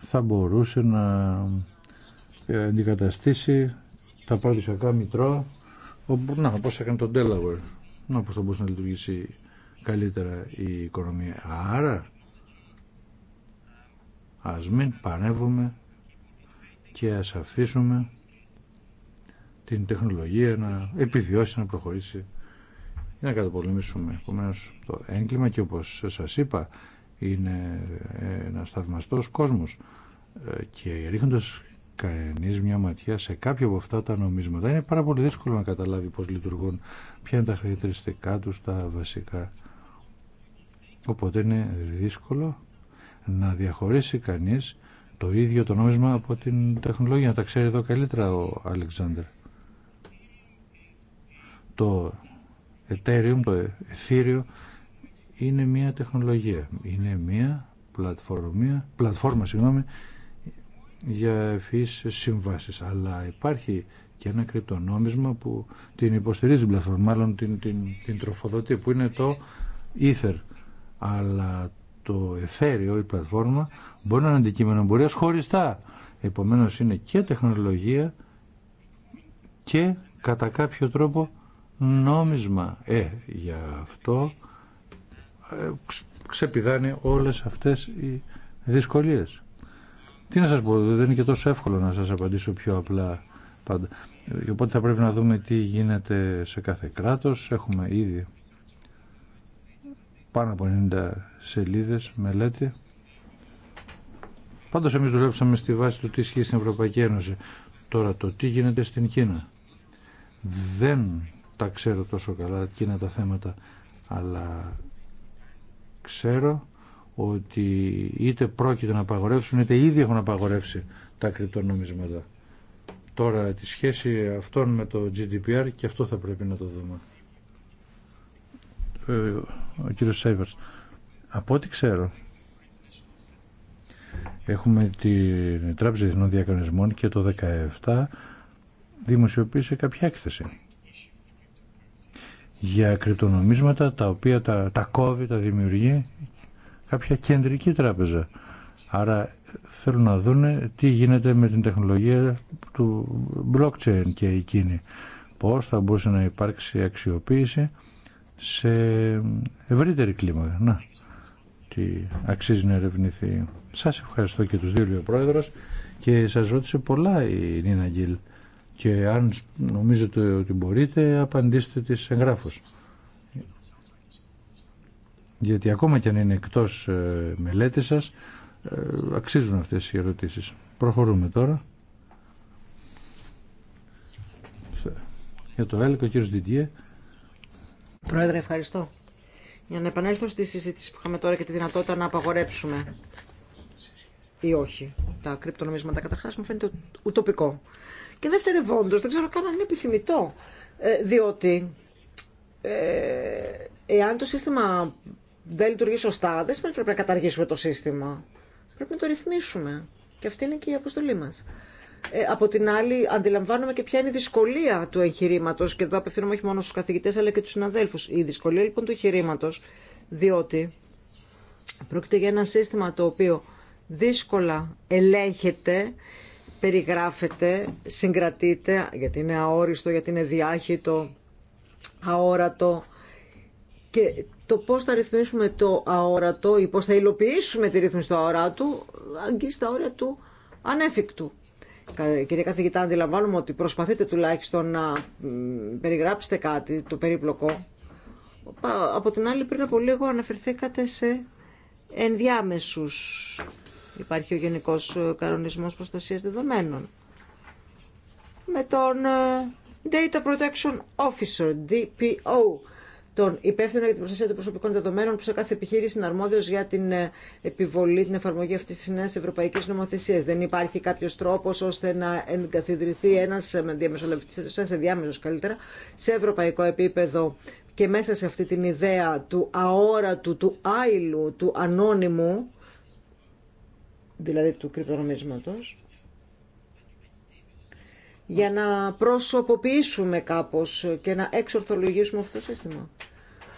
θα μπορούσε να ε, αντικαταστήσει τα παραδοσιακά μητρώα όπου, να, πώς έκανε το Delaware να πώς θα μπορούσε να λειτουργήσει καλύτερα η οικονομία άρα ας μην πανεύουμε και ας αφήσουμε την τεχνολογία να επιβιώσει, να προχωρήσει για να καταπολεμήσουμε επομένω το έγκλημα και όπως σας είπα είναι ένα θαυμαστό κόσμος ε, και ρίχνοντα κανεί μια ματιά σε κάποια από αυτά τα νομίσματα είναι πάρα πολύ δύσκολο να καταλάβει πώ λειτουργούν ποια είναι τα χαρακτηριστικά του τα βασικά οπότε είναι δύσκολο να διαχωρίσει κανείς το ίδιο το νόμισμα από την τεχνολογία να τα ξέρει εδώ καλύτερα ο Αλεξάνδρ το Ethereum, το Ethereum είναι μια τεχνολογία, είναι μια πλατφόρμα, πλατφόρμα για εφής συμβάσεις. Αλλά υπάρχει και ένα κρυπτονόμισμα που την υποστηρίζει την πλατφόρμα, μάλλον την, την, την τροφοδοτεί, που είναι το Ether. Αλλά το Ethereum, η πλατφόρμα, μπορεί να είναι αντικείμενο εμπορίας χωριστά. Επομένως είναι και τεχνολογία και κατά κάποιο τρόπο νόμισμα. Ε, για αυτό ε, ξεπηδάνε όλες αυτές οι δυσκολίες. Τι να σας πω, δεν είναι και τόσο εύκολο να σας απαντήσω πιο απλά πάντα. Ε, οπότε θα πρέπει να δούμε τι γίνεται σε κάθε κράτος. Έχουμε ήδη πάνω από 90 σελίδες μελέτη. Πάντως εμείς δουλέψαμε στη βάση του τι ισχύει στην Ευρωπαϊκή Ένωση. Τώρα το τι γίνεται στην Κίνα. Δεν τα ξέρω τόσο καλά εκείνα τα θέματα αλλά ξέρω ότι είτε πρόκειται να απαγορεύσουν είτε ήδη έχουν απαγορεύσει τα κρυπτονομίσματα. Τώρα τη σχέση αυτών με το GDPR και αυτό θα πρέπει να το δούμε. Ε, ο κύριος Σέιβερς. Από ό,τι ξέρω έχουμε την Τράπεζα Διεθνών Διακανονισμών και το 17 δημοσιοποίησε κάποια έκθεση για κρυπτονομίσματα τα οποία τα, τα κόβει, τα δημιουργεί κάποια κεντρική τράπεζα. Άρα θέλουν να δούνε τι γίνεται με την τεχνολογία του blockchain και εκείνη. Πώς θα μπορούσε να υπάρξει αξιοποίηση σε ευρύτερη κλίμακα. Να, τι αξίζει να ερευνηθεί. Σας ευχαριστώ και τους δύο, Πρόεδρος, και σας ρώτησε πολλά η Νίνα Γκίλ και αν νομίζετε ότι μπορείτε απαντήστε τις εγγράφως. Γιατί ακόμα και αν είναι εκτός ε, μελέτης σας ε, αξίζουν αυτές οι ερωτήσεις. Προχωρούμε τώρα. Για το έλεγχο, ο κύριος Διντιέ. Πρόεδρε, ευχαριστώ. Για να επανέλθω στη συζήτηση που είχαμε τώρα και τη δυνατότητα να απαγορέψουμε ή όχι τα κρυπτονομίσματα. Καταρχάς μου φαίνεται ουτοπικό. Και δευτερευόντως, δεν ξέρω καν αν είναι επιθυμητό, ε, διότι ε, εάν το σύστημα δεν λειτουργεί σωστά, δεν σημαίνει πρέπει να καταργήσουμε το σύστημα. Πρέπει να το ρυθμίσουμε. Και αυτή είναι και η αποστολή μα. Ε, από την άλλη, αντιλαμβάνομαι και ποια είναι η δυσκολία του εγχειρήματο, και εδώ απευθύνομαι όχι μόνο στου καθηγητέ αλλά και του συναδέλφου. Η δυσκολία λοιπόν του εγχειρήματο, διότι πρόκειται για ένα σύστημα το οποίο δύσκολα ελέγχεται περιγράφεται, συγκρατείται, γιατί είναι αόριστο, γιατί είναι διάχυτο, αόρατο και το πώς θα ρυθμίσουμε το αόρατο ή πώς θα υλοποιήσουμε τη ρύθμιση του αόρατου αγγίζει τα όρια του ανέφικτου. Κυρία καθηγητά, αντιλαμβάνομαι ότι προσπαθείτε τουλάχιστον να περιγράψετε κάτι το περίπλοκο. Από την άλλη, πριν από λίγο αναφερθήκατε σε ενδιάμεσους Υπάρχει ο Γενικός ε, Κανονισμός Προστασίας Δεδομένων. Με τον ε, Data Protection Officer, DPO, τον υπεύθυνο για την προστασία των προσωπικών δεδομένων που σε κάθε επιχείρηση είναι αρμόδιος για την ε, επιβολή, την εφαρμογή αυτής της νέας ευρωπαϊκής νομοθεσίας. Δεν υπάρχει κάποιος τρόπος ώστε να εγκαθιδρυθεί ένας διαμεσολαβητής, σε διάμεσος καλύτερα, σε ευρωπαϊκό επίπεδο και μέσα σε αυτή την ιδέα του αόρατου, του άειλου, του ανώνυμου, δηλαδή του κρυπτονομίσματος, για να προσωποποιήσουμε κάπως και να εξορθολογήσουμε αυτό το σύστημα.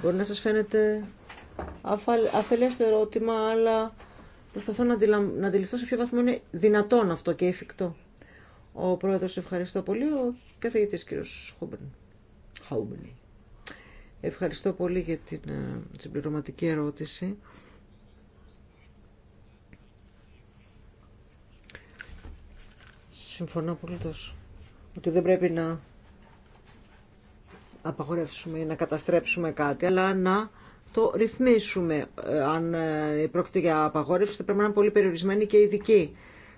Μπορεί να σας φαίνεται αφελές το ερώτημα, αλλά προσπαθώ να, αντιληφθώ σε ποιο βαθμό είναι δυνατόν αυτό και εφικτό. Ο πρόεδρος ευχαριστώ πολύ, ο καθηγητής κύριος Χόμπεν. Ευχαριστώ πολύ για την ε, συμπληρωματική ερώτηση. Συμφωνώ απολύτως ότι δεν πρέπει να απαγορεύσουμε ή να καταστρέψουμε κάτι, αλλά να το ρυθμίσουμε. Ε, αν ε, πρόκειται για απαγόρευση, θα πρέπει να είναι πολύ περιορισμένη και ειδική.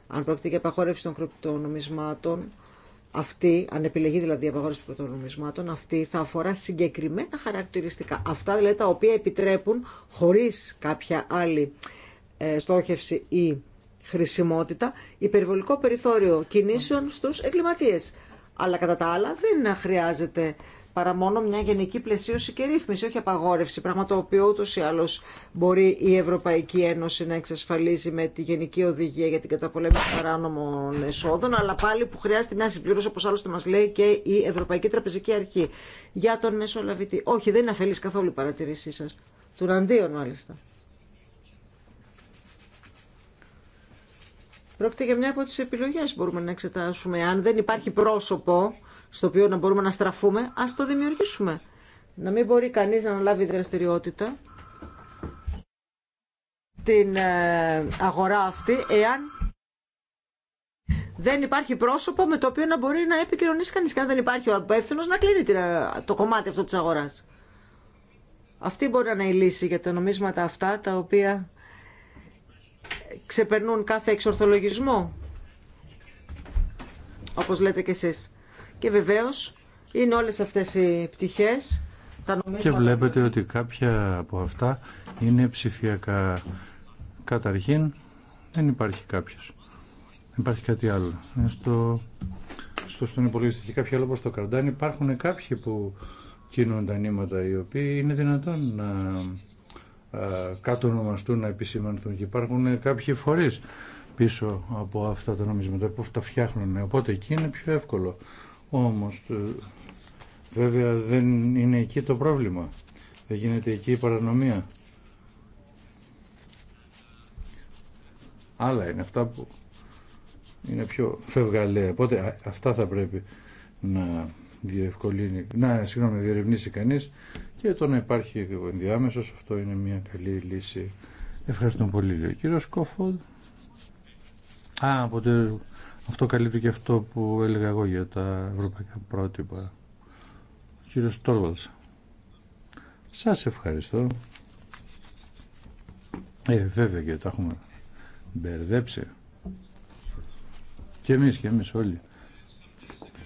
Αν πρόκειται για απαγόρευση των κρυπτονομισμάτων, αυτή, αν επιλεγεί δηλαδή η απαγόρευση των κρυπτονομισμάτων, αυτή θα αφορά συγκεκριμένα χαρακτηριστικά. Αυτά δηλαδή τα οποία επιτρέπουν χωρί κάποια άλλη ε, στόχευση ή χρησιμότητα, υπερβολικό περιθώριο κινήσεων στους εγκληματίες. Αλλά κατά τα άλλα δεν χρειάζεται παρά μόνο μια γενική πλαισίωση και ρύθμιση, όχι απαγόρευση, πράγμα το οποίο ούτως ή άλλως μπορεί η Ευρωπαϊκή Ένωση να εξασφαλίζει με τη Γενική Οδηγία για την Καταπολέμηση Παράνομων Εσόδων, αλλά πάλι που χρειάζεται μια συμπλήρωση, όπως άλλωστε μας λέει και η Ευρωπαϊκή Τραπεζική Αρχή. Για τον Μεσολαβητή. Όχι, δεν είναι αφελής καθόλου η παρατηρήσή σας. Τουραντίον μάλιστα. Πρόκειται για μια από τις επιλογές που μπορούμε να εξετάσουμε. Αν δεν υπάρχει πρόσωπο στο οποίο να μπορούμε να στραφούμε, ας το δημιουργήσουμε. Να μην μπορεί κανείς να αναλάβει δραστηριότητα την ε, αγορά αυτή, εάν δεν υπάρχει πρόσωπο με το οποίο να μπορεί να επικοινωνήσει κανείς. Και αν δεν υπάρχει ο απεύθυνο να κλείνει ε, το κομμάτι αυτό της αγοράς. Αυτή μπορεί να είναι η λύση για τα νομίσματα αυτά, τα οποία ξεπερνούν κάθε εξορθολογισμό, όπως λέτε κι εσείς. Και βεβαίως είναι όλες αυτές οι πτυχές. Τα και βλέπετε ότι κάποια από αυτά είναι ψηφιακά. Καταρχήν δεν υπάρχει κάποιος. Δεν υπάρχει κάτι άλλο. Στο, στο, στον υπολογιστή και κάποια άλλο όπως το καρντάν υπάρχουν κάποιοι που κινούν τα νήματα οι οποίοι είναι δυνατόν να ε, κάτω ονομαστούν να επισημανθούν και υπάρχουν κάποιοι φορεί πίσω από αυτά τα νομίσματα που τα φτιάχνουν οπότε εκεί είναι πιο εύκολο όμως ε, βέβαια δεν είναι εκεί το πρόβλημα δεν γίνεται εκεί η παρανομία άλλα είναι αυτά που είναι πιο φευγαλαία οπότε αυτά θα πρέπει να διευκολύνει να συγγνώμη διερευνήσει κανείς και το να υπάρχει ενδιάμεσο αυτό είναι μια καλή λύση. Ευχαριστώ πολύ, κύριο Κόφοδ. Α, αυτό καλύπτει και αυτό που έλεγα εγώ για τα ευρωπαϊκά πρότυπα. Ο κύριο Τόρβαλ. Σα ευχαριστώ. Ε, βέβαια και τα έχουμε μπερδέψει. Και εμείς και εμείς όλοι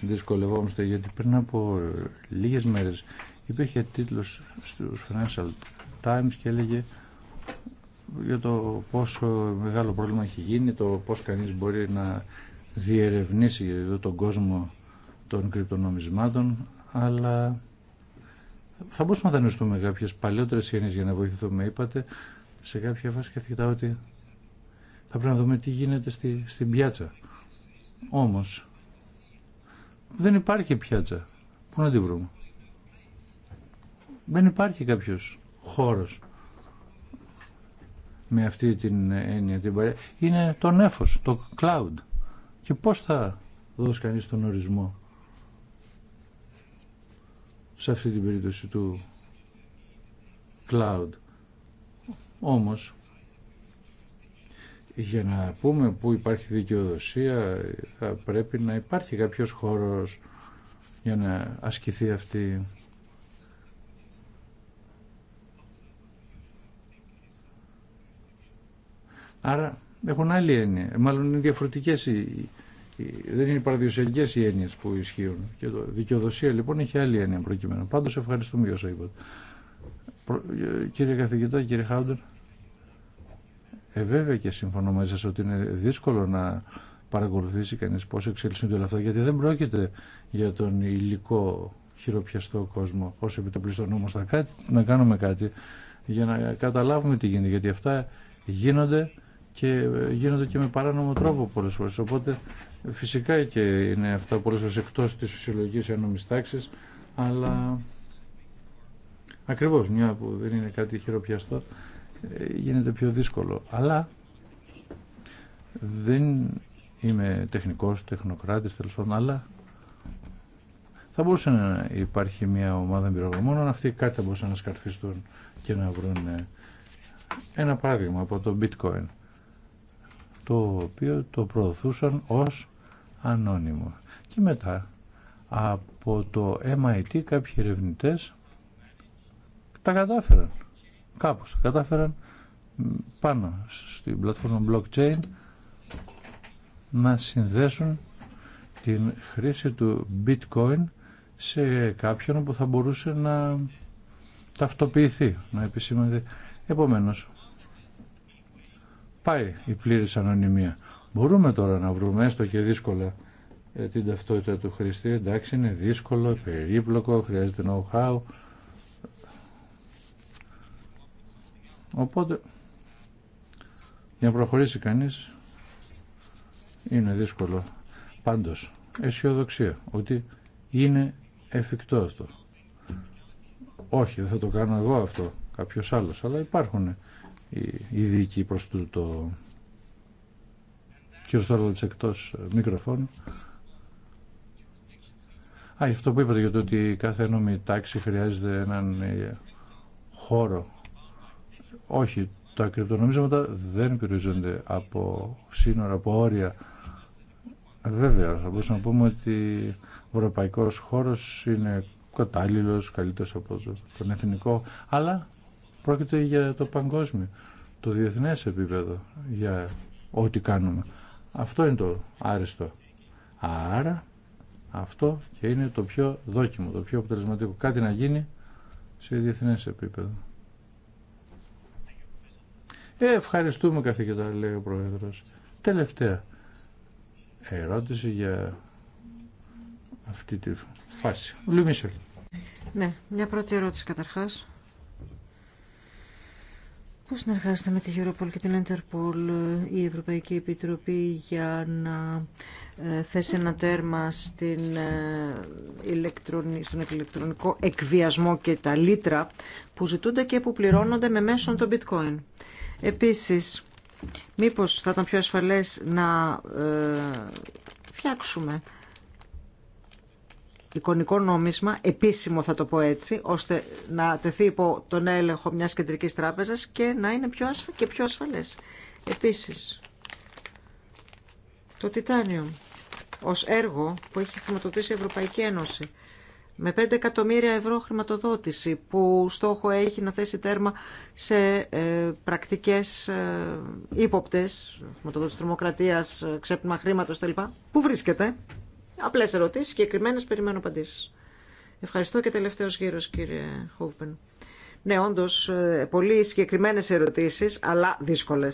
δυσκολευόμαστε γιατί πριν από λίγες μέρες υπήρχε τίτλος στους Financial Times και έλεγε για το πόσο μεγάλο πρόβλημα έχει γίνει, το πώς κανείς μπορεί να διερευνήσει εδώ τον κόσμο των κρυπτονομισμάτων, αλλά θα μπορούσαμε να δανειστούμε κάποιε παλιότερε έννοιες για να βοηθηθούμε, είπατε, σε κάποια φάση σκεφτείτε ότι θα πρέπει να δούμε τι γίνεται στη, στην πιάτσα. Όμω, δεν υπάρχει πιάτσα. Πού να την βρούμε δεν υπάρχει κάποιος χώρος με αυτή την έννοια την παλιά. Είναι το νέφος, το cloud. Και πώς θα δώσει κανείς τον ορισμό σε αυτή την περίπτωση του cloud. Όμως, για να πούμε που υπάρχει δικαιοδοσία, θα πρέπει να υπάρχει κάποιος χώρος για να ασκηθεί αυτή Άρα έχουν άλλη έννοια. Μάλλον είναι διαφορετικέ. οι, δεν είναι παραδοσιακέ οι έννοιε που ισχύουν. Και το δικαιοδοσία λοιπόν έχει άλλη έννοια προκειμένου. Πάντως ευχαριστούμε για όσα είπατε. Ε, κύριε καθηγητά, κύριε Χάουντερ, ε, βέβαια και συμφωνώ μαζί σας ότι είναι δύσκολο να παρακολουθήσει κανεί πώ εξελίσσονται όλα αυτά, γιατί δεν πρόκειται για τον υλικό χειροπιαστό κόσμο Ω επιτοπλιστών. Όμως θα να κάνουμε κάτι για να καταλάβουμε τι γίνεται, γιατί αυτά γίνονται και ε, γίνονται και με παράνομο τρόπο πολλές φορές. Οπότε φυσικά και είναι αυτά πολλές φορές εκτός της φυσιολογικής ένομης τάξης, αλλά ακριβώς μια που δεν είναι κάτι χειροπιαστό ε, γίνεται πιο δύσκολο. Αλλά δεν είμαι τεχνικός, τεχνοκράτης, τέλος πάντων, αλλά θα μπορούσε να υπάρχει μια ομάδα εμπειρογνωμόνων, αυτοί κάτι θα μπορούσαν να σκαρφίσουν και να βρουν ένα παράδειγμα από το bitcoin το οποίο το προωθούσαν ως ανώνυμο. Και μετά από το MIT κάποιοι ερευνητέ τα κατάφεραν. Κάπως τα κατάφεραν πάνω στην πλατφόρμα blockchain να συνδέσουν την χρήση του bitcoin σε κάποιον που θα μπορούσε να ταυτοποιηθεί, να επισημανθεί. Επομένως, πάει η πλήρης ανωνυμία. Μπορούμε τώρα να βρούμε έστω και δύσκολα ε, την ταυτότητα του χρηστή. Εντάξει, είναι δύσκολο, περίπλοκο, χρειάζεται know-how. Οπότε, για να προχωρήσει κανείς, είναι δύσκολο. Πάντως, αισιοδοξία ότι είναι εφικτό αυτό. Όχι, δεν θα το κάνω εγώ αυτό, κάποιος άλλος, αλλά υπάρχουν η δίκη προς το κύριο Θόρβολτς εκτός ε, μικροφώνου. Α, αυτό που είπατε για το ότι κάθε ένωμη τάξη χρειάζεται έναν ε, χώρο. Όχι, τα κρυπτονομίσματα δεν περιορίζονται από σύνορα, από όρια. Βέβαια, θα μπορούσαμε να πούμε ότι ο ευρωπαϊκός χώρος είναι κατάλληλος, καλύτερος από τον εθνικό, αλλά Πρόκειται για το παγκόσμιο, το διεθνές επίπεδο, για ό,τι κάνουμε. Αυτό είναι το άριστο. Άρα αυτό και είναι το πιο δόκιμο, το πιο αποτελεσματικό. Κάτι να γίνει σε διεθνές επίπεδο. Ε, ευχαριστούμε καθηγητά, λέει ο Πρόεδρος. Τελευταία ερώτηση για αυτή τη φάση. Λουμίσελ. Ναι, μια πρώτη ερώτηση καταρχάς. Πώς συνεργάζεται με τη Europol και την Interpol η Ευρωπαϊκή Επιτροπή για να ε, θέσει ένα τέρμα ε, στον ηλεκτρονικό εκβιασμό και τα λίτρα που ζητούνται και που πληρώνονται με μέσον το bitcoin. Επίσης, μήπως θα ήταν πιο ασφαλές να ε, φτιάξουμε εικονικό νόμισμα, επίσημο θα το πω έτσι, ώστε να τεθεί υπό τον έλεγχο μιας κεντρικής τράπεζας και να είναι πιο ασφα... και πιο ασφαλές. Επίσης, το Τιτάνιο ως έργο που έχει χρηματοδοτήσει η Ευρωπαϊκή Ένωση με 5 εκατομμύρια ευρώ χρηματοδότηση που στόχο έχει να θέσει τέρμα σε ε, πρακτικές ε, ύποπτες, χρηματοδότηση τρομοκρατίας, ε, ξέπνιμα χρήματος κλπ. Πού βρίσκεται, Απλέ ερωτήσεις, συγκεκριμένε περιμένω απαντήσει. Ευχαριστώ και τελευταίο γύρος, κύριε Χόβπεν. Ναι, όντω ε, πολύ συγκεκριμένε ερωτήσεις, αλλά δύσκολε.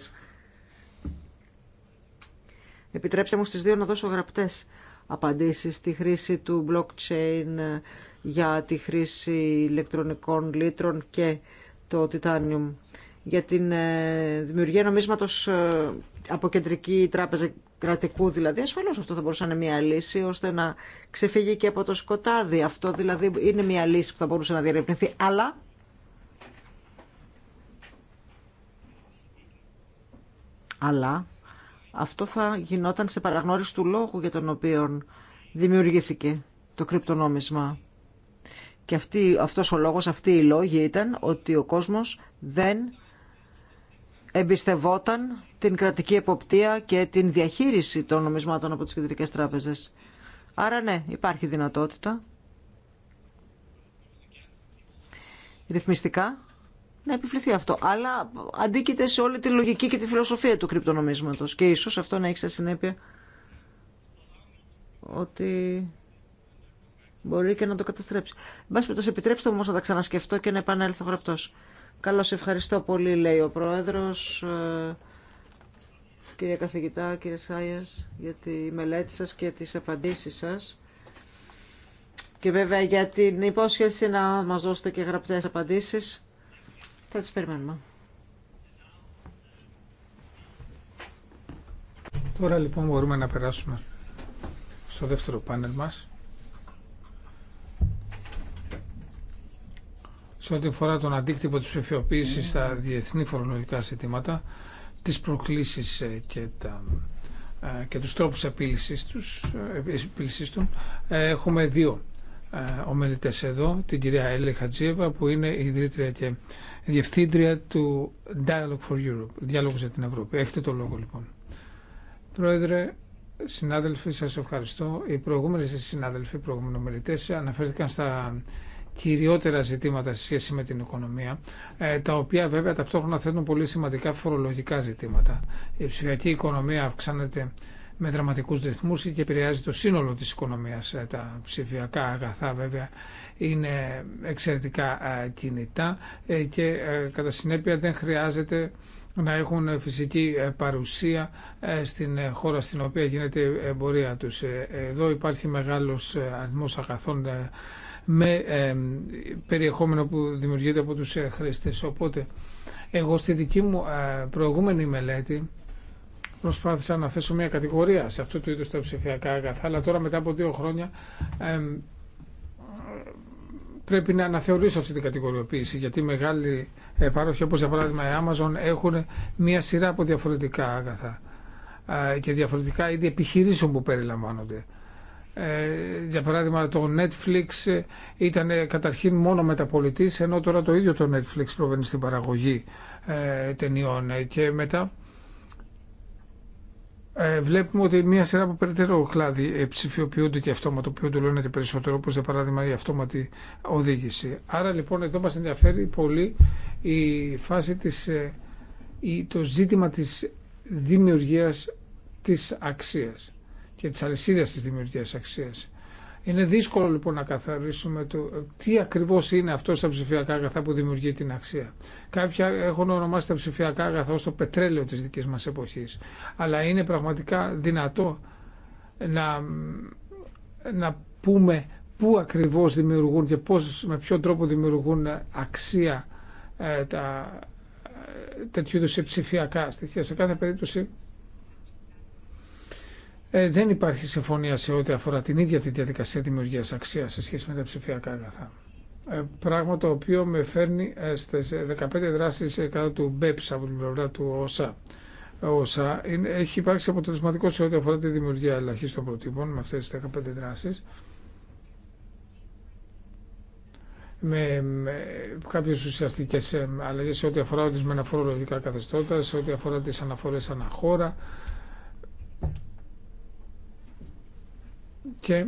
Επιτρέψτε μου στις δύο να δώσω γραπτές απαντήσεις στη χρήση του blockchain ε, για τη χρήση ηλεκτρονικών λίτρων και το titanium για την ε, δημιουργία νομίσματος από κεντρική τράπεζα κρατικού δηλαδή, ασφαλώ αυτό θα μπορούσε να είναι μια λύση ώστε να ξεφύγει και από το σκοτάδι. Αυτό δηλαδή είναι μια λύση που θα μπορούσε να διερευνηθεί, αλλά αλλά αυτό θα γινόταν σε παραγνώριση του λόγου για τον οποίο δημιουργήθηκε το κρυπτονόμισμα. Και αυτή, αυτός ο λόγος, αυτή η λόγη ήταν ότι ο κόσμος δεν εμπιστευόταν την κρατική εποπτεία και την διαχείριση των νομισμάτων από τις κεντρικές τράπεζες. Άρα ναι, υπάρχει δυνατότητα. Ρυθμιστικά να επιβληθεί αυτό. Αλλά αντίκειται σε όλη τη λογική και τη φιλοσοφία του κρυπτονομίσματος. Και ίσως αυτό να έχει σε συνέπεια ότι μπορεί και να το καταστρέψει. Μπράβο, επιτρέψτε μου όμως να τα ξανασκεφτώ και να επανέλθω γραπτός. Καλώς ευχαριστώ πολύ, λέει ο Πρόεδρος, ε, κύριε καθηγητά, κύριε Σάιας, για τη μελέτη σας και τις απαντήσεις σας. Και βέβαια για την υπόσχεση να μας δώσετε και γραπτές απαντήσεις. Θα τις περιμένουμε. Τώρα λοιπόν μπορούμε να περάσουμε στο δεύτερο πάνελ μας. σε ό,τι αφορά τον αντίκτυπο της ψηφιοποίησης στα διεθνή φορολογικά ζητήματα, τις προκλήσεις ε, και τα ε, και τους τρόπους τους, ε, έχουμε δύο ομιλητές εδώ, την κυρία Έλλη Χατζίεβα που είναι η ιδρύτρια και διευθύντρια του Dialogue for Europe, Διάλογος για την Ευρώπη. Έχετε το λόγο λοιπόν. Πρόεδρε, συνάδελφοι, σας ευχαριστώ. Οι προηγούμενες συνάδελφοι, οι προηγούμενοι ομιλητές αναφέρθηκαν στα κυριότερα ζητήματα σε σχέση με την οικονομία, ε, τα οποία βέβαια ταυτόχρονα θέτουν πολύ σημαντικά φορολογικά ζητήματα. Η ψηφιακή οικονομία αυξάνεται με δραματικούς ρυθμούς και επηρεάζει το σύνολο της οικονομίας. Ε, τα ψηφιακά αγαθά βέβαια είναι εξαιρετικά ε, κινητά και κατά συνέπεια δεν χρειάζεται να έχουν φυσική παρουσία στην χώρα στην οποία γίνεται η εμπορία τους. Εδώ υπάρχει μεγάλος αριθμός αγαθών με περιεχόμενο που δημιουργείται από τους ε, χρήστες. Οπότε, εγώ στη δική μου ε, προηγούμενη μελέτη προσπάθησα να θέσω μια κατηγορία σε αυτό το είδος τα ψηφιακά αγαθά, αλλά τώρα μετά από δύο χρόνια πρέπει να αναθεωρήσω αυτή την κατηγοριοποίηση, γιατί μεγάλοι ε, πάροχοι, όπως για παράδειγμα η Amazon, έχουν μια σειρά από διαφορετικά αγαθά και διαφορετικά είδη επιχειρήσεων που περιλαμβάνονται. Ε, για παράδειγμα το Netflix ε, ήταν ε, καταρχήν μόνο μεταπολιτής ενώ τώρα το ίδιο το Netflix προβαίνει στην παραγωγή ταινιών και μετά βλέπουμε ότι μια σειρά από περαιτέρω κλάδι ψηφιοποιούνται και αυτοματοποιούνται λένε και περισσότερο όπως για παράδειγμα η αυτόματη οδήγηση. Άρα λοιπόν εδώ μας ενδιαφέρει πολύ η φάση της, το ζήτημα της δημιουργίας της αξίας και της αλυσίδα της δημιουργίας αξίας. Είναι δύσκολο λοιπόν να καθαρίσουμε το ε, τι ακριβώ είναι αυτό τα ψηφιακά αγαθά που δημιουργεί την αξία. Κάποια έχουν ονομάσει τα ψηφιακά αγαθά ω το πετρέλαιο τη δική μα εποχή. Αλλά είναι πραγματικά δυνατό να, να πούμε πού ακριβώς δημιουργούν και πώς, με ποιον τρόπο δημιουργούν αξία ε, τα ε, τέτοιου είδου ψηφιακά στοιχεία. Σε κάθε περίπτωση ε, δεν υπάρχει συμφωνία σε ό,τι αφορά την ίδια τη διαδικασία δημιουργίας αξίας σε σχέση με τα ψηφιακά αγαθά. Ε, πράγμα το οποίο με φέρνει ε, στι 15 δράσεις κατά του BEPS από την πλευρά του ΩΣΑ. έχει υπάρξει αποτελεσματικό σε ό,τι αφορά τη δημιουργία ελαχίστων προτύπων με αυτές τις 15 δράσεις. με, με κάποιες ουσιαστικές σε ό,τι αφορά ορισμένα φορολογικά καθεστώτα, σε ό,τι αφορά τι αναφορέ αναχώρα, και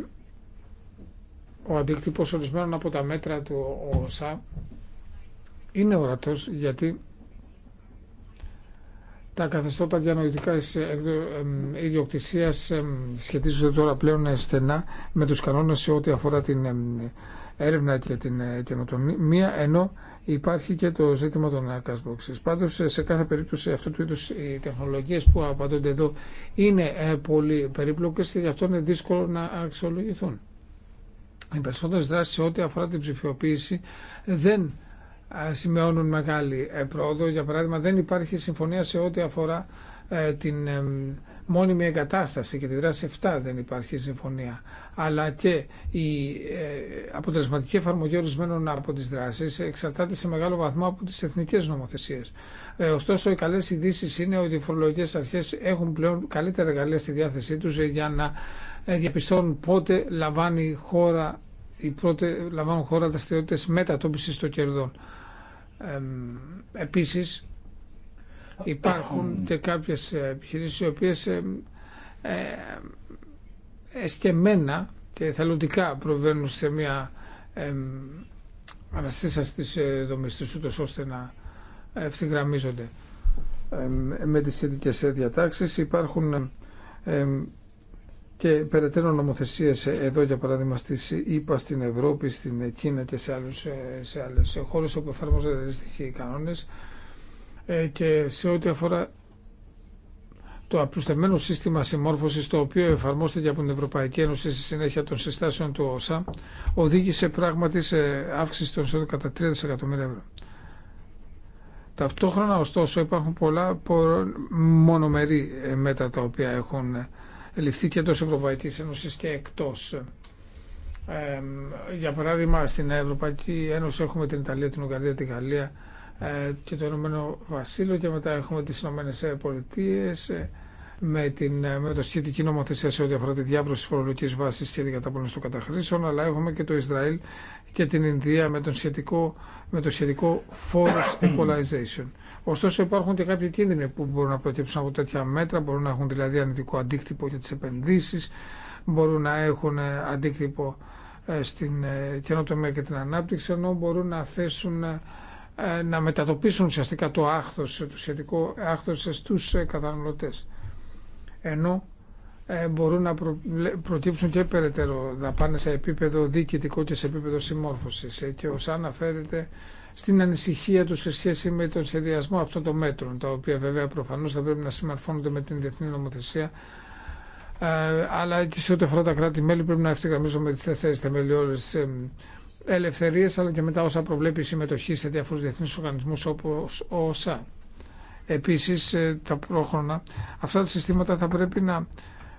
ο αντίκτυπος ορισμένων από τα μέτρα του ΩΣΑ είναι ορατός γιατί τα καθεστώτα διανοητικά ε, ιδιοκτησία σχετίζονται τώρα πλέον ε, στενά με τους κανόνες σε ό,τι αφορά την έρευνα και την ε, καινοτομία, ενώ υπάρχει και το ζήτημα των cashboxes. Πάντως σε κάθε περίπτωση αυτού του είδους οι τεχνολογίες που απαντώνται εδώ είναι ε, πολύ περίπλοκες και γι' αυτό είναι δύσκολο να αξιολογηθούν. Οι περισσότερε δράσει σε ό,τι αφορά την ψηφιοποίηση δεν ε, σημειώνουν μεγάλη ε, πρόοδο. Για παράδειγμα δεν υπάρχει συμφωνία σε ό,τι αφορά την μόνιμη εγκατάσταση και τη δράση 7 δεν υπάρχει συμφωνία αλλά και η ε, αποτελεσματική εφαρμογή ορισμένων από τις δράσεις εξαρτάται σε μεγάλο βαθμό από τις εθνικές νομοθεσίες. Ε, ωστόσο, οι καλές ειδήσει είναι ότι οι φορολογικές αρχές έχουν πλέον καλύτερα εργαλεία στη διάθεσή τους ε, για να διαπιστώνουν πότε λαμβάνει χώρα, η πρώτη, λαμβάνουν χώρα δραστηριότητε μετατόπισης των κερδών. Ε, επίσης, υπάρχουν και κάποιες επιχειρήσεις οι οποίες εσκεμμένα και θελοντικά προβαίνουν σε μια ε, αναστήσα της δομές τους, ούτως ώστε να ε, ευθυγραμμίζονται με τις σχετικές ε, διατάξεις. Υπάρχουν και περαιτέρω νομοθεσίες ε, εδώ, για παράδειγμα, στις στην Ευρώπη, στην Κίνα και σε, άλλους, σε άλλες χώρες όπου εφαρμόζονται αντίστοιχοι κανόνες και σε ό,τι αφορά το απλουστευμένο σύστημα συμμόρφωση, το οποίο εφαρμόστηκε από την Ευρωπαϊκή Ένωση στη συνέχεια των συστάσεων του ΩΣΑ οδήγησε πράγματι σε αύξηση των εισόδων κατά 3 δισεκατομμύρια ευρώ. Ταυτόχρονα ωστόσο υπάρχουν πολλά μονομερή μέτρα τα οποία έχουν ληφθεί και εντό Ευρωπαϊκή Ένωση και εκτός. για παράδειγμα στην Ευρωπαϊκή Ένωση έχουμε την Ιταλία, την Ουγγαρία, τη Γαλλία, ε, και το Ηνωμένο Βασίλειο και μετά έχουμε τις Ηνωμένε Πολιτείε ε, με, την, με το σχετική νομοθεσία σε ό,τι αφορά τη διάβρωση φορολογική βάση και την καταπολέμηση των καταχρήσεων, αλλά έχουμε και το Ισραήλ και την Ινδία με, τον σχετικό, με το σχετικό φόρο equalization. Ωστόσο, υπάρχουν και κάποιοι κίνδυνοι που μπορούν να προκύψουν από τέτοια μέτρα, μπορούν να έχουν δηλαδή αρνητικό αντίκτυπο για τι επενδύσει, μπορούν να έχουν ε, αντίκτυπο ε, στην ε, καινοτομία και την ανάπτυξη, ενώ μπορούν να θέσουν να μετατοπίσουν ουσιαστικά το άχθος, το σχετικό άχθος στους καταναλωτές ενώ ε, μπορούν να προκύψουν και περαιτέρω να πάνε σε επίπεδο διοικητικό και σε επίπεδο συμμόρφωση. Ε, και ο ΣΑΝ αναφέρεται στην ανησυχία του σε σχέση με τον σχεδιασμό αυτών των μέτρων, τα οποία βέβαια προφανώ θα πρέπει να συμμορφώνονται με την διεθνή νομοθεσία, ε, αλλά και σε ό,τι αφορά τα κράτη-μέλη πρέπει να ευθυγραμμίζονται με τι τέσσερι θεμελιώδει ελευθερίε, αλλά και μετά όσα προβλέπει η συμμετοχή σε διάφορου διεθνεί οργανισμού όπω ο ΣΑΝ. Επίσης ε, τα πρόχρονα αυτά τα συστήματα θα πρέπει να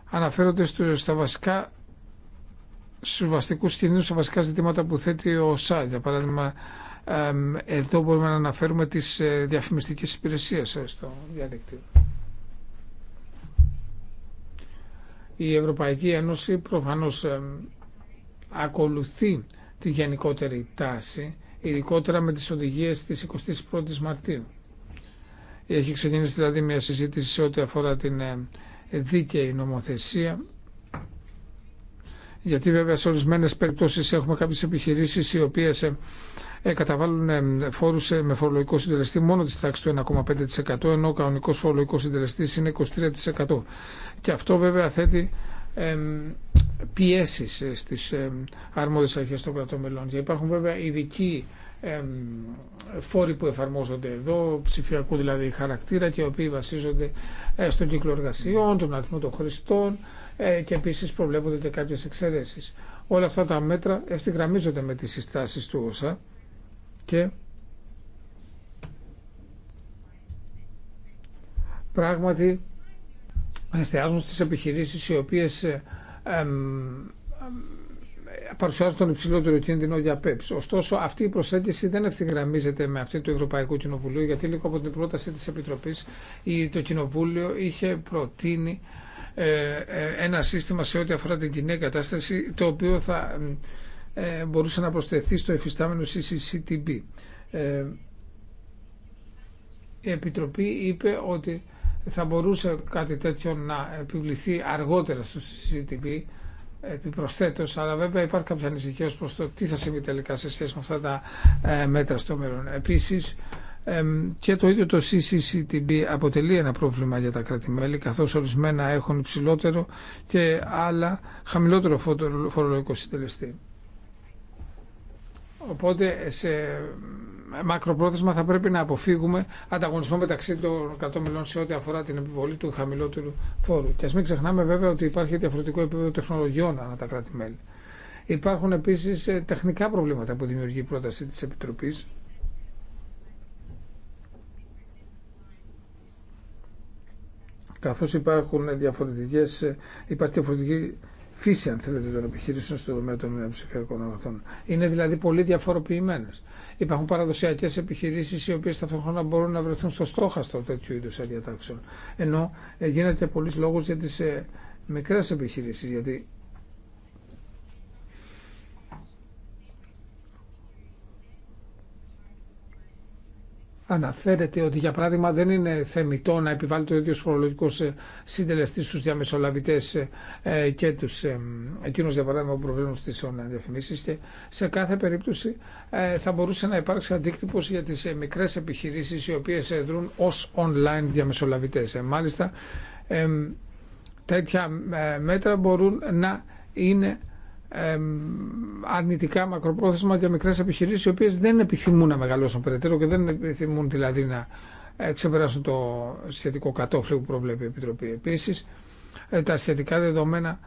αναφέρονται στα βασικά στους βασικούς στα βασικά ζητήματα που θέτει ο σάι Για παράδειγμα, εδώ μπορούμε να αναφέρουμε τις ε, διαφημιστικές υπηρεσίες ε, στο διαδίκτυο. Η Ευρωπαϊκή Ένωση προφανώς ακολουθεί τη γενικότερη τάση, ειδικότερα με τις οδηγίες της 21ης Μαρτίου. Έχει ξεκινήσει δηλαδή μια συζήτηση σε ό,τι αφορά την ε, δίκαιη νομοθεσία. Γιατί βέβαια σε ορισμένε περιπτώσει έχουμε κάποιε επιχειρήσει οι οποίε ε, ε, καταβάλουν φόρου με φορολογικό συντελεστή μόνο τη τάξη του 1,5% ενώ ο κανονικό φορολογικό συντελεστή είναι 23%. Και αυτό βέβαια θέτει πιέσει στι αρμόδιε αρχέ των κρατών μελών. Και υπάρχουν βέβαια ειδικοί φόροι που εφαρμόζονται εδώ, ψηφιακού δηλαδή χαρακτήρα και οι οποίοι βασίζονται ε, στον κύκλο εργασιών, τον αριθμό των χρηστών ε, και επίσης προβλέπονται και κάποιες εξαιρέσεις. Όλα αυτά τα μέτρα ευθυγραμμίζονται με τις συστάσεις του ΩΣΑ και πράγματι εστιάζουν στις επιχειρήσεις οι οποίες ε, παρουσιάζουν τον υψηλότερο κίνδυνο για ΠΕΠΣ. Ωστόσο, αυτή η προσέγγιση δεν ευθυγραμμίζεται με αυτή του Ευρωπαϊκού Κοινοβουλίου, γιατί λίγο από την πρόταση τη Επιτροπή το Κοινοβούλιο είχε προτείνει ε, ε, ένα σύστημα σε ό,τι αφορά την κοινή κατάσταση, το οποίο θα ε, μπορούσε να προσθεθεί στο εφιστάμενο CCCTB. Η Επιτροπή είπε ότι θα μπορούσε κάτι τέτοιο να επιβληθεί αργότερα στο CCTB επιπροσθέτω, αλλά βέβαια υπάρχει κάποια ανησυχία ω προ το τι θα συμβεί τελικά σε σχέση με αυτά τα ε, μέτρα στο μέλλον. Επίση, και το ίδιο το CCCTB αποτελεί ένα πρόβλημα για τα κράτη-μέλη, καθώ ορισμένα έχουν υψηλότερο και άλλα χαμηλότερο φορολογικό συντελεστή. Οπότε σε μακροπρόθεσμα θα πρέπει να αποφύγουμε ανταγωνισμό μεταξύ των κρατών μελών σε ό,τι αφορά την επιβολή του χαμηλότερου φόρου. Και α μην ξεχνάμε βέβαια ότι υπάρχει διαφορετικό επίπεδο τεχνολογιών ανά τα κράτη-μέλη. Υπάρχουν επίση ε, τεχνικά προβλήματα που δημιουργεί η πρόταση τη Επιτροπή. Καθώς υπάρχουν διαφορετικές, ε, υπάρχει διαφορετική φύση, αν θέλετε, των επιχειρήσεων στο τομέα των ψηφιακών αγαθών. Είναι δηλαδή πολύ διαφοροποιημένες. Υπάρχουν παραδοσιακέ επιχειρήσει οι οποίε ταυτόχρονα μπορούν να βρεθούν στο στόχαστο τέτοιου είδου αδιατάξεων. Ενώ ε, γίνεται πολλή λόγο για τι ε, μικρέ επιχειρήσει, γιατί αναφέρεται ότι για παράδειγμα δεν είναι θεμητό να επιβάλλει το ίδιο φορολογικό συντελεστή στους διαμεσολαβητές ε, ε, και τους ε, εκείνους για παράδειγμα που προβλήνουν στις online και σε κάθε περίπτωση θα μπορούσε να υπάρξει αντίκτυπος για τις μικρές επιχειρήσεις οι οποίες δρούν ως online διαμεσολαβητές. Μάλιστα τέτοια μέτρα μπορούν να είναι αρνητικά μακροπρόθεσμα για μικρές επιχειρήσεις οι οποίες δεν επιθυμούν να μεγαλώσουν περαιτέρω και δεν επιθυμούν δηλαδή να ε, ξεπεράσουν το σχετικό κατόφλι που προβλέπει η Επιτροπή. Επίσης, ε, τα σχετικά δεδομένα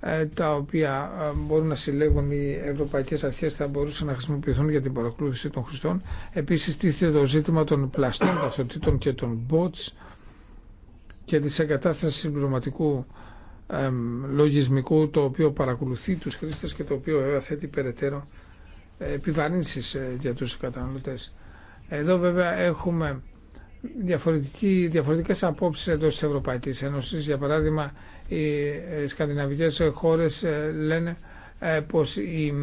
ε, τα οποία μπορούν να συλλέγουν οι ευρωπαϊκές αρχές θα μπορούσαν να χρησιμοποιηθούν για την παρακολούθηση των χρηστών. Επίσης, τίθεται το ζήτημα των πλαστών ταυτοτήτων και των bots και της εγκατάστασης συμπληρωματικού λογισμικού το οποίο παρακολουθεί τους χρήστες και το οποίο θέτει περαιτέρω ε, επιβαρύνσεις ε, για τους καταναλωτές. Εδώ βέβαια έχουμε διαφορετική, διαφορετικές απόψεις εντός της Ευρωπαϊκής Για παράδειγμα, οι ε, σκανδιναβικές χώρες λένε πως η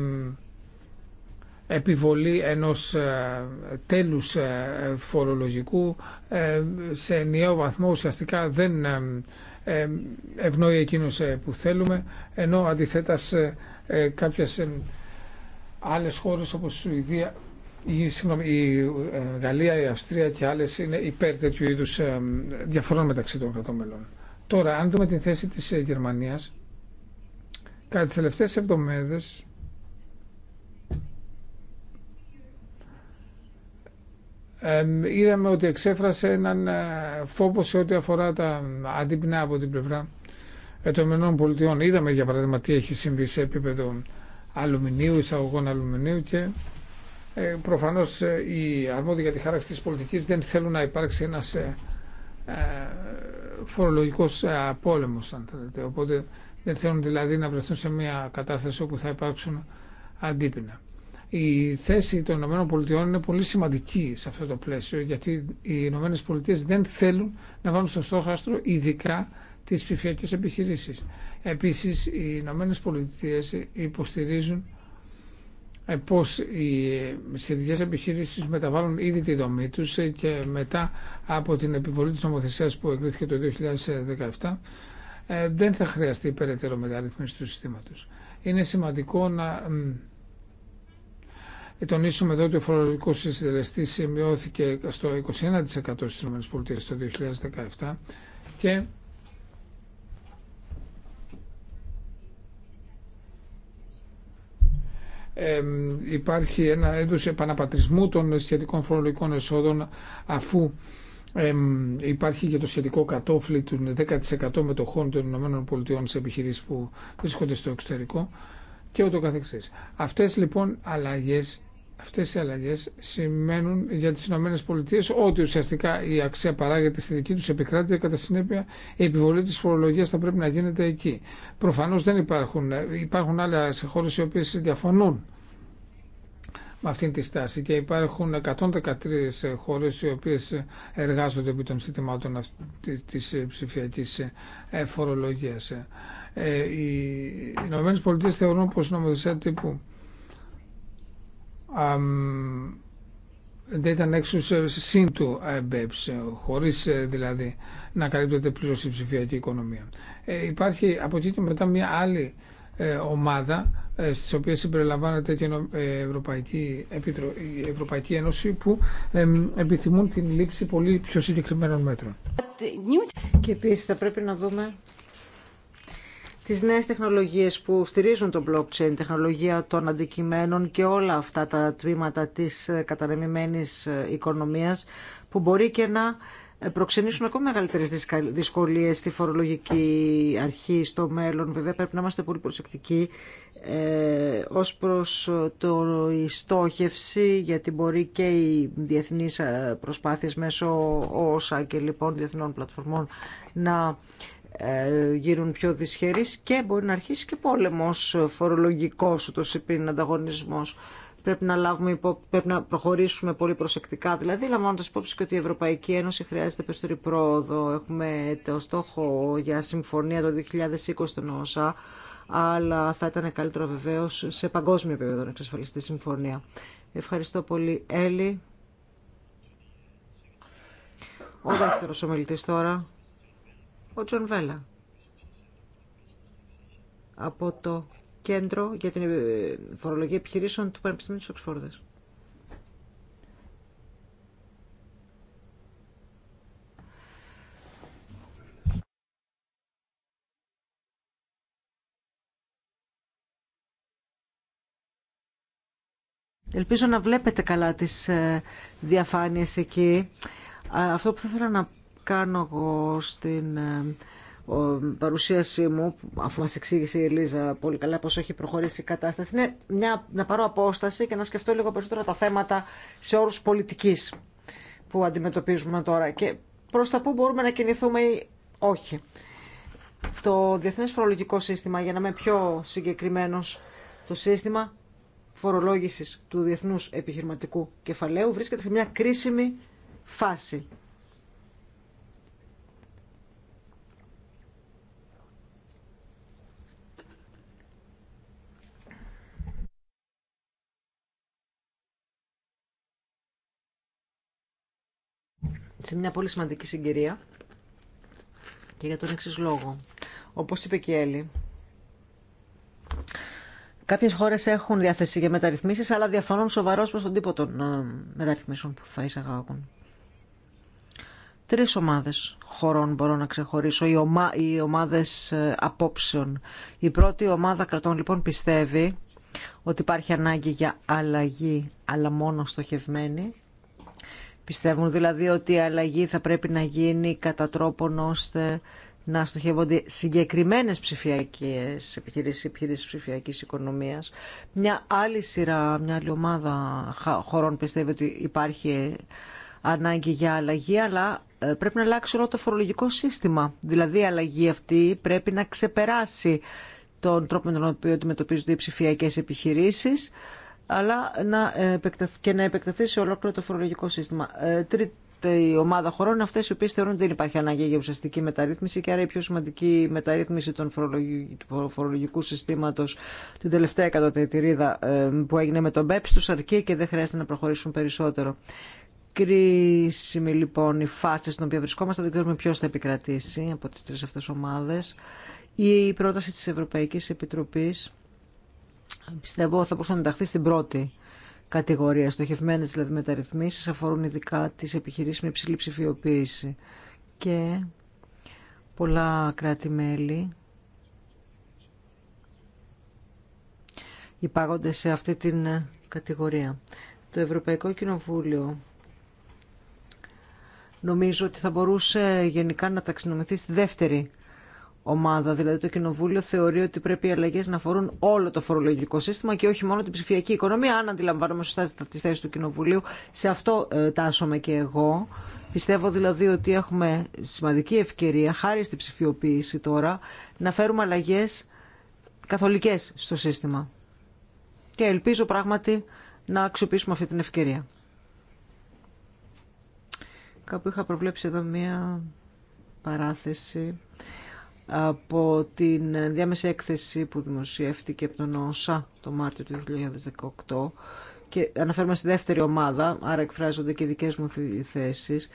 επιβολή ενός τέλους φορολογικού σε ενιαίο βαθμό ουσιαστικά δεν ευνοεί εκείνους ε, που θέλουμε, ενώ αντιθέτα σε ε, κάποιες άλλες χώρες όπως η Σουηδία, η, η ε, Γαλλία, η Αυστρία και άλλες είναι υπέρ τέτοιου είδους διαφορών μεταξύ των κρατών Τώρα, αν δούμε την θέση της Γερμανίας, κατά τις τελευταίες εβδομάδες είδαμε ότι εξέφρασε έναν ε, φόβο σε ό,τι αφορά τα αντίπνα από την πλευρά των πολιτιών. Είδαμε για παράδειγμα τι έχει συμβεί σε επίπεδο αλουμινίου, εισαγωγών αλουμινίου και ε, προφανώς ε, οι αρμόδιοι για τη χάραξη της πολιτικής δεν θέλουν να υπάρξει ένας φορολογικός πόλεμος αν Οπότε δεν θέλουν δηλαδή να βρεθούν σε μια κατάσταση όπου θα υπάρξουν αντίπεινα η θέση των ΗΠΑ είναι πολύ σημαντική σε αυτό το πλαίσιο, γιατί οι ΗΠΑ δεν θέλουν να βάλουν στο στόχαστρο ειδικά τι ψηφιακέ επιχειρήσει. Επίση, οι ΗΠΑ υποστηρίζουν ε, πώ οι σχετικέ επιχειρήσει μεταβάλλουν ήδη τη δομή του ε, και μετά από την επιβολή τη νομοθεσία που εγκρίθηκε το 2017 ε, δεν θα χρειαστεί περαιτέρω μεταρρύθμιση του συστήματος. Είναι σημαντικό να ε, τονίσουμε εδώ ότι ο φορολογικό συντελεστή σημειώθηκε στο 21% στι ΗΠΑ το 2017 και υπάρχει ένα έντος επαναπατρισμού των σχετικών φορολογικών εσόδων αφού υπάρχει και το σχετικό κατόφλι του 10% μετοχών των ΗΠΑ σε επιχειρήσεις που βρίσκονται στο εξωτερικό και ούτω καθεξής. Αυτές λοιπόν αλλαγές Αυτές οι αλλαγές σημαίνουν για τις Ηνωμένες Πολιτείες ότι ουσιαστικά η αξία παράγεται στη δική τους επικράτεια και κατά συνέπεια η επιβολή της φορολογίας θα πρέπει να γίνεται εκεί. Προφανώς δεν υπάρχουν, υπάρχουν άλλα σε χώρες οι οποίες διαφωνούν με αυτήν τη στάση και υπάρχουν 113 χώρες οι οποίες εργάζονται επί των συστημάτων της ψηφιακής ε, φορολογίας. Ε, οι Ηνωμένες Πολιτείες θεωρούν πως νομοθεσία τύπου data nexus συν του BEPS, ε, χωρίς ε, δηλαδή να καλύπτεται πλήρως η ψηφιακή οικονομία. Ε, υπάρχει από εκεί και μετά μια άλλη ομάδα στις οποίες συμπεριλαμβάνεται η Ευρωπαϊκή, η Ευρωπαϊκή Ένωση που επιθυμούν την λήψη πολύ πιο συγκεκριμένων μέτρων. Και επίσης θα πρέπει να δούμε τις νέες τεχνολογίες που στηρίζουν το blockchain, τεχνολογία των αντικειμένων και όλα αυτά τα τμήματα της ε, κατανεμημένης ε, οικονομίας που μπορεί και να ε, προξενήσουν ακόμα μεγαλύτερες δυσκολίες στη φορολογική αρχή στο μέλλον. Βέβαια πρέπει να είμαστε πολύ προσεκτικοί ε, ως προς το, η στόχευση γιατί μπορεί και οι διεθνείς προσπάθειες μέσω όσα και λοιπόν διεθνών πλατφορμών να ε, γίνουν πιο δυσχερείς και μπορεί να αρχίσει και πόλεμος φορολογικός ούτως είναι ανταγωνισμός. Πρέπει να, λάβουμε πρέπει να προχωρήσουμε πολύ προσεκτικά. Δηλαδή, λαμβάνοντα υπόψη και ότι η Ευρωπαϊκή Ένωση χρειάζεται περισσότερη πρόοδο. Έχουμε το στόχο για συμφωνία το 2020 στον ΩΣΑ, αλλά θα ήταν καλύτερο βεβαίω σε παγκόσμιο επίπεδο να εξασφαλιστεί η συμφωνία. Ευχαριστώ πολύ, Έλλη. Ο δεύτερο ομιλητή τώρα ο Τζον Βέλα από το Κέντρο για την Φορολογία Επιχειρήσεων του Πανεπιστημίου της Οξφόρδας. Ελπίζω να βλέπετε καλά τις ε, διαφάνειες εκεί. Αυτό που θα ήθελα να κάνω εγώ στην ε, παρουσίασή μου, αφού μας εξήγησε η Ελίζα πολύ καλά πώς έχει προχωρήσει η κατάσταση, είναι μια, να πάρω απόσταση και να σκεφτώ λίγο περισσότερο τα θέματα σε όρους πολιτικής που αντιμετωπίζουμε τώρα και προς τα πού μπορούμε να κινηθούμε ή όχι. Το Διεθνές Φορολογικό Σύστημα, για να είμαι πιο συγκεκριμένος, το σύστημα φορολόγησης του διεθνούς επιχειρηματικού κεφαλαίου βρίσκεται σε μια κρίσιμη φάση. σε μια πολύ σημαντική συγκυρία και για τον εξή λόγο. Όπως είπε και η Έλλη, κάποιες χώρες έχουν διάθεση για μεταρρυθμίσεις, αλλά διαφωνούν σοβαρό προ τον τύπο των ε, μεταρρυθμίσεων που θα εισαγάγουν. Τρεις ομάδες χωρών μπορώ να ξεχωρίσω, οι, ομα, ομάδες ε, απόψεων. Η πρώτη ομάδα κρατών λοιπόν πιστεύει ότι υπάρχει ανάγκη για αλλαγή, αλλά μόνο στοχευμένη Πιστεύουν δηλαδή ότι η αλλαγή θα πρέπει να γίνει κατά τρόπον ώστε να στοχεύονται συγκεκριμένες ψηφιακές επιχειρήσεις, επιχειρήσει ψηφιακής οικονομίας. Μια άλλη σειρά, μια άλλη ομάδα χωρών πιστεύει ότι υπάρχει ανάγκη για αλλαγή, αλλά ε, πρέπει να αλλάξει όλο το φορολογικό σύστημα. Δηλαδή η αλλαγή αυτή πρέπει να ξεπεράσει τον τρόπο με τον οποίο αντιμετωπίζονται οι ψηφιακέ επιχειρήσει αλλά να και να επεκταθεί σε ολόκληρο το φορολογικό σύστημα. Ε, τρίτη ομάδα χωρών αυτέ οι οποίε θεωρούν ότι δεν υπάρχει ανάγκη για ουσιαστική μεταρρύθμιση και άρα η πιο σημαντική μεταρρύθμιση των του φορολογικού συστήματο την τελευταία εκατοτετηρίδα ε, που έγινε με τον ΠΕΠΣ του αρκεί και δεν χρειάζεται να προχωρήσουν περισσότερο. Κρίσιμη λοιπόν η φάση στην οποία βρισκόμαστε, δεν ξέρουμε ποιο θα επικρατήσει από τι τρει αυτέ ομάδε. Η πρόταση τη Ευρωπαϊκή Επιτροπή πιστεύω θα μπορούσε να ενταχθεί στην πρώτη κατηγορία. στοχευμένε δηλαδή μεταρρυθμίσεις αφορούν ειδικά τις επιχειρήσεις με υψηλή ψηφιοποίηση και πολλά κράτη-μέλη υπάγονται σε αυτή την κατηγορία. Το Ευρωπαϊκό Κοινοβούλιο νομίζω ότι θα μπορούσε γενικά να ταξινομηθεί στη δεύτερη ομάδα. Δηλαδή το Κοινοβούλιο θεωρεί ότι πρέπει οι αλλαγέ να αφορούν όλο το φορολογικό σύστημα και όχι μόνο την ψηφιακή οικονομία. Αν αντιλαμβάνομαι σωστά τι θέσει του Κοινοβουλίου, σε αυτό ε, τάσομαι και εγώ. Πιστεύω δηλαδή ότι έχουμε σημαντική ευκαιρία, χάρη στην ψηφιοποίηση τώρα, να φέρουμε αλλαγέ καθολικέ στο σύστημα. Και ελπίζω πράγματι να αξιοποιήσουμε αυτή την ευκαιρία. Κάπου είχα προβλέψει εδώ μία παράθεση από την διάμεση έκθεση που δημοσιεύτηκε από τον ΩΣΑ το Μάρτιο του 2018 και αναφέρομαι στη δεύτερη ομάδα, άρα εκφράζονται και οι δικές μου θέσεις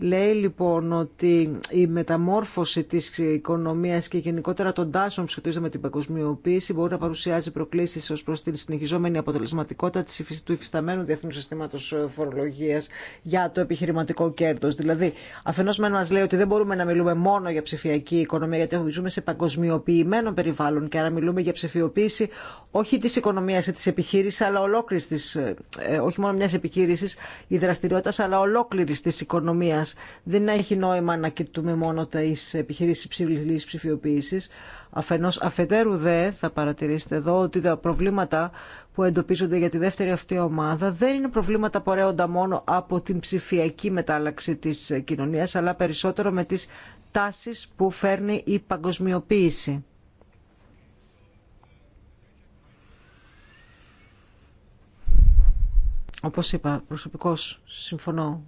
Λέει λοιπόν ότι η μεταμόρφωση της οικονομίας και γενικότερα των τάσεων που σχετίζονται με την παγκοσμιοποίηση μπορεί να παρουσιάζει προκλήσεις ως προς την συνεχιζόμενη αποτελεσματικότητα της, του υφισταμένου διεθνού συστήματος ε, φορολογίας για το επιχειρηματικό κέρδος. Δηλαδή, αφενός μεν μας λέει ότι δεν μπορούμε να μιλούμε μόνο για ψηφιακή οικονομία γιατί ζούμε σε παγκοσμιοποιημένο περιβάλλον και άρα μιλούμε για ψηφιοποίηση όχι τη οικονομία ή τη επιχείρηση, αλλά ολόκληρης ε, ε, όχι μόνο μιας επιχείρησης ή δραστηριότητα, αλλά ολόκληρης της οικονομίας δεν έχει νόημα να κοιτούμε μόνο τα επιχειρήσεις υψηλής ψηφιοποίησης. Αφενός αφετέρου δε θα παρατηρήσετε εδώ ότι τα προβλήματα που εντοπίζονται για τη δεύτερη αυτή ομάδα δεν είναι προβλήματα που μόνο από την ψηφιακή μετάλλαξη της κοινωνίας αλλά περισσότερο με τις τάσεις που φέρνει η παγκοσμιοποίηση. Όπως είπα, προσωπικώς συμφωνώ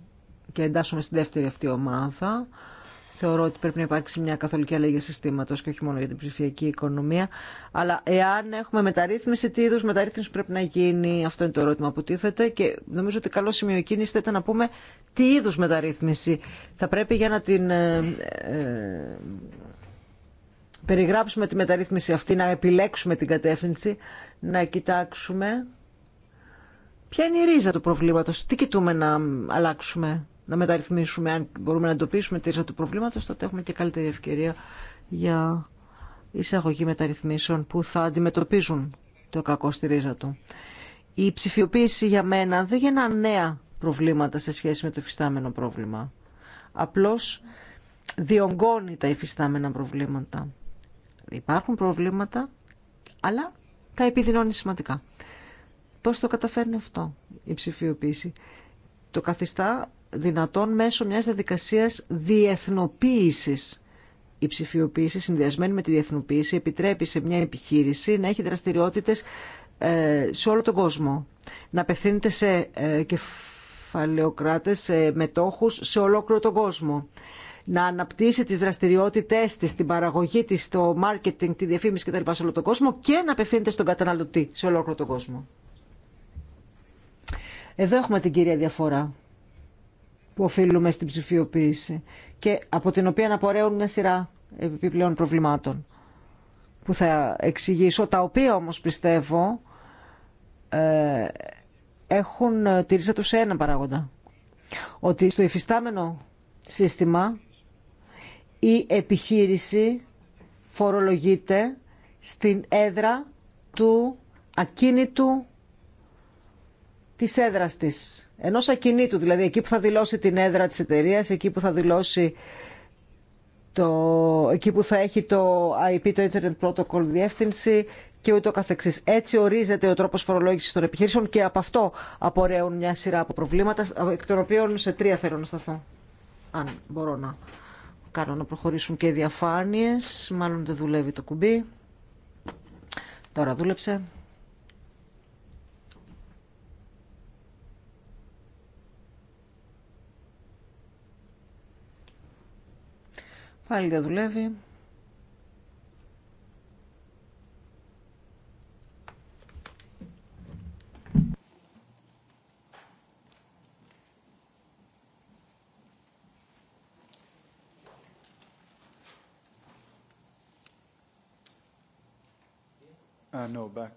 και εντάσσουμε στη δεύτερη αυτή ομάδα. Θεωρώ ότι πρέπει να υπάρξει μια καθολική αλλαγή συστήματο και όχι μόνο για την ψηφιακή οικονομία. Αλλά εάν έχουμε μεταρρύθμιση, τι είδου μεταρρύθμιση πρέπει να γίνει, αυτό είναι το ερώτημα που τίθεται. Και νομίζω ότι καλό σημείο εκείνη θα ήταν να πούμε τι είδου μεταρρύθμιση θα πρέπει για να την ε, ε, περιγράψουμε τη μεταρρύθμιση αυτή, να επιλέξουμε την κατεύθυνση, να κοιτάξουμε ποια είναι η ρίζα του προβλήματος, τι κοιτούμε να αλλάξουμε να μεταρρυθμίσουμε, αν μπορούμε να εντοπίσουμε τη ρίζα του προβλήματος, τότε έχουμε και καλύτερη ευκαιρία για εισαγωγή μεταρρυθμίσεων που θα αντιμετωπίζουν το κακό στη ρίζα του. Η ψηφιοποίηση για μένα δεν γεννά νέα προβλήματα σε σχέση με το υφιστάμενο πρόβλημα. Απλώς διονγκώνει τα υφιστάμενα προβλήματα. Υπάρχουν προβλήματα, αλλά τα επιδεινώνει σημαντικά. Πώς το καταφέρνει αυτό η ψηφιοποίηση. Το καθιστά δυνατόν μέσω μιας διαδικασίας διεθνοποίησης. Η ψηφιοποίηση συνδυασμένη με τη διεθνοποίηση επιτρέπει σε μια επιχείρηση να έχει δραστηριότητες ε, σε όλο τον κόσμο. Να απευθύνεται σε ε, κεφαλαιοκράτες, σε μετόχους, σε ολόκληρο τον κόσμο. Να αναπτύσσει τις δραστηριότητές της, την παραγωγή της, το marketing, τη διαφήμιση κτλ. σε όλο τον κόσμο και να απευθύνεται στον καταναλωτή σε ολόκληρο τον κόσμο. Εδώ έχουμε την κυρία διαφορά που οφείλουμε στην ψηφιοποίηση και από την οποία πορεύουν μια σειρά επιπλέον προβλημάτων που θα εξηγήσω, τα οποία όμως πιστεύω ε, έχουν τη ρίζα τους σε ένα παράγοντα. Ότι στο υφιστάμενο σύστημα η επιχείρηση φορολογείται στην έδρα του ακίνητου τη έδρα τη, ενό ακινήτου, δηλαδή εκεί που θα δηλώσει την έδρα τη εταιρεία, εκεί που θα δηλώσει το, εκεί που θα έχει το IP, το Internet Protocol διεύθυνση και ούτω καθεξής. Έτσι ορίζεται ο τρόπος φορολόγησης των επιχειρήσεων και από αυτό απορρέουν μια σειρά από προβλήματα, εκ των οποίων σε τρία θέλω να σταθώ, αν μπορώ να κάνω να προχωρήσουν και οι διαφάνειες, μάλλον δεν δουλεύει το κουμπί. Τώρα δούλεψε. Πάλι δεν δουλεύει. Uh, no, back.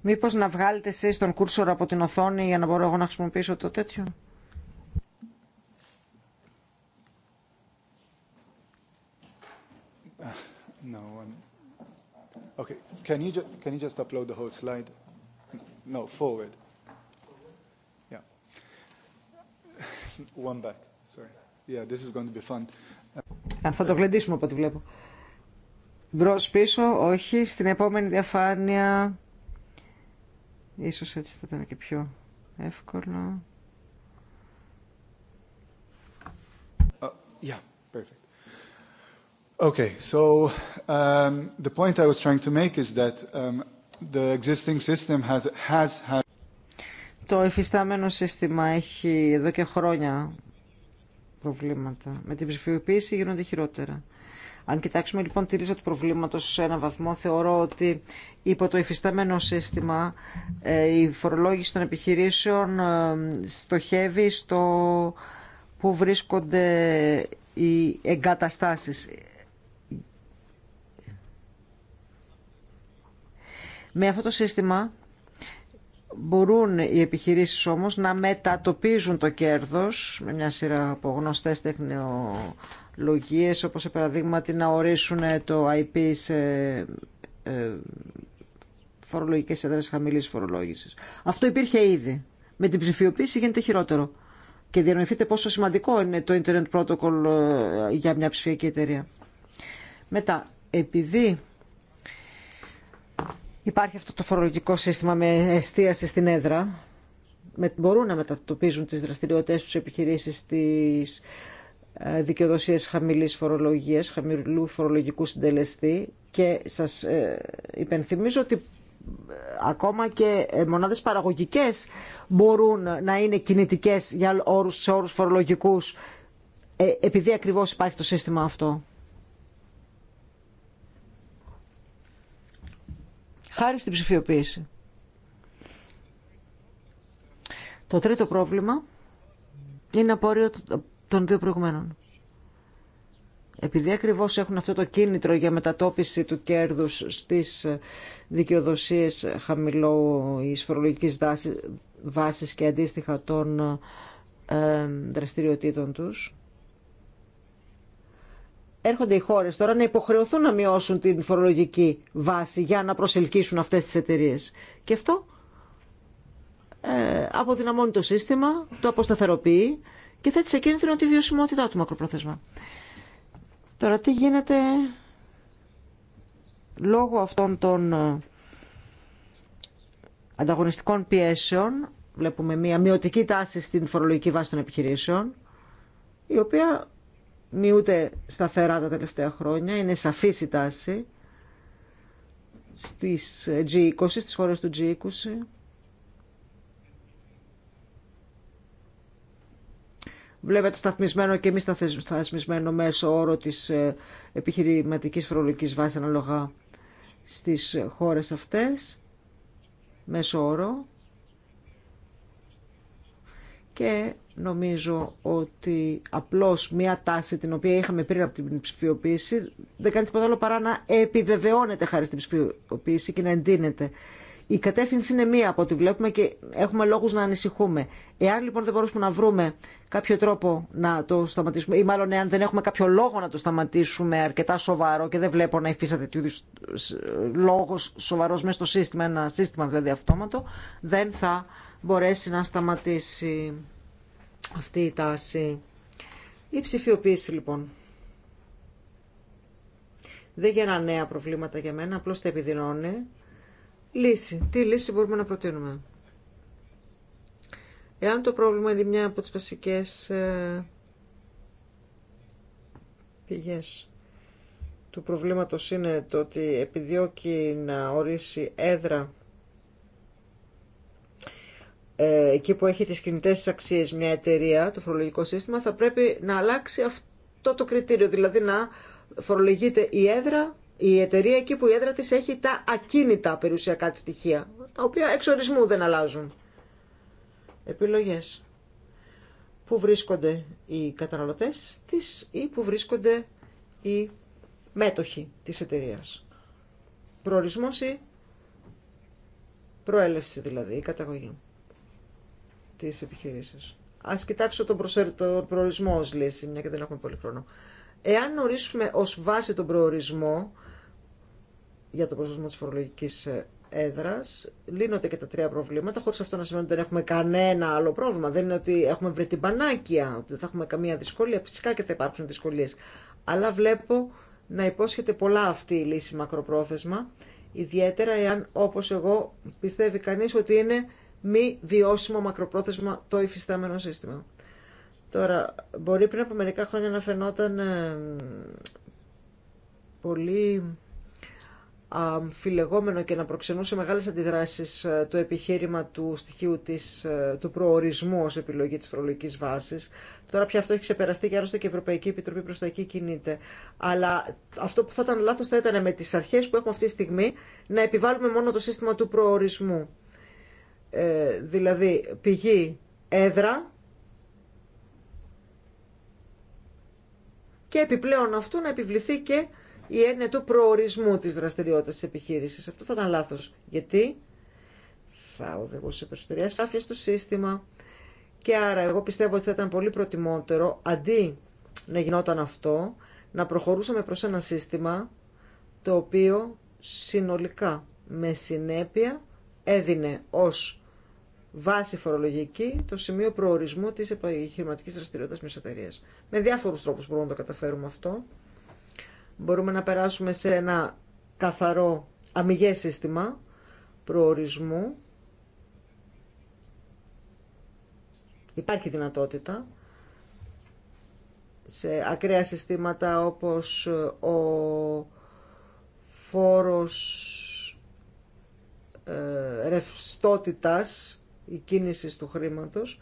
Μήπως να βγάλετε εσείς τον κούρσορα από την οθόνη για να μπορώ εγώ να χρησιμοποιήσω το τέτοιο. No, Okay. Can you just can you just upload the whole slide? No, forward. Yeah. One back. Sorry. Yeah, this is going to be fun. Θα το γλεντήσουμε από ό,τι βλέπω. Μπρος πίσω, όχι. Στην επόμενη διαφάνεια... Ίσως έτσι θα ήταν και πιο εύκολο. Uh, yeah, perfect. Okay, so um, the point I was trying to make is that um, the existing system has, has had... Το εφιστάμενο σύστημα έχει εδώ και χρόνια προβλήματα. Με την ψηφιοποίηση γίνονται χειρότερα. Αν κοιτάξουμε λοιπόν τη ρίζα του προβλήματος σε έναν βαθμό, θεωρώ ότι υπό το υφιστάμενο σύστημα ε, η φορολόγηση των επιχειρήσεων ε, στοχεύει στο που βρίσκονται οι εγκαταστάσεις. Με αυτό το σύστημα μπορούν οι επιχειρήσεις όμως να μετατοπίζουν το κέρδος με μια σειρά από γνωστές τεχνιο λογίες όπως σε παραδείγμα να ορίσουν το IP σε ε, φορολογικές έδρες χαμηλής φορολόγησης. Αυτό υπήρχε ήδη. Με την ψηφιοποίηση γίνεται χειρότερο. Και διανοηθείτε πόσο σημαντικό είναι το Internet Protocol ε, για μια ψηφιακή εταιρεία. Μετά, επειδή υπάρχει αυτό το φορολογικό σύστημα με εστίαση στην έδρα, μπορούν να μετατοπίζουν τις δραστηριότητες τους επιχειρήσεις στις ε, δικαιοδοσίες χαμηλή φορολογία, χαμηλού φορολογικού συντελεστή και σας ε, υπενθυμίζω ότι ε, ακόμα και μονάδες παραγωγικές μπορούν να είναι κινητικές για όρους, σε όρους φορολογικούς επειδή ακριβώς υπάρχει το σύστημα αυτό. Χάρη στην ψηφιοποίηση. Το τρίτο πρόβλημα είναι των δύο προηγουμένων. Επειδή ακριβώς έχουν αυτό το κίνητρο για μετατόπιση του κέρδους στις δικαιοδοσίες χαμηλό φορολογικής βάσης και αντίστοιχα των ε, δραστηριοτήτων τους, έρχονται οι χώρες τώρα να υποχρεωθούν να μειώσουν την φορολογική βάση για να προσελκύσουν αυτές τις εταιρείε. Και αυτό ε, αποδυναμώνει το σύστημα, το αποσταθεροποιεί και θέτει σε κίνδυνο τη βιωσιμότητά του μακροπρόθεσμα. Τώρα τι γίνεται λόγω αυτών των ε, ανταγωνιστικών πιέσεων, βλέπουμε μια μειωτική τάση στην φορολογική βάση των επιχειρήσεων, η οποία μειούται σταθερά τα τελευταία χρόνια, είναι σαφής η τάση στις G20, στις χώρες του G20. βλέπετε σταθμισμένο και μη σταθμισμένο μέσο όρο της ε, επιχειρηματικής φορολογικής βάσης αναλογά στις χώρες αυτές, μέσο όρο. Και νομίζω ότι απλώς μια τάση την οποία είχαμε πριν από την ψηφιοποίηση δεν κάνει τίποτα άλλο παρά να επιβεβαιώνεται χάρη στην ψηφιοποίηση και να εντείνεται. Η κατεύθυνση είναι μία από ό,τι βλέπουμε και έχουμε λόγους να ανησυχούμε. Εάν λοιπόν δεν μπορούμε να βρούμε κάποιο τρόπο να το σταματήσουμε ή μάλλον εάν δεν έχουμε κάποιο λόγο να το σταματήσουμε αρκετά σοβαρό και δεν βλέπω να υφίσατε τέτοιου λόγο λόγος σοβαρός μέσα στο σύστημα, ένα σύστημα δηλαδή αυτόματο, δεν θα μπορέσει να σταματήσει αυτή η τάση. Η ψηφιοποίηση λοιπόν. Δεν γεννά νέα προβλήματα για μένα, απλώς τα επιδεινώνει λύση. Τι λύση μπορούμε να προτείνουμε. Εάν το πρόβλημα είναι μια από τις βασικές ε, πηγές του προβλήματος είναι το ότι επιδιώκει να ορίσει έδρα ε, εκεί που έχει τις κινητές αξίες μια εταιρεία, το φορολογικό σύστημα, θα πρέπει να αλλάξει αυτό το κριτήριο, δηλαδή να φορολογείται η έδρα η εταιρεία εκεί που η έδρα της έχει τα ακίνητα περιουσιακά της στοιχεία, τα οποία εξ ορισμού δεν αλλάζουν. Επιλογές. Πού βρίσκονται οι καταναλωτές της ή πού βρίσκονται οι μέτοχοι της εταιρείας. Προορισμός ή προέλευση δηλαδή, η καταγωγή της επιχειρήσης. Ας κοιτάξω τον, τον προορισμό ως λύση, μια και δεν έχουμε πολύ χρόνο. Εάν ορίσουμε ως βάση τον προορισμό, για το προσδοσμό τη φορολογική ε, έδρα. Λύνονται και τα τρία προβλήματα, χωρίς αυτό να σημαίνει ότι δεν έχουμε κανένα άλλο πρόβλημα. Δεν είναι ότι έχουμε βρει την πανάκια, ότι δεν θα έχουμε καμία δυσκολία. Φυσικά και θα υπάρξουν δυσκολίε. Αλλά βλέπω να υπόσχεται πολλά αυτή η λύση μακροπρόθεσμα, ιδιαίτερα εάν, όπω εγώ, πιστεύει κανεί ότι είναι μη βιώσιμο μακροπρόθεσμα το υφιστάμενο σύστημα. Τώρα, μπορεί πριν από μερικά χρόνια να φαινόταν ε, πολύ αμφιλεγόμενο και να προξενούσε μεγάλες αντιδράσεις ε, το επιχείρημα του στοιχείου της, ε, του προορισμού ως επιλογή της φορολογικής βάσης. Τώρα πια αυτό έχει ξεπεραστεί και άλλωστε και η Ευρωπαϊκή Επιτροπή προς τα εκεί κινείται. Αλλά αυτό που θα ήταν λάθος θα ήταν με τις αρχές που έχουμε αυτή τη στιγμή να επιβάλλουμε μόνο το σύστημα του προορισμού. Ε, δηλαδή πηγή έδρα και επιπλέον αυτού να επιβληθεί και η έννοια του προορισμού της δραστηριότητας της επιχείρησης. Αυτό θα ήταν λάθος. Γιατί θα οδηγούσε σε περισσότερη ασάφεια στο σύστημα και άρα εγώ πιστεύω ότι θα ήταν πολύ προτιμότερο αντί να γινόταν αυτό να προχωρούσαμε προς ένα σύστημα το οποίο συνολικά με συνέπεια έδινε ως βάση φορολογική το σημείο προορισμού της επιχειρηματική δραστηριότητας μιας εταιρείας. Με διάφορους τρόπους μπορούμε να το καταφέρουμε αυτό μπορούμε να περάσουμε σε ένα καθαρό αμυγέ σύστημα προορισμού. Υπάρχει δυνατότητα σε ακραία συστήματα όπως ο φόρος ε, ρευστότητας η κίνηση του χρήματος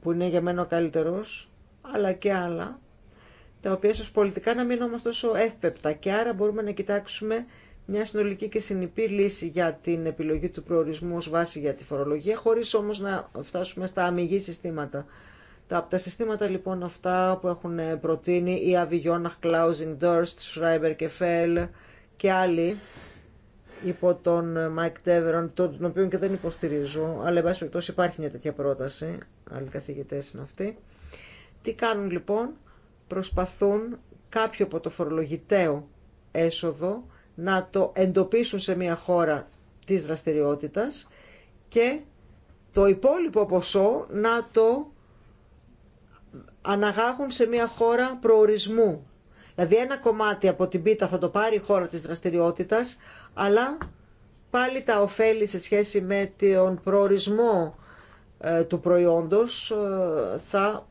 που είναι για μένα ο καλύτερος αλλά και άλλα τα οποία ίσως πολιτικά να μην είναι όμως τόσο εύπεπτα και άρα μπορούμε να κοιτάξουμε μια συνολική και συνεπή λύση για την επιλογή του προορισμού ως βάση για τη φορολογία, χωρίς όμως να φτάσουμε στα αμυγή συστήματα. Τα, από συστήματα λοιπόν αυτά που έχουν προτείνει η Αβιγιόναχ, Κλάουζινγκ, Durst, Schreiber και Fell και άλλοι υπό τον Μάικ Τέβερον, τον οποίο και δεν υποστηρίζω, αλλά εν πάση περιπτώσει υπάρχει μια τέτοια πρόταση, άλλοι καθηγητές είναι αυτοί. Τι κάνουν λοιπόν, προσπαθούν κάποιο από το φορολογητέο έσοδο να το εντοπίσουν σε μια χώρα της δραστηριότητας και το υπόλοιπο ποσό να το αναγάγουν σε μια χώρα προορισμού. Δηλαδή ένα κομμάτι από την πίτα θα το πάρει η χώρα της δραστηριότητας, αλλά πάλι τα ωφέλη σε σχέση με τον προορισμό ε, του προϊόντος ε, θα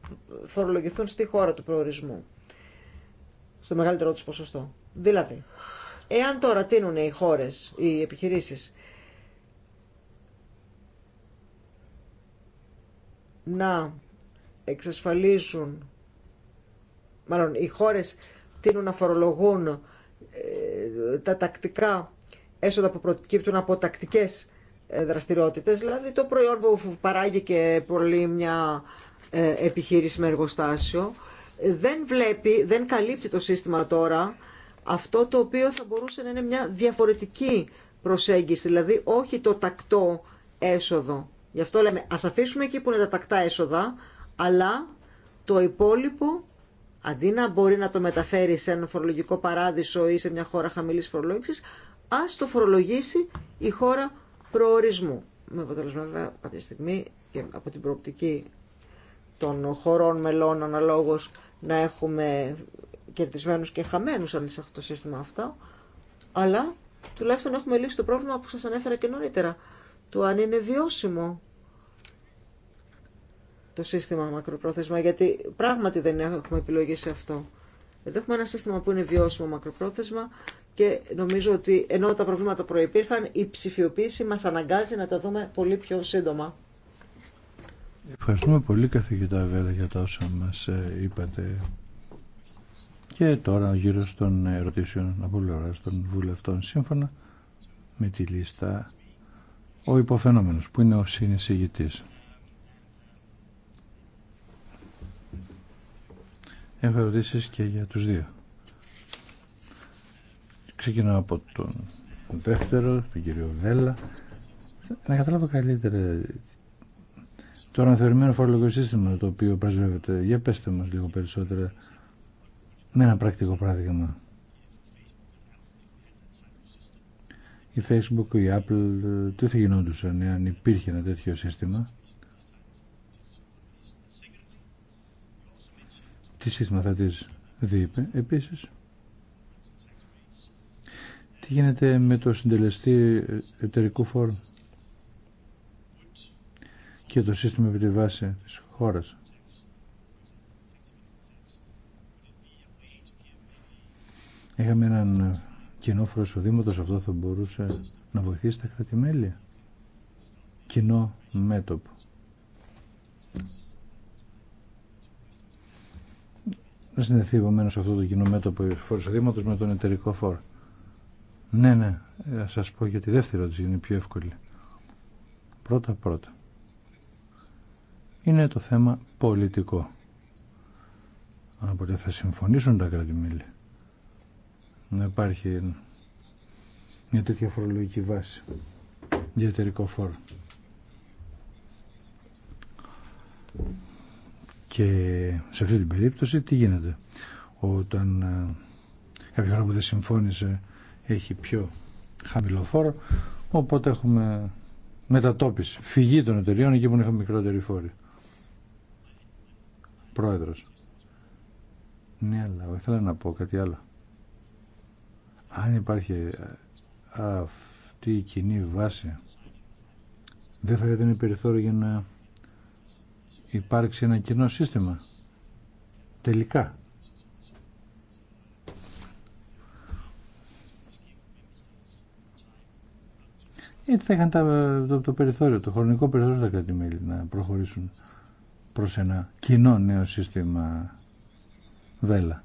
φορολογηθούν στη χώρα του προορισμού. Στο μεγαλύτερό τους ποσοστό. Δηλαδή, εάν τώρα τίνουν οι χώρες, οι επιχειρήσεις, να εξασφαλίσουν, μάλλον οι χώρες τίνουν να φορολογούν ε, τα τακτικά έσοδα που προκύπτουν από τακτικές ε, δραστηριότητες, δηλαδή το προϊόν που παράγει και πολύ μια ε, επιχείρηση με εργοστάσιο, δεν βλέπει, δεν καλύπτει το σύστημα τώρα αυτό το οποίο θα μπορούσε να είναι μια διαφορετική προσέγγιση, δηλαδή όχι το τακτό έσοδο. Γι' αυτό λέμε ας αφήσουμε εκεί που είναι τα τακτά έσοδα, αλλά το υπόλοιπο αντί να μπορεί να το μεταφέρει σε ένα φορολογικό παράδεισο ή σε μια χώρα χαμηλής φορολόγησης, ας το φορολογήσει η χώρα προορισμού. Με αποτέλεσμα βέβαια κάποια στιγμή και από την προοπτική των χωρών μελών αναλόγως να έχουμε κερδισμένους και χαμένους αν αυτό το σύστημα αυτό, αλλά τουλάχιστον έχουμε λύσει το πρόβλημα που σας ανέφερα και νωρίτερα, Το αν είναι βιώσιμο το σύστημα μακροπρόθεσμα, γιατί πράγματι δεν έχουμε επιλογή σε αυτό. Εδώ έχουμε ένα σύστημα που είναι βιώσιμο μακροπρόθεσμα και νομίζω ότι ενώ τα προβλήματα προϋπήρχαν, η ψηφιοποίηση μας αναγκάζει να τα δούμε πολύ πιο σύντομα. Ευχαριστούμε πολύ καθηγητά Βέλα για τα όσα μας ε, είπατε. Και τώρα γύρω στον ερωτήσεων από πλευρά των βουλευτών σύμφωνα με τη λίστα ο υποφαινόμενος που είναι ο συνεισηγητής. Έχω ερωτήσεις και για τους δύο. Ξεκινώ από τον δεύτερο, τον κύριο Βέλλα. Να καταλάβω καλύτερα το αναθεωρημένο φορολογικό σύστημα το οποίο πρεσβεύεται. Για πέστε μας λίγο περισσότερα με ένα πρακτικό παράδειγμα. Η Facebook, η Apple, τι θα γινόντουσαν αν υπήρχε ένα τέτοιο σύστημα. Τι σύστημα θα τις δείπε επίσης. Τι γίνεται με το συντελεστή εταιρικού φόρου και το σύστημα επί τη της χώρας. Είχαμε έναν κοινό φοροσοδήματος, αυτό θα μπορούσε να βοηθήσει τα κρατημέλη. Κοινό μέτωπο. Να συνδεθεί επομένω αυτό το κοινό μέτωπο φοροσοδήματος με τον εταιρικό φόρο. Ναι, ναι, θα ε, σας πω για τη δεύτερη ερώτηση, είναι πιο εύκολη. Πρώτα, πρώτα. Είναι το θέμα πολιτικό. Αν ποτέ θα συμφωνήσουν τα κρατη να υπάρχει μια τέτοια φορολογική βάση για εταιρικό φόρο. Και σε αυτή την περίπτωση τι γίνεται. Όταν ε, κάποια χρόνο που δεν συμφώνησε έχει πιο χαμηλό φόρο, οπότε έχουμε μετατόπιση, φυγή των εταιριών εκεί που έχουμε μικρότερη φόρη. Πρόεδρος. Ναι, αλλά ήθελα να πω κάτι άλλο. Αν υπάρχει ε, αυτή η κοινή βάση, δεν θα ήταν περιθώριο για να υπάρξει ένα κοινό σύστημα. Τελικά. Έτσι θα είχαν το, περιθώριο, το χρονικό περιθώριο τα κρατημέλη να προχωρήσουν προς ένα κοινό νέο σύστημα βέλα.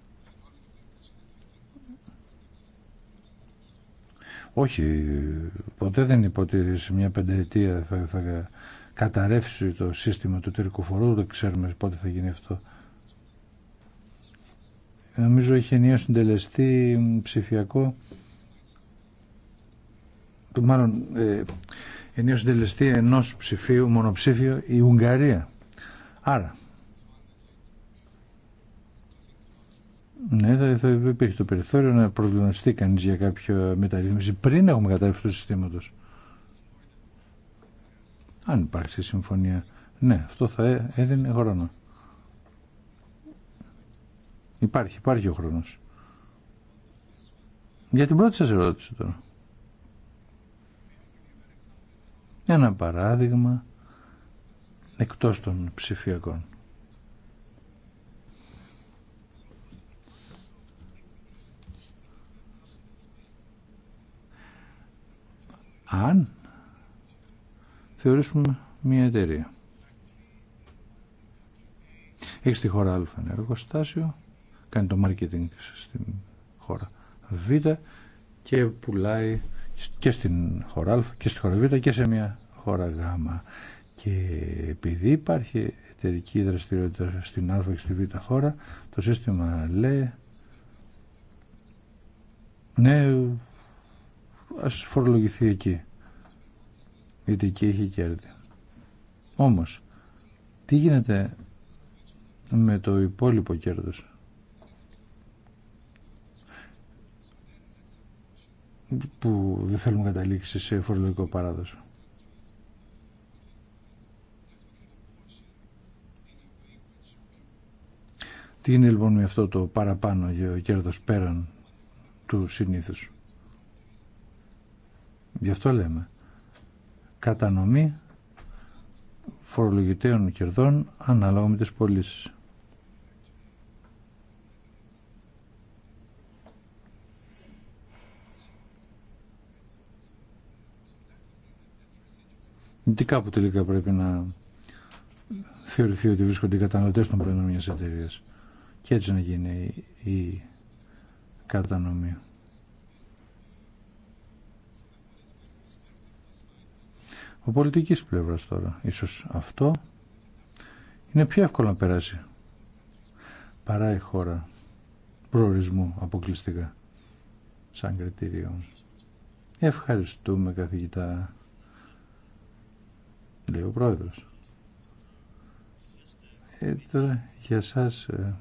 Όχι, ποτέ δεν υποτίθεται σε μια πενταετία θα, θα καταρρεύσει το σύστημα του εταιρικού φορού, δεν ξέρουμε πότε θα γίνει αυτό. Νομίζω έχει ενίο συντελεστή ψηφιακό του μάλλον ε, ενίο συντελεστή ενός ψηφίου, μονοψήφιο, η Ουγγαρία. Άρα, Ναι, θα, θα υπήρχε το περιθώριο να προβληματιστεί κανείς για κάποια μεταρρύθμιση πριν έχουμε κατάρρευση του συστήματος. Αν υπάρξει συμφωνία. Ναι, αυτό θα ε, έδινε χρόνο. Υπάρχει, υπάρχει ο χρόνος. Για την πρώτη σας ερώτηση τώρα. Ένα παράδειγμα εκτός των ψηφιακών. Αν θεωρήσουμε μια εταιρεία. Έχει στη χώρα Α ένα εργοστάσιο, κάνει το marketing στη χώρα Β και πουλάει και στην χώρα Α και στη χώρα Β και σε μια χώρα Γ. Και επειδή υπάρχει εταιρική δραστηριότητα στην Α και στη Β χώρα, το σύστημα λέει ναι, ας φορολογηθεί εκεί. Γιατί εκεί έχει κέρδη. Όμως, τι γίνεται με το υπόλοιπο κέρδος που δεν θέλουμε καταλήξει σε φορολογικό παράδοσο. Τι είναι λοιπόν με αυτό το παραπάνω για κέρδος πέραν του συνήθους. Γι' αυτό λέμε κατανομή φορολογητέων κερδών ανάλογα με τις πωλήσει. Τι που τελικά πρέπει να θεωρηθεί ότι βρίσκονται οι καταναλωτέ των προϊόντων μια εταιρεία. Και έτσι να γίνει η κατανομή. Ο πολιτική πλευράς τώρα, ίσως αυτό, είναι πιο εύκολο να περάσει παρά η χώρα προορισμού αποκλειστικά σαν κριτήριο. Ευχαριστούμε καθηγητά λέει ο πρόεδρος. Ε, τώρα για σας ε,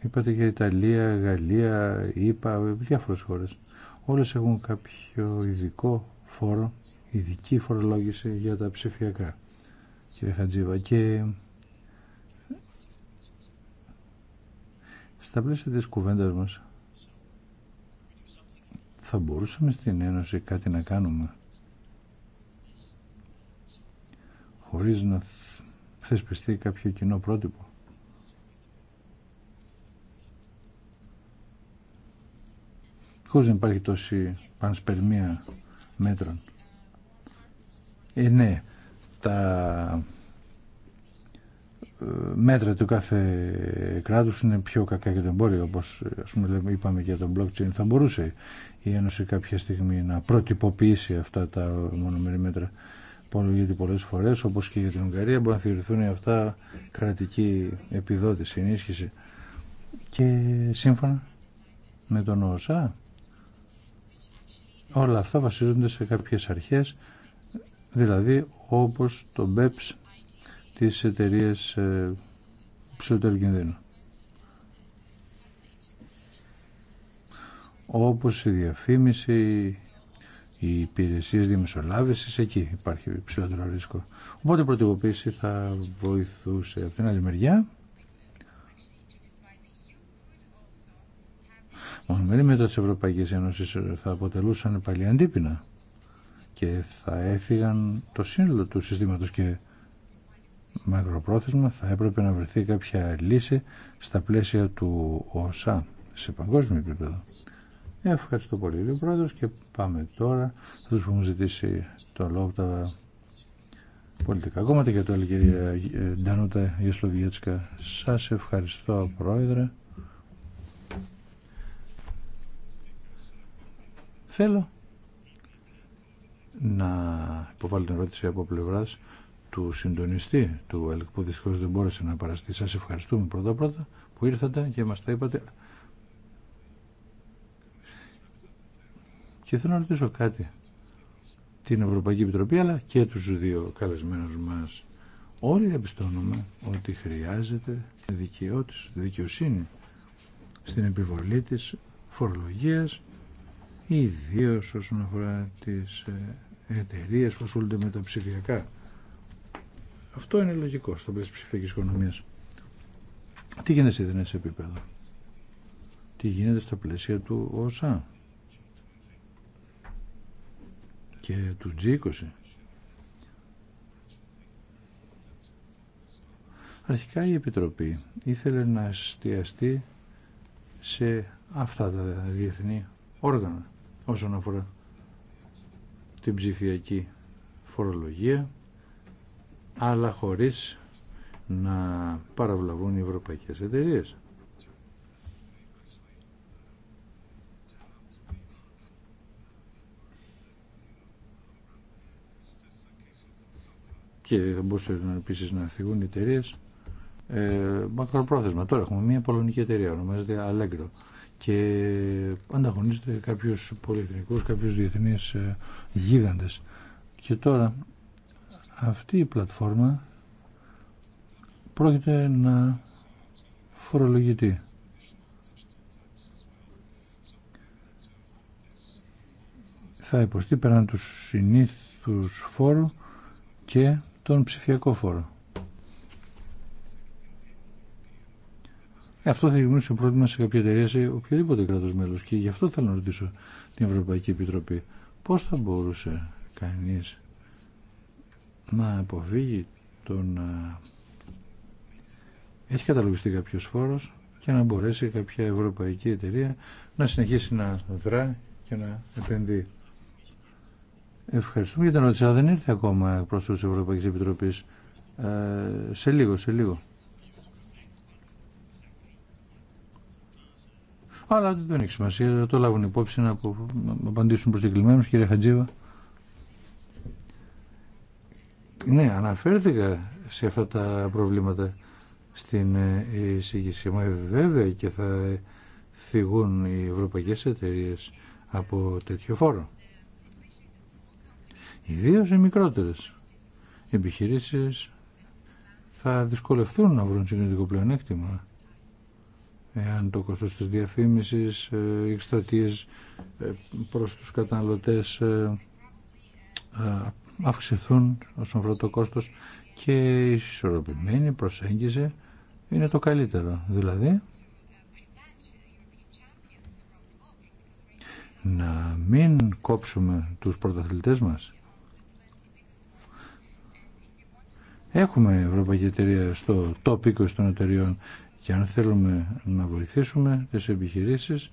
είπατε για Ιταλία, Γαλλία, ΙΠΑ, διάφορες χώρες. Όλες έχουν κάποιο ειδικό φόρο, ειδική φορολόγηση για τα ψηφιακά, κύριε Χατζήβα. Και στα πλαίσια της κουβέντας μας θα μπορούσαμε στην Ένωση κάτι να κάνουμε χωρίς να θεσπιστεί κάποιο κοινό πρότυπο. Χωρίς να υπάρχει τόση πανσπερμία μέτρων. Ε, ναι, τα ε, μέτρα του κάθε κράτους είναι πιο κακά για το εμπόριο όπως ας πούμε είπαμε για τον blockchain θα μπορούσε η Ένωση κάποια στιγμή να προτυποποιήσει αυτά τα μονομερή μέτρα γιατί πολλές φορές όπως και για την Ουγγαρία μπορεί να θεωρηθούν αυτά κρατική επιδότηση, ενίσχυση και σύμφωνα με τον ΟΣΑ όλα αυτά βασίζονται σε κάποιες αρχές δηλαδή όπως το BEPS της εταιρεία ε, ψηλότερου κινδύνου. Όπως η διαφήμιση, οι υπηρεσίε δημοσιολάβηση, εκεί υπάρχει υψηλότερο ρίσκο. Οπότε η πρωτοποίηση θα βοηθούσε από την άλλη μεριά. Μονομερή μετά τη Ευρωπαϊκή Ένωση θα αποτελούσαν πάλι αντίπεινα και θα έφυγαν το σύνολο του συστήματος και μακροπρόθεσμα θα έπρεπε να βρεθεί κάποια λύση στα πλαίσια του ΟΣΑ σε παγκόσμιο επίπεδο. Ευχαριστώ πολύ, λίγο Πρόεδρο, και πάμε τώρα. Θα που έχουν ζητήσει το λόγο τα πολιτικά κόμματα και το κυρία Ντανούτα Γεσλοβιέτσκα. Σα ευχαριστώ, Πρόεδρε. Θέλω να υποβάλω την ερώτηση από πλευρά του συντονιστή του ΕΛΚ που δυστυχώ δεν μπόρεσε να παραστεί. Σα ευχαριστούμε πρώτα-πρώτα που ήρθατε και μα τα είπατε Και θέλω να ρωτήσω κάτι την Ευρωπαϊκή Επιτροπή αλλά και τους δύο καλεσμένους μας. Όλοι εμπιστώνουμε ότι χρειάζεται δικαιώτης δικαιοσύνη στην επιβολή της φορολογίας ιδίω όσον αφορά τις ε, εταιρείε που ασχολούνται με τα ψηφιακά. Αυτό είναι λογικό στο πλαίσιο ψηφιακής οικονομίας. Τι γίνεται σε διεθνές επίπεδο. Τι γίνεται στα πλαίσια του ΩΣΑ και του G20. Αρχικά η Επιτροπή ήθελε να εστιαστεί σε αυτά τα διεθνή όργανα όσον αφορά την ψηφιακή φορολογία αλλά χωρίς να παραβλαβούν οι ευρωπαϊκές εταιρείες. και θα μπορούσαν επίση να φυγούν οι εταιρείε ε, μακροπρόθεσμα. Τώρα έχουμε μια πολωνική εταιρεία, ονομάζεται Allegro και ανταγωνίζεται κάποιου πολυεθνικού, κάποιου διεθνεί ε, γίγαντε. Και τώρα αυτή η πλατφόρμα πρόκειται να φορολογηθεί Θα υποστεί πέραν του συνήθους φόρου και τον ψηφιακό φόρο. Αυτό θα δημιουργήσει πρόβλημα σε κάποια εταιρεία σε οποιοδήποτε κράτο μέλο. Και γι' αυτό θέλω να ρωτήσω την Ευρωπαϊκή Επιτροπή. Πώ θα μπορούσε κανεί να αποφύγει το να Έχει καταλογιστεί κάποιο φόρο και να μπορέσει κάποια ευρωπαϊκή εταιρεία να συνεχίσει να δρά και να επενδύει. Ευχαριστούμε για την ερώτηση, αλλά δεν ήρθε ακόμα προ του Ευρωπαϊκή Επιτροπή. Ε, σε λίγο, σε λίγο. Αλλά δεν έχει σημασία, θα το λάβουν υπόψη να απαντήσουν προσκεκλημένου, την κύριε Χατζήβα. Ναι, αναφέρθηκα σε αυτά τα προβλήματα στην ε, εισήγηση Μα Βέβαια και θα θυγούν οι ευρωπαϊκές εταιρείες από τέτοιο φόρο. Ιδίως οι μικρότερες επιχειρήσεις θα δυσκολευτούν να βρουν συγκριτικό πλεονέκτημα εάν το κόστος της διαφήμισης, ε, οι ε, προς τους καταναλωτές ε, αυξηθούν όσον αφορά το και η ισορροπημένη προσέγγιση είναι το καλύτερο. Δηλαδή, να μην κόψουμε τους πρωταθλητές μας Έχουμε Ευρωπαϊκή Εταιρεία στο τόπικο, των εταιρεών και αν θέλουμε να βοηθήσουμε τις επιχειρήσεις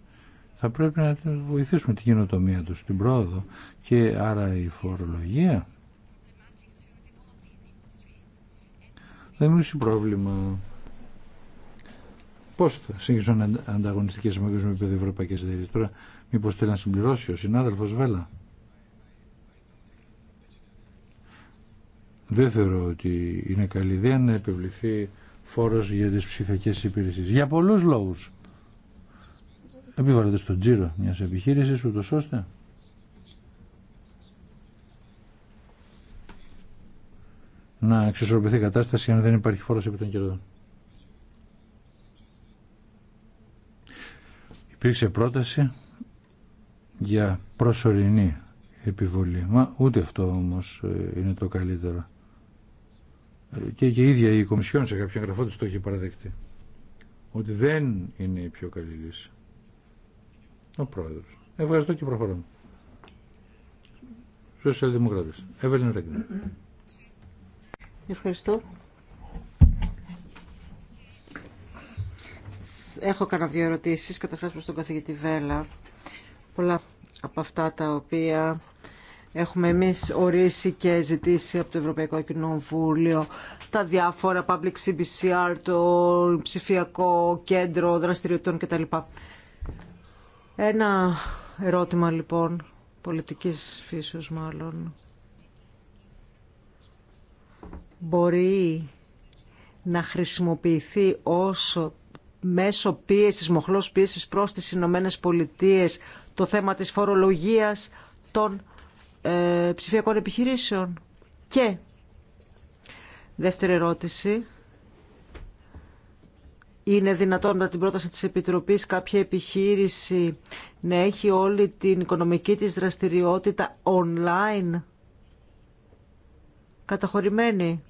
θα πρέπει να βοηθήσουμε την κοινοτομία τους, την πρόοδο και άρα η φορολογία θα δημιουργήσει πρόβλημα. Πώ θα συνεχίσουν ανταγωνιστικέ με με επίπεδο ευρωπαϊκέ εταιρείε. Τώρα, μήπω θέλει να συμπληρώσει ο συνάδελφο Βέλα. Δεν θεωρώ ότι είναι καλή ιδέα να επιβληθεί φόρος για τις ψηφιακές υπηρεσίες. Για πολλούς λόγους. Επιβάλλεται στον τζίρο μιας επιχείρησης, ούτω ώστε να εξισορροπηθεί η κατάσταση αν δεν υπάρχει φόρος επί των κερδών. Υπήρξε πρόταση για προσωρινή επιβολή. Μα ούτε αυτό όμως ε, είναι το καλύτερο και, η ίδια η Κομισιόν σε κάποια γραφό το έχει παραδεχτεί ότι δεν είναι η πιο καλή λύση. Ο πρόεδρος. Ευχαριστώ και προχωράμε. Σοσιαλδημοκράτε. Εύελιν Ρέγκνερ. Ευχαριστώ. Έχω κάνα δύο ερωτήσεις, καταρχάς προς τον καθηγητή Βέλα. Πολλά από αυτά τα οποία Έχουμε εμείς ορίσει και ζητήσει από το Ευρωπαϊκό Κοινοβούλιο τα διάφορα public CBCR, το ψηφιακό κέντρο δραστηριοτήτων κτλ. Ένα ερώτημα λοιπόν, πολιτικής φύσεως μάλλον. Μπορεί να χρησιμοποιηθεί όσο μέσο πίεσης, μοχλός πίεσης προς τις Ηνωμένε Πολιτείες το θέμα της φορολογίας των ε, ψηφιακών επιχειρήσεων. Και δεύτερη ερώτηση. Είναι δυνατόν να την πρόταση της Επιτροπής κάποια επιχείρηση να έχει όλη την οικονομική της δραστηριότητα online καταχωρημένη.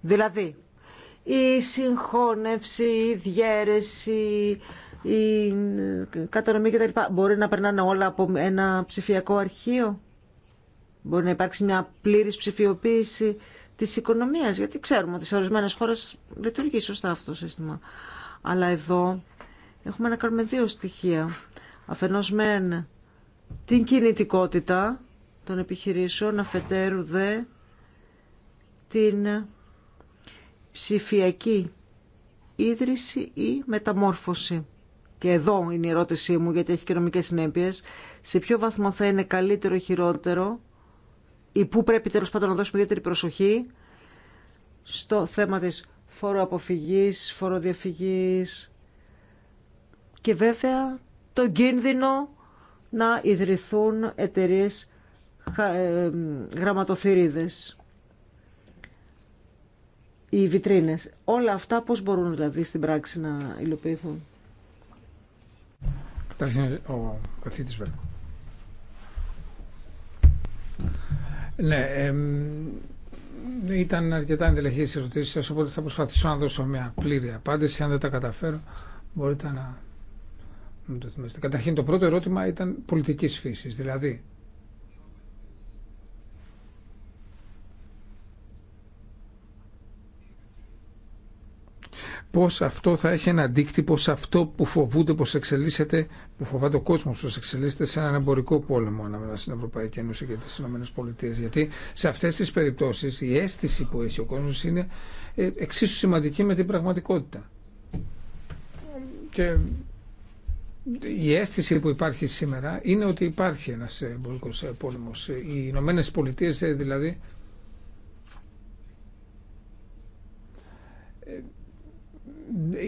Δηλαδή, η συγχώνευση, η διέρεση, η κατανομή κτλ. Μπορεί να περνάνε όλα από ένα ψηφιακό αρχείο. Μπορεί να υπάρξει μια πλήρης ψηφιοποίηση της οικονομίας, γιατί ξέρουμε ότι σε ορισμένες χώρες λειτουργεί σωστά αυτό το σύστημα. Αλλά εδώ έχουμε να κάνουμε δύο στοιχεία. Αφενός μεν την κινητικότητα των επιχειρήσεων, αφετέρου δε την ψηφιακή ίδρυση ή μεταμόρφωση. Και εδώ είναι η ερώτησή μου, γιατί έχει και νομικές συνέπειες. Σε ποιο βαθμό θα είναι καλύτερο ή χειρότερο ή πού πρέπει τέλος πάντων να δώσουμε ιδιαίτερη προσοχή στο θέμα της φοροαποφυγής, φοροδιαφυγής και βέβαια το κίνδυνο να ιδρυθούν εταιρείες ε, γραμματοθυρίδες οι βιτρίνες. Όλα αυτά πώς μπορούν δηλαδή στην πράξη να υλοποιηθούν. Καταρχήν ο καθήτης Ναι, ήταν αρκετά εντελεχή η ερωτήση σα, οπότε θα προσπαθήσω να δώσω μια πλήρη απάντηση. Αν δεν τα καταφέρω, μπορείτε να, το θυμάστε. Καταρχήν, το πρώτο ερώτημα ήταν πολιτική φύση. Δηλαδή, πώς αυτό θα έχει ένα αντίκτυπο σε αυτό που φοβούνται πως εξελίσσεται, που φοβάται ο κόσμος πως εξελίσσεται σε έναν εμπορικό πόλεμο ανάμεσα στην Ευρωπαϊκή Ένωση και τις Πολιτείες. Γιατί σε αυτές τις περιπτώσεις η αίσθηση που έχει ο κόσμος είναι ε, εξίσου σημαντική με την πραγματικότητα. Και η αίσθηση που υπάρχει σήμερα είναι ότι υπάρχει ένας εμπορικός πόλεμος. Οι Ηνωμένε Πολιτείε ε, δηλαδή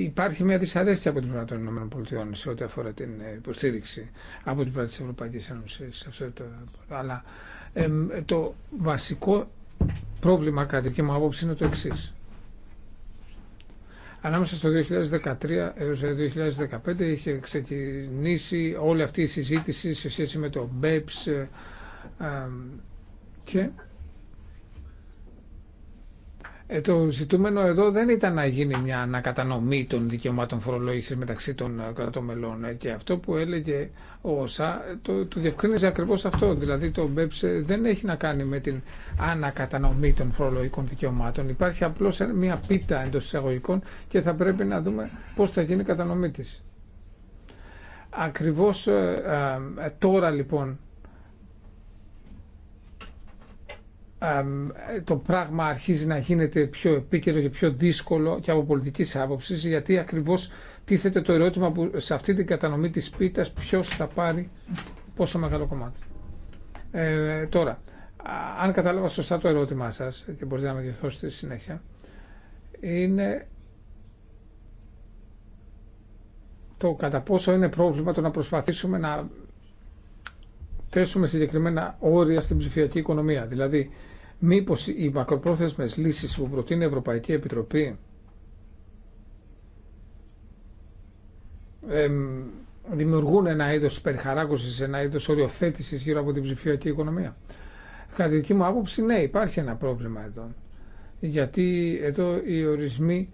υπάρχει μια δυσαρέσκεια από την πλευρά των ΗΠΑ σε ό,τι αφορά την ε, υποστήριξη από την πλευρά τη Ευρωπαϊκή Ένωση. Αλλά το βασικό πρόβλημα, κατά δική μου άποψη, είναι το εξή. Ανάμεσα στο 2013 έως 2015 ε, είχε ξεκινήσει όλη αυτή η συζήτηση σε σχέση με το BEPS ε, και ε, το ζητούμενο εδώ δεν ήταν να γίνει μια ανακατανομή των δικαιωμάτων φορολόγηση μεταξύ των ε, κρατών ε, Και αυτό που έλεγε ο ΩΣΑ το, το διευκρίνησε ακριβώ αυτό. Δηλαδή το ΜΠΕΠΣ δεν έχει να κάνει με την ανακατανομή των φορολογικών δικαιωμάτων. Υπάρχει απλώ μια πίτα εντό εισαγωγικών και θα πρέπει να δούμε πώ θα γίνει η κατανομή τη. Ακριβώς τώρα λοιπόν το πράγμα αρχίζει να γίνεται πιο επίκαιρο και πιο δύσκολο και από πολιτική άποψη, γιατί ακριβώ τίθεται το ερώτημα που σε αυτή την κατανομή τη πίτα ποιο θα πάρει πόσο μεγάλο κομμάτι. Ε, τώρα, αν κατάλαβα σωστά το ερώτημά σα και μπορείτε να με διορθώσετε στη συνέχεια, είναι το κατά πόσο είναι πρόβλημα το να προσπαθήσουμε να θέσουμε συγκεκριμένα όρια στην ψηφιακή οικονομία. Δηλαδή, μήπω οι μακροπρόθεσμε λύσει που προτείνει η Ευρωπαϊκή Επιτροπή δημιουργούν ένα είδος περιχαράκωσης, ένα είδος οριοθέτησης γύρω από την ψηφιακή οικονομία. Κατά τη δική μου άποψη, ναι, υπάρχει ένα πρόβλημα εδώ. Γιατί εδώ οι ορισμοί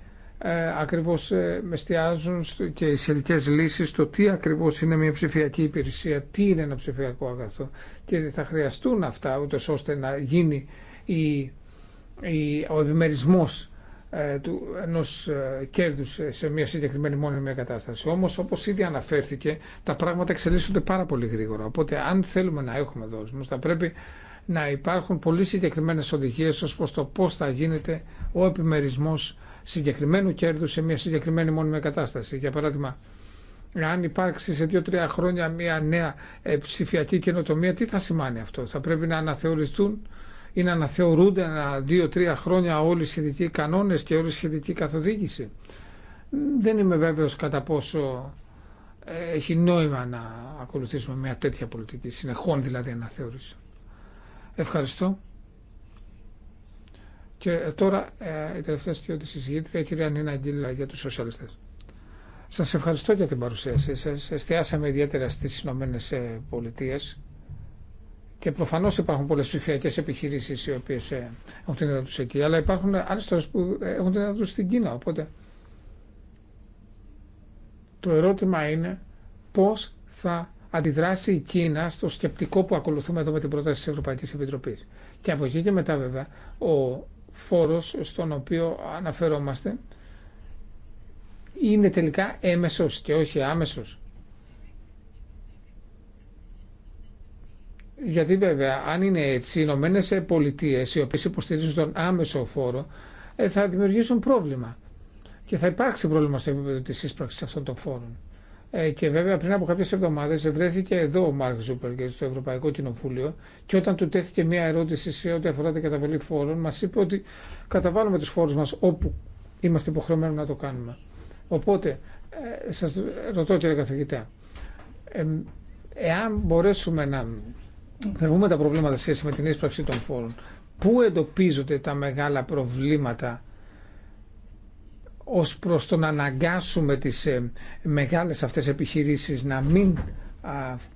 ε, ακριβώς ε, εστιάζουν και οι σχετικές λύσεις στο τι ακριβώς είναι μια ψηφιακή υπηρεσία, τι είναι ένα ψηφιακό αγαθό και θα χρειαστούν αυτά ούτε ώστε να γίνει η, η, ο επιμερισμός ε, του ενός ε, κέρδους σε μια συγκεκριμένη μόνιμη κατάσταση. Όμως όπως ήδη αναφέρθηκε τα πράγματα εξελίσσονται πάρα πολύ γρήγορα. Οπότε αν θέλουμε να έχουμε δόσμους θα πρέπει να υπάρχουν πολύ συγκεκριμένες οδηγίες ως προς το πώς θα γίνεται ο επιμερισμός συγκεκριμένου κέρδου σε μια συγκεκριμένη μόνιμη κατάσταση. Για παράδειγμα, αν υπάρξει σε δύο-τρία χρόνια μια νέα ε, ψηφιακή καινοτομία, τι θα σημαίνει αυτό. Θα πρέπει να αναθεωρηθούν ή να αναθεωρούνται δύο-τρία χρόνια όλοι οι σχετικοί κανόνες και όλη η σχετική καθοδήγηση. Δεν είμαι βέβαιος κατά πόσο ε, έχει νόημα να ακολουθήσουμε μια τέτοια πολιτική, συνεχών δηλαδή αναθεώρηση. Ευχαριστώ. Και ε, τώρα ε, η τελευταία στιγμή τη συζήτητρια, η κυρία Νίνα Αγγίλα για του Σοσιαλιστέ. Σα ευχαριστώ για την παρουσίασή σα Εστιάσαμε ιδιαίτερα στι Ηνωμένε Πολιτείε. Και προφανώ υπάρχουν πολλέ ψηφιακέ επιχειρήσει οι οποίε ε, έχουν την έδρα του εκεί, αλλά υπάρχουν άλλε τώρα που έχουν την έδρα του στην Κίνα. Οπότε το ερώτημα είναι πώ θα αντιδράσει η Κίνα στο σκεπτικό που ακολουθούμε εδώ με την πρόταση τη Ευρωπαϊκή Επιτροπή. Και από εκεί και μετά, βέβαια, ο φόρος στον οποίο αναφερόμαστε είναι τελικά έμεσος και όχι άμεσος. Γιατί βέβαια αν είναι έτσι οι Ηνωμένε Πολιτείε οι οποίε υποστηρίζουν τον άμεσο φόρο ε, θα δημιουργήσουν πρόβλημα και θα υπάρξει πρόβλημα στο επίπεδο της σύσπραξης αυτών των φόρων. Ε, και βέβαια πριν από κάποιες εβδομάδες βρέθηκε εδώ ο Μάρκ Ζούπεργκερ στο Ευρωπαϊκό Κοινοβούλιο και όταν του τέθηκε μια ερώτηση σε ό,τι αφορά την καταβολή φόρων μας είπε ότι καταβάλουμε τους φόρους μας όπου είμαστε υποχρεωμένοι να το κάνουμε. Οπότε ε, σας ρωτώ κύριε καθηγητά, εάν μπορέσουμε να φεύγουμε τα προβλήματα σχέση με την έσπραξη των φόρων, πού εντοπίζονται τα μεγάλα προβλήματα ως προς το να αναγκάσουμε τις ε, μεγάλες αυτές επιχειρήσεις να μην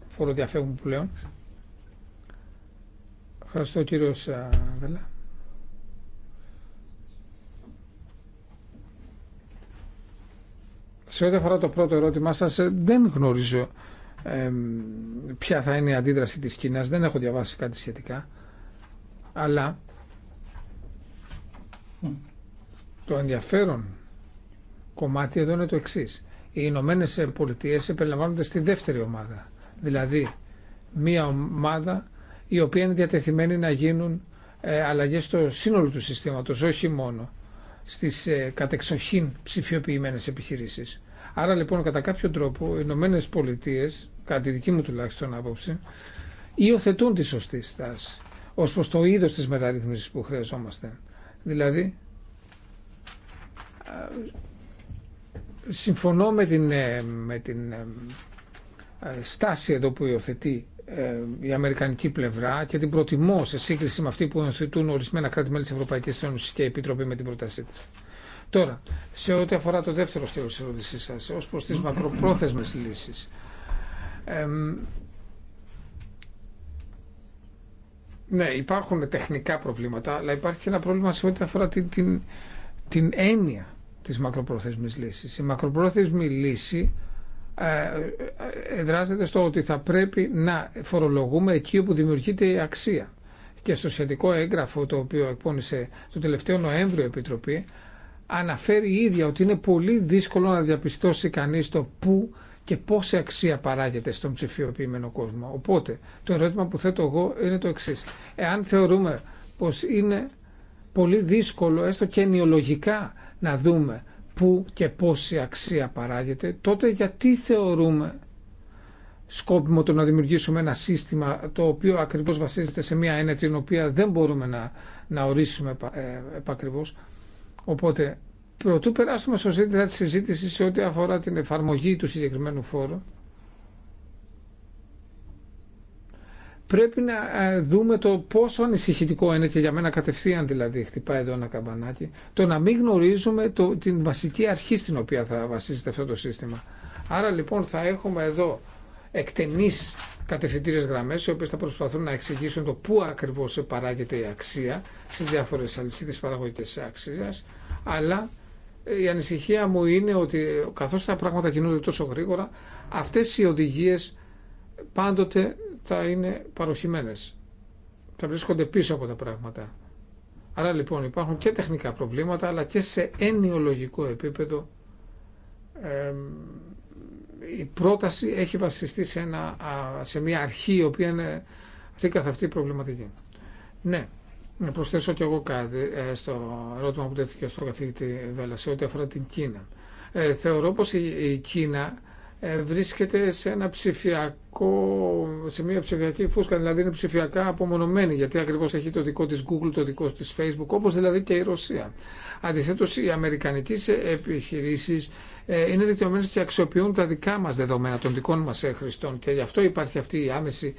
φοροδιαφεύγουν πλέον. Ευχαριστώ κύριος Σε ό,τι αφορά το πρώτο ερώτημά σας, ε, δεν γνωρίζω ποια θα είναι η αντίδραση της Κίνας. Δεν έχω διαβάσει κάτι σχετικά. Αλλά το ενδιαφέρον κομμάτι εδώ είναι το εξή. Οι Ηνωμένε Πολιτείε συμπεριλαμβάνονται στη δεύτερη ομάδα. Δηλαδή, μία ομάδα η οποία είναι διατεθειμένη να γίνουν ε, αλλαγές στο σύνολο του συστήματος, όχι μόνο στις ε, κατεξοχήν ψηφιοποιημένε επιχειρήσεις. Άρα λοιπόν κατά κάποιο τρόπο οι Ηνωμένε Πολιτείε, κατά τη δική μου τουλάχιστον άποψη, υιοθετούν τη σωστή στάση ω προ το είδο τη μεταρρύθμιση που χρειαζόμαστε. Δηλαδή, συμφωνώ με την, ε, με την ε, ε, στάση εδώ που υιοθετεί η Αμερικανική πλευρά και την προτιμώ σε σύγκριση με αυτή που υιοθετούν ορισμένα κράτη-μέλη της Ευρωπαϊκής Ένωσης και η Επιτροπή με την πρότασή τη. Τώρα, σε ό,τι αφορά το δεύτερο στήριο τη ερώτησή σα, ως προς τις μακροπρόθεσμες λύσεις, ναι, υπάρχουν τεχνικά προβλήματα, αλλά υπάρχει και ένα πρόβλημα σε ό,τι αφορά την, την, την έννοια της μακροπρόθεσμης λύσης. Η μακροπρόθεσμη λύση ε, ε, ε, εδράζεται στο ότι θα πρέπει να φορολογούμε εκεί όπου δημιουργείται η αξία. Και στο σχετικό έγγραφο το οποίο εκπώνησε το τελευταίο Νοέμβριο η Επιτροπή αναφέρει η ίδια ότι είναι πολύ δύσκολο να διαπιστώσει κανείς το πού και πόση αξία παράγεται στον ψηφιοποιημένο κόσμο. Οπότε το ερώτημα που θέτω εγώ είναι το εξής. Εάν θεωρούμε πως είναι πολύ δύσκολο έστω και ποση αξια παραγεται στον ψηφιοποιημενο κοσμο οποτε το ερωτημα που θετω εγω ειναι το εξης εαν θεωρουμε πως ειναι πολυ δυσκολο εστω και να δούμε πού και πόση αξία παράγεται, τότε γιατί θεωρούμε σκόπιμο το να δημιουργήσουμε ένα σύστημα το οποίο ακριβώς βασίζεται σε μια έννοια την οποία δεν μπορούμε να, να ορίσουμε ε, επακριβώς. Οπότε, πρωτού περάσουμε στο ζήτημα της συζήτησης σε ό,τι αφορά την εφαρμογή του συγκεκριμένου φόρου, πρέπει να ε, δούμε το πόσο ανησυχητικό είναι και για μένα κατευθείαν δηλαδή χτυπάει εδώ ένα καμπανάκι το να μην γνωρίζουμε το, την βασική αρχή στην οποία θα βασίζεται αυτό το σύστημα. Άρα λοιπόν θα έχουμε εδώ εκτενείς κατευθυντήριες γραμμές οι οποίες θα προσπαθούν να εξηγήσουν το πού ακριβώς παράγεται η αξία στις διάφορες αλυσίδες παραγωγικές αξίας αλλά ε, η ανησυχία μου είναι ότι καθώς τα πράγματα κινούνται τόσο γρήγορα αυτές οι οδηγίες πάντοτε αυτά είναι παροχημένες. Θα βρίσκονται πίσω από τα πράγματα. Άρα λοιπόν υπάρχουν και τεχνικά προβλήματα αλλά και σε ενιολογικό επίπεδο η πρόταση έχει βασιστεί σε, μια αρχή η οποία είναι αυτή καθ' αυτή προβληματική. Ναι, να προσθέσω και εγώ κάτι ε, στο ερώτημα που τέθηκε στον καθηγητή Βέλα ό,τι αφορά την Κίνα. Ε, θεωρώ πως η Κίνα ε, βρίσκεται σε ένα ψηφιακό, σε μια ψηφιακή φούσκα, δηλαδή είναι ψηφιακά απομονωμένη, γιατί ακριβώς έχει το δικό της Google, το δικό της Facebook, όπως δηλαδή και η Ρωσία. Αντιθέτω, οι αμερικανικέ επιχειρήσει ε, είναι δικαιωμένε και αξιοποιούν τα δικά μα δεδομένα, των δικών μας ε, χρηστών και γι' αυτό υπάρχει αυτή η άμεση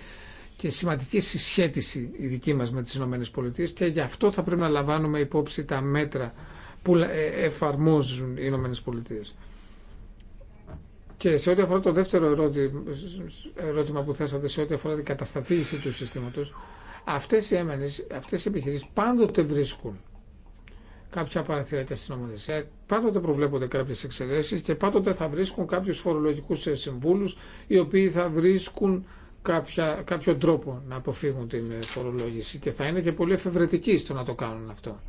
και σημαντική συσχέτιση η δική μας με τις ΗΠΑ και γι' αυτό θα πρέπει να λαμβάνουμε υπόψη τα μέτρα που εφαρμόζουν οι ΗΠΑ. Και σε ό,τι αφορά το δεύτερο ερώτημα που θέσατε, σε ό,τι αφορά την καταστατήρηση του συστήματο, αυτέ οι έμενε, αυτέ οι επιχειρήσει πάντοτε βρίσκουν κάποια παραθυράκια στην νομοθεσία. Ε, πάντοτε προβλέπονται κάποιε εξαιρέσει και πάντοτε θα βρίσκουν κάποιου φορολογικού συμβούλου οι οποίοι θα βρίσκουν κάποια, κάποιο τρόπο να αποφύγουν την φορολόγηση και θα είναι και πολύ εφευρετικοί στο να το κάνουν αυτό.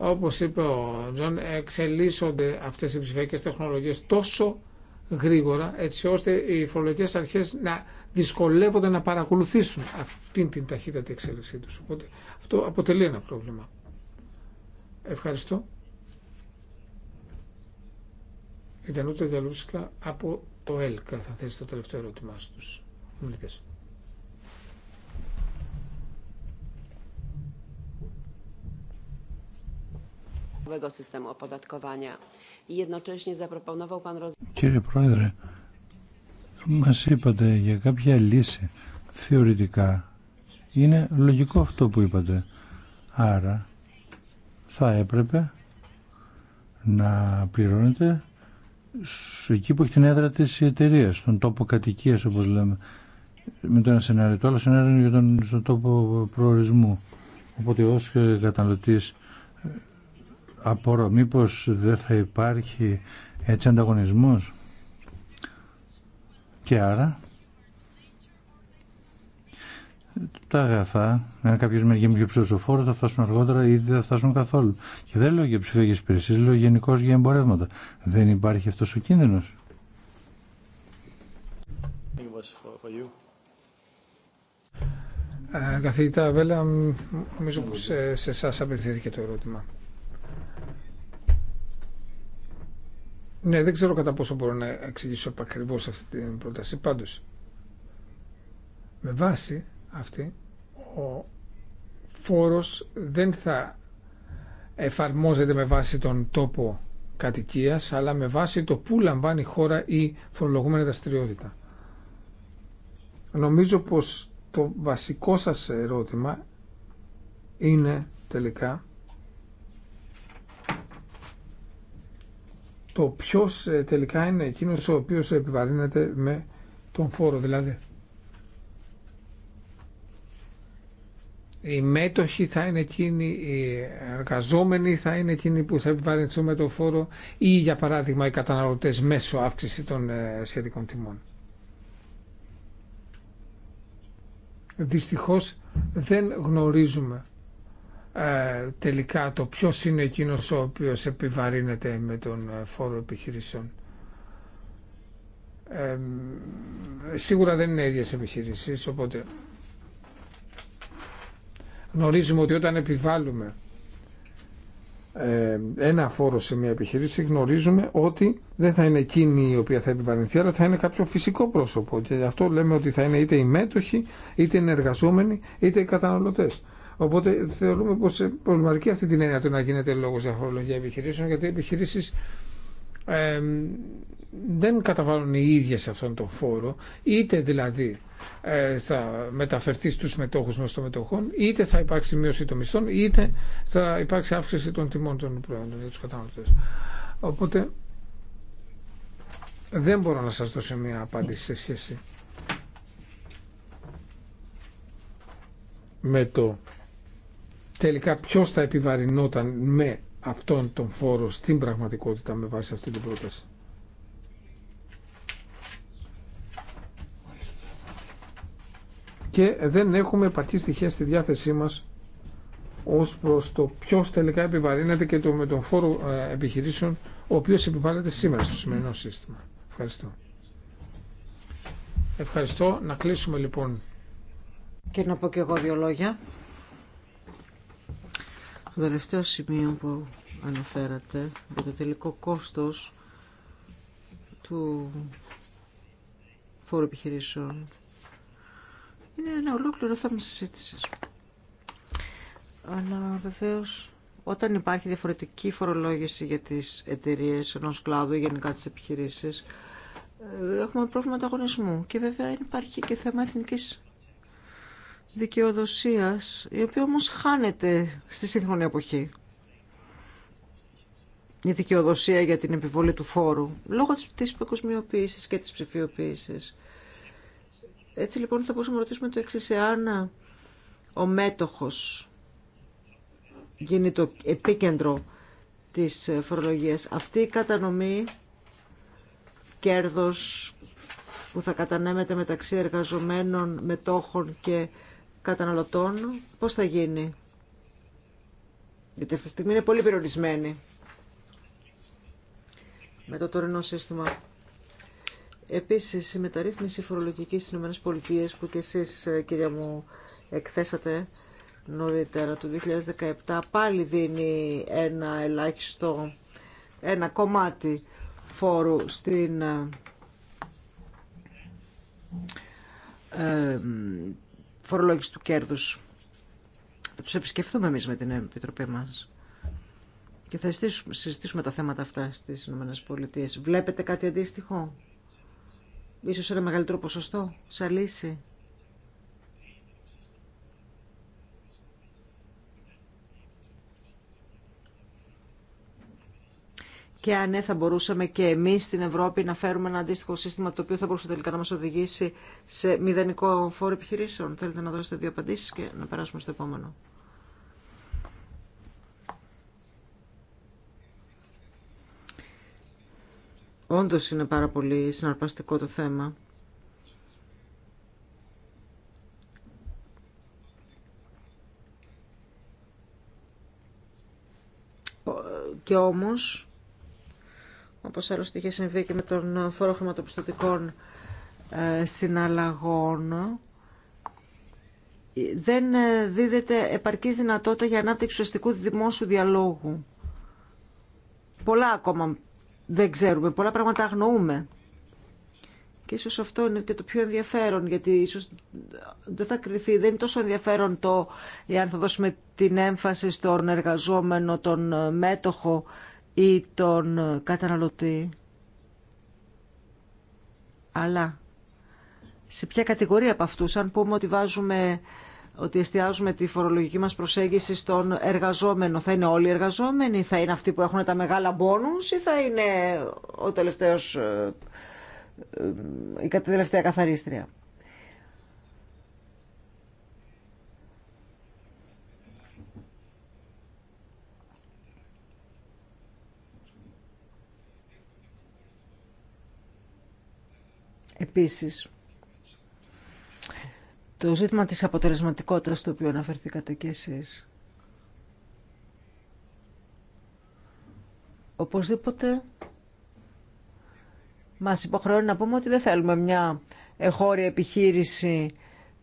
Όπως είπε ο Τζον, εξελίσσονται αυτέ οι ψηφιακέ τεχνολογίε τόσο γρήγορα έτσι ώστε οι φορολογικές αρχές να δυσκολεύονται να παρακολουθήσουν αυτήν την ταχύτατη εξέλιξή τους. Οπότε αυτό αποτελεί ένα πρόβλημα. Ευχαριστώ. Η Δανούτα από το ΕΛΚΑ θα θέσει το τελευταίο ερώτημά στους ομιλητές. nowego systemu opodatkowania. Κύριε Πρόεδρε, μας είπατε για κάποια λύση θεωρητικά. Είναι λογικό αυτό που είπατε. Άρα θα έπρεπε να πληρώνετε εκεί που έχει την έδρα της εταιρεία, στον τόπο κατοικίας όπως λέμε με το ένα σενάριο. Το άλλο σενάριο είναι για τον, στον τόπο προορισμού. Οπότε ως καταναλωτής απορώ μήπως δεν θα υπάρχει έτσι ανταγωνισμός και άρα τα αγαθά, αν κάποιο με πιο ψηφοφόρο θα φτάσουν αργότερα ή δεν θα φτάσουν καθόλου. Και δεν λέω για ψηφιακέ υπηρεσίε, λέω γενικώ για εμπορεύματα. Δεν υπάρχει αυτό ο κίνδυνο. Ε, καθηγητά Βέλα, νομίζω πως σε εσά απευθύνθηκε το ερώτημα. Ναι, δεν ξέρω κατά πόσο μπορώ να εξηγήσω ακριβώ αυτή την πρόταση. Πάντω, με βάση αυτή, ο φόρο δεν θα εφαρμόζεται με βάση τον τόπο κατοικία, αλλά με βάση το που λαμβάνει η χώρα η φορολογούμενη δραστηριότητα. Νομίζω πως το βασικό σας ερώτημα είναι τελικά το ποιο ε, τελικά είναι εκείνο ο οποίο επιβαρύνεται με τον φόρο. Δηλαδή, οι μέτοχοι θα είναι εκείνοι, οι εργαζόμενοι θα είναι εκείνοι που θα επιβαρυνθούν με τον φόρο ή για παράδειγμα οι καταναλωτέ μέσω αύξηση των ε, σχετικών τιμών. Δυστυχώς δεν γνωρίζουμε ε, τελικά το ποιο είναι εκείνο ο οποίο επιβαρύνεται με τον ε, φόρο επιχειρήσεων. Ε, σίγουρα δεν είναι ίδιες επιχειρήσεις, οπότε γνωρίζουμε ότι όταν επιβάλλουμε ένα φόρο σε μια επιχειρήση γνωρίζουμε ότι δεν θα είναι εκείνη η οποία θα επιβαρυνθεί αλλά θα είναι κάποιο φυσικό πρόσωπο και γι' αυτό λέμε ότι θα είναι είτε οι μέτοχοι είτε οι εργαζόμενοι είτε οι καταναλωτές. Οπότε θεωρούμε πω προβληματική αυτή την έννοια του να γίνεται λόγο για φορολογία επιχειρήσεων, γιατί οι επιχειρήσει δεν καταβάλουν οι ίδιες αυτόν τον φόρο, είτε δηλαδή ε, θα μεταφερθεί στους μετόχους μας των μετοχών, είτε θα υπάρξει μείωση των μισθών, είτε θα υπάρξει αύξηση των τιμών των προϊόντων για του καταναλωτές. Οπότε δεν μπορώ να σας δώσω μια απάντηση σε σχέση με το τελικά ποιο θα επιβαρυνόταν με αυτόν τον φόρο στην πραγματικότητα με βάση αυτή την πρόταση. Και δεν έχουμε επαρκή στοιχεία στη διάθεσή μας ως προς το ποιος τελικά επιβαρύνεται και το με τον φόρο ε, επιχειρήσεων ο οποίος επιβάλλεται σήμερα στο σημερινό σύστημα. Ευχαριστώ. Ευχαριστώ. Να κλείσουμε λοιπόν. Και να πω και εγώ δύο λόγια. Το τελευταίο σημείο που αναφέρατε για το τελικό κόστος του φόρου επιχειρήσεων είναι ένα ολόκληρο θέμα συζήτηση. Αλλά βεβαίω όταν υπάρχει διαφορετική φορολόγηση για τις εταιρείε ενό κλάδου ή γενικά τι επιχειρήσει, ε, έχουμε πρόβλημα ανταγωνισμού και βέβαια υπάρχει και θέμα εθνική δικαιοδοσίας, η οποία όμως χάνεται στη σύγχρονη εποχή. Η δικαιοδοσία για την επιβολή του φόρου, λόγω της παγκοσμιοποίησης και της ψηφιοποίησης. Έτσι λοιπόν θα μπορούσαμε να ρωτήσουμε το εξής, εάν ο μέτοχος γίνει το επίκεντρο της φορολογίας. Αυτή η κατανομή κέρδος που θα κατανέμεται μεταξύ εργαζομένων, μετόχων και καταναλωτών πώς θα γίνει. Γιατί αυτή τη στιγμή είναι πολύ περιορισμένη με το τωρινό σύστημα. Επίσης, η μεταρρύθμιση φορολογική στις ΗΠΑ που και εσείς, ε, κυρία μου, εκθέσατε νωρίτερα του 2017, πάλι δίνει ένα ελάχιστο, ένα κομμάτι φόρου στην ε, ε, φορολόγηση του κέρδους. Θα τους επισκεφθούμε εμείς με την Επιτροπή μας και θα συζητήσουμε τα θέματα αυτά στις ΗΠΑ. Βλέπετε κάτι αντίστοιχο, ίσως ένα μεγαλύτερο ποσοστό, σαν λύση. και αν ναι, θα μπορούσαμε και εμείς στην Ευρώπη να φέρουμε ένα αντίστοιχο σύστημα το οποίο θα μπορούσε τελικά να μας οδηγήσει σε μηδενικό φόρο επιχειρήσεων. Θέλετε να δώσετε δύο απαντήσει και να περάσουμε στο επόμενο. Όντως είναι πάρα πολύ συναρπαστικό το θέμα. Και όμως όπως άλλωστε είχε συμβεί και με τον φόρο χρηματοπιστωτικών ε, συναλλαγών, δεν ε, δίδεται επαρκής δυνατότητα για ανάπτυξη ουσιαστικού δημόσιου διαλόγου. Πολλά ακόμα δεν ξέρουμε, πολλά πράγματα αγνοούμε. Και ίσως αυτό είναι και το πιο ενδιαφέρον, γιατί ίσως δεν θα κρυθεί. δεν είναι τόσο ενδιαφέρον το εάν θα δώσουμε την έμφαση στον εργαζόμενο, τον ε, μέτοχο ή τον καταναλωτή, αλλά σε ποια κατηγορία από αυτούς, αν πούμε ότι βάζουμε ότι εστιάζουμε τη φορολογική μας προσέγγιση στον εργαζόμενο. Θα είναι όλοι οι εργαζόμενοι, θα είναι αυτοί που έχουν τα μεγάλα μπόνους ή θα είναι ο τελευταίος, ε, ε, η τελευταία καθαρίστρια. Επίσης, το ζήτημα της αποτελεσματικότητας το οποίο αναφερθήκατε και εσείς. Οπωσδήποτε μας υποχρεώνει να πούμε ότι δεν θέλουμε μια εγχώρια επιχείρηση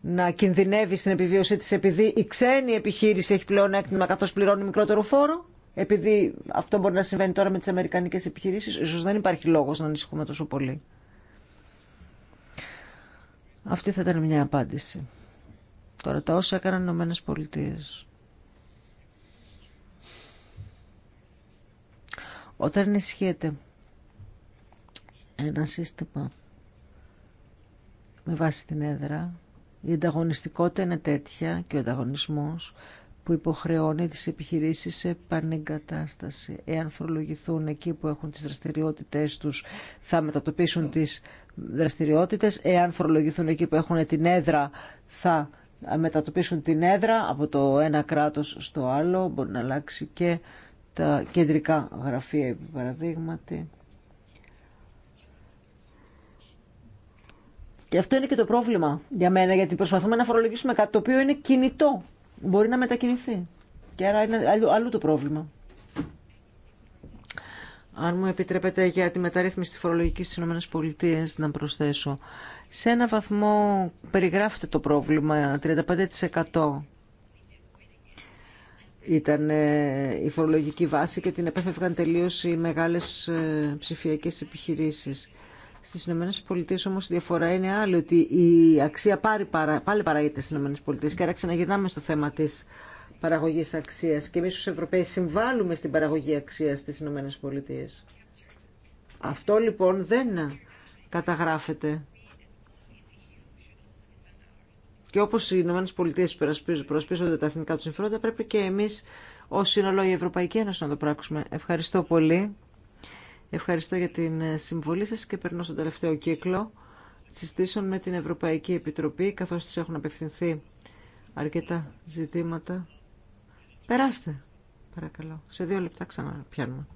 να κινδυνεύει στην επιβίωσή της επειδή η ξένη επιχείρηση έχει πλέον έκτημα καθώς πληρώνει μικρότερο φόρο επειδή αυτό μπορεί να συμβαίνει τώρα με τις αμερικανικές επιχειρήσεις ίσως δεν υπάρχει λόγος να ανησυχούμε τόσο πολύ. Αυτή θα ήταν μια απάντηση. Τώρα τα όσα έκαναν οι Ηνωμένες Πολιτείες. Όταν ενισχύεται ένα σύστημα με βάση την έδρα, η ανταγωνιστικότητα είναι τέτοια και ο ανταγωνισμός που υποχρεώνει τις επιχειρήσεις σε πανεγκατάσταση. Εάν φορολογηθούν εκεί που έχουν τις δραστηριότητές τους, θα μετατοπίσουν τις δραστηριότητες. Εάν φορολογηθούν εκεί που έχουν την έδρα θα μετατοπίσουν την έδρα από το ένα κράτος στο άλλο. Μπορεί να αλλάξει και τα κεντρικά γραφεία επί παραδείγματι. Και αυτό είναι και το πρόβλημα για μένα, γιατί προσπαθούμε να φορολογήσουμε κάτι το οποίο είναι κινητό. Μπορεί να μετακινηθεί. Και άρα είναι αλλού το πρόβλημα αν μου επιτρέπετε για τη μεταρρύθμιση της φορολογικής στις ΗΠΑ να προσθέσω. Σε ένα βαθμό περιγράφεται το πρόβλημα, 35% ήταν ε, η φορολογική βάση και την επέφευγαν τελείως οι μεγάλες ε, ψηφιακές επιχειρήσεις. Στις ΗΠΑ Πολιτείες όμως η διαφορά είναι άλλη, ότι η αξία πάλι παράγεται στις ΗΠΑ και άρα ξαναγυρνάμε στο θέμα της Παραγωγή αξία. και εμεί, ω Ευρωπαίοι συμβάλλουμε στην παραγωγή αξία στι Ηνωμένες Πολιτείες. Αυτό λοιπόν δεν καταγράφεται. Και όπω οι Ηνωμένες Πολιτείες προσπίζονται τα εθνικά του συμφέροντα, πρέπει και εμεί, ω σύνολο η Ευρωπαϊκή Ένωση να το πράξουμε. Ευχαριστώ πολύ. Ευχαριστώ για την ε, συμβολή σα και περνώ στον τελευταίο κύκλο συστήσεων με την Ευρωπαϊκή Επιτροπή, καθώ τη έχουν απευθυνθεί αρκετά ζητήματα Περάστε, παρακαλώ. Σε δύο λεπτά ξαναπιάνουμε.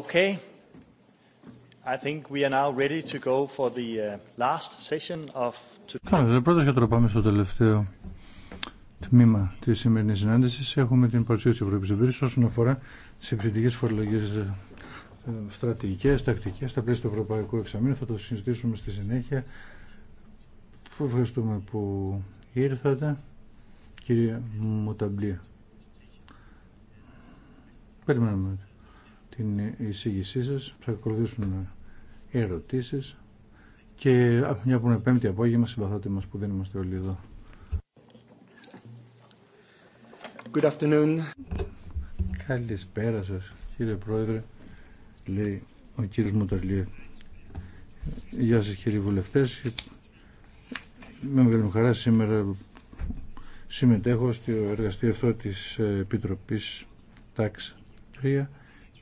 Okay. I think we are now ready to go for the uh, last session of Καλώς, πρώτα και τώρα πάμε στο τελευταίο τμήμα τη σημερινή συνάντηση. Έχουμε την παρουσία τη Ευρωπαϊκή Επιτροπή όσον αφορά τι επιθετικές φορολογικές ε, ε, στρατηγικέ, τακτικέ στα πλαίσια του Ευρωπαϊκού Εξαμήνου. Θα το συζητήσουμε στη συνέχεια. Ευχαριστούμε που ήρθατε, κύριε Μουταμπλία. Περιμένουμε την εισήγησή σας. Θα ακολουθήσουν ερωτήσεις και μια που είναι πέμπτη απόγευμα συμπαθάτε μας που δεν είμαστε όλοι εδώ. Good afternoon. Καλησπέρα σας κύριε Πρόεδρε, λέει ο κύριος Μονταρλίε. Γεια σας κύριοι βουλευτές. Με μεγάλη χαρά σήμερα συμμετέχω στο εργαστήριο αυτό της Επιτροπής Τάξη. 3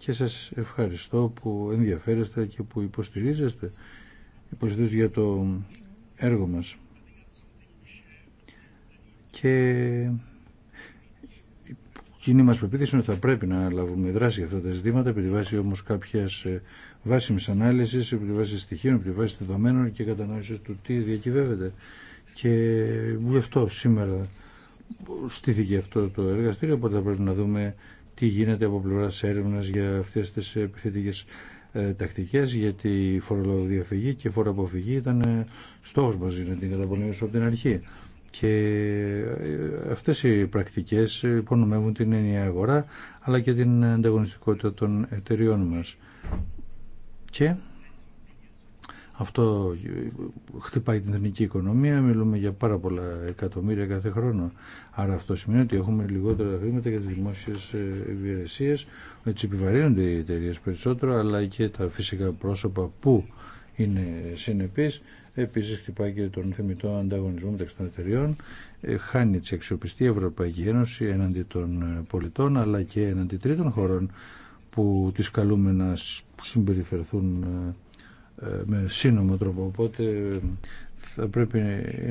και σας ευχαριστώ που ενδιαφέρεστε και που υποστηρίζεστε υποστηρίζεστε για το έργο μας. Και η κοινή μας πεποίθηση είναι ότι θα πρέπει να λάβουμε δράση για αυτά τα ζητήματα επί τη βάση όμως κάποιας ε, βάσιμης ανάλυσης, επί τη βάση στοιχείων, επί τη βάση δεδομένων και κατανόησης του τι διακυβεύεται. Και γι' αυτό σήμερα στήθηκε αυτό το εργαστήριο, οπότε θα πρέπει να δούμε τι γίνεται από πλευρά έρευνα για αυτές τις επιθετικές ε, τακτικές γιατί η φοροδιαφυγή και η φοροαποφυγή ήταν ε, στόχος μαζί να την καταπολεμήσουμε από την αρχή και ε, αυτές οι πρακτικές υπονομεύουν την ενιαία αγορά αλλά και την ανταγωνιστικότητα των εταιριών μας και αυτό χτυπάει την εθνική οικονομία, μιλούμε για πάρα πολλά εκατομμύρια κάθε χρόνο. Άρα αυτό σημαίνει ότι έχουμε λιγότερα χρήματα για τι δημόσιε υπηρεσίε, έτσι επιβαρύνονται οι εταιρείε περισσότερο, αλλά και τα φυσικά πρόσωπα που είναι συνεπεί. Επίση χτυπάει και τον θεμητό ανταγωνισμό μεταξύ των εταιρεών. Ε, χάνει τη αξιοπιστή Ευρωπαϊκή Ένωση εναντί των ε, πολιτών αλλά και εναντί τρίτων χωρών που τις καλούμε να συμπεριφερθούν ε, με σύνομο τρόπο. Οπότε θα πρέπει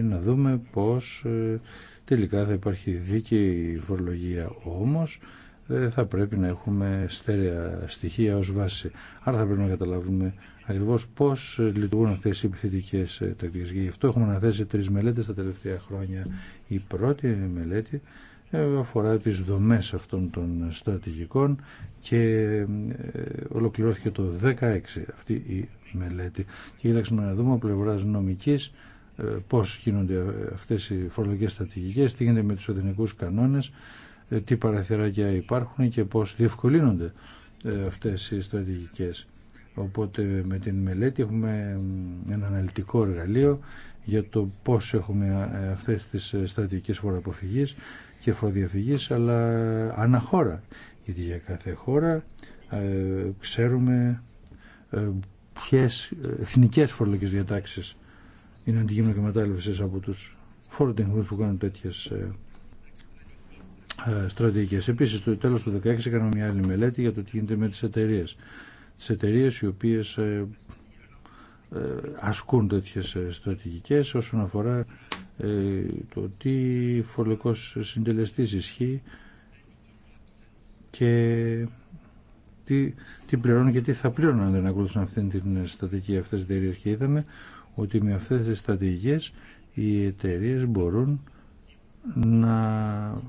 να δούμε πώς ε, τελικά θα υπάρχει δίκαιη φορολογία όμως ε, θα πρέπει να έχουμε στέρεα στοιχεία ως βάση. Άρα θα πρέπει να καταλάβουμε ακριβώς πώς ε, λειτουργούν αυτές οι επιθετικές τακτικές. Γι' αυτό έχουμε αναθέσει τρεις μελέτες τα τελευταία χρόνια. Η πρώτη μελέτη αφορά τις δομές αυτών των στρατηγικών και ολοκληρώθηκε το 2016 αυτή η μελέτη. Και κοιτάξτε να δούμε από πλευρά νομική ε, πώ γίνονται αυτέ οι φορολογικέ στρατηγικέ, τι γίνεται με του εθνικού κανόνε, ε, τι παραθυράκια υπάρχουν και πώ διευκολύνονται ε, αυτέ οι στρατηγικέ. Οπότε με την μελέτη έχουμε ένα αναλυτικό εργαλείο για το πώς έχουμε αυτές τις στρατηγικές φοροαποφυγής και φοροδιαφυγής αλλά αναχώρα γιατί για κάθε χώρα ξέρουμε Ποιε, εθνικές φορολογικές διατάξεις είναι αντικείμενο μετάλλευση από τους φόρους που κάνουν τέτοιες ε, ε, στρατηγικές. Επίσης, στο τέλος του 2016 έκαναμε μια άλλη μελέτη για το τι γίνεται με τις εταιρείε. Τις εταιρείε οι οποίες ε, ασκούν τέτοιες στρατηγικές όσον αφορά το τι φορολογικός συντελεστής ισχύει και τι, τι πληρώνουν και τι θα πληρώνουν αν δεν ακολουθούν αυτήν την στατική αυτέ τι εταιρείε και είδαμε ότι με αυτές τις στατικές οι εταιρείε μπορούν να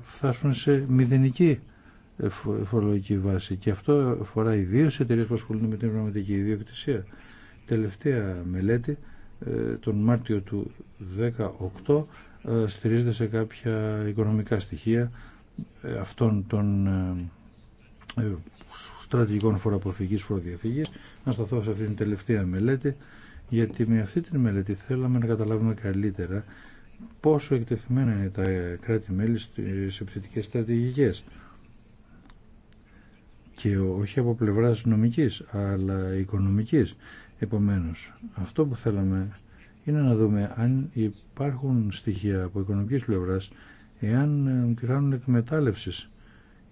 φτάσουν σε μηδενική φορολογική βάση και αυτό αφορά ιδίω εταιρείε που ασχολούνται με την πραγματική ιδιοκτησία. Τελευταία μελέτη ε, τον Μάρτιο του 2018 ε, στηρίζεται σε κάποια οικονομικά στοιχεία ε, αυτών των στρατηγικών φοροαποφυγής φοροδιαφυγής. Να σταθώ σε αυτή την τελευταία μελέτη, γιατί με αυτή την μελέτη θέλαμε να καταλάβουμε καλύτερα πόσο εκτεθειμένα είναι τα κράτη-μέλη σε επιθετικές στρατηγικές και όχι από πλευράς νομικής αλλά οικονομικής επομένως αυτό που θέλαμε είναι να δούμε αν υπάρχουν στοιχεία από οικονομικής πλευράς εάν κάνουν εκμετάλλευσης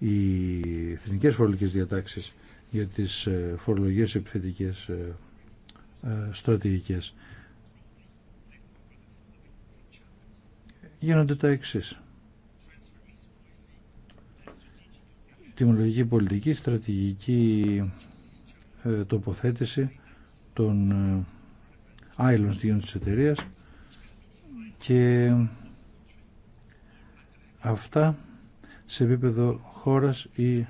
οι εθνικές φορολογικές διατάξεις για τις ε, φορολογίες επιθετικές ε, ε, στρατηγικές. Γίνονται τα εξής. Τιμολογική πολιτική, στρατηγική τοποθέτηση των άειλων στιγμών της εταιρείας και αυτά σε επίπεδο χώρας ή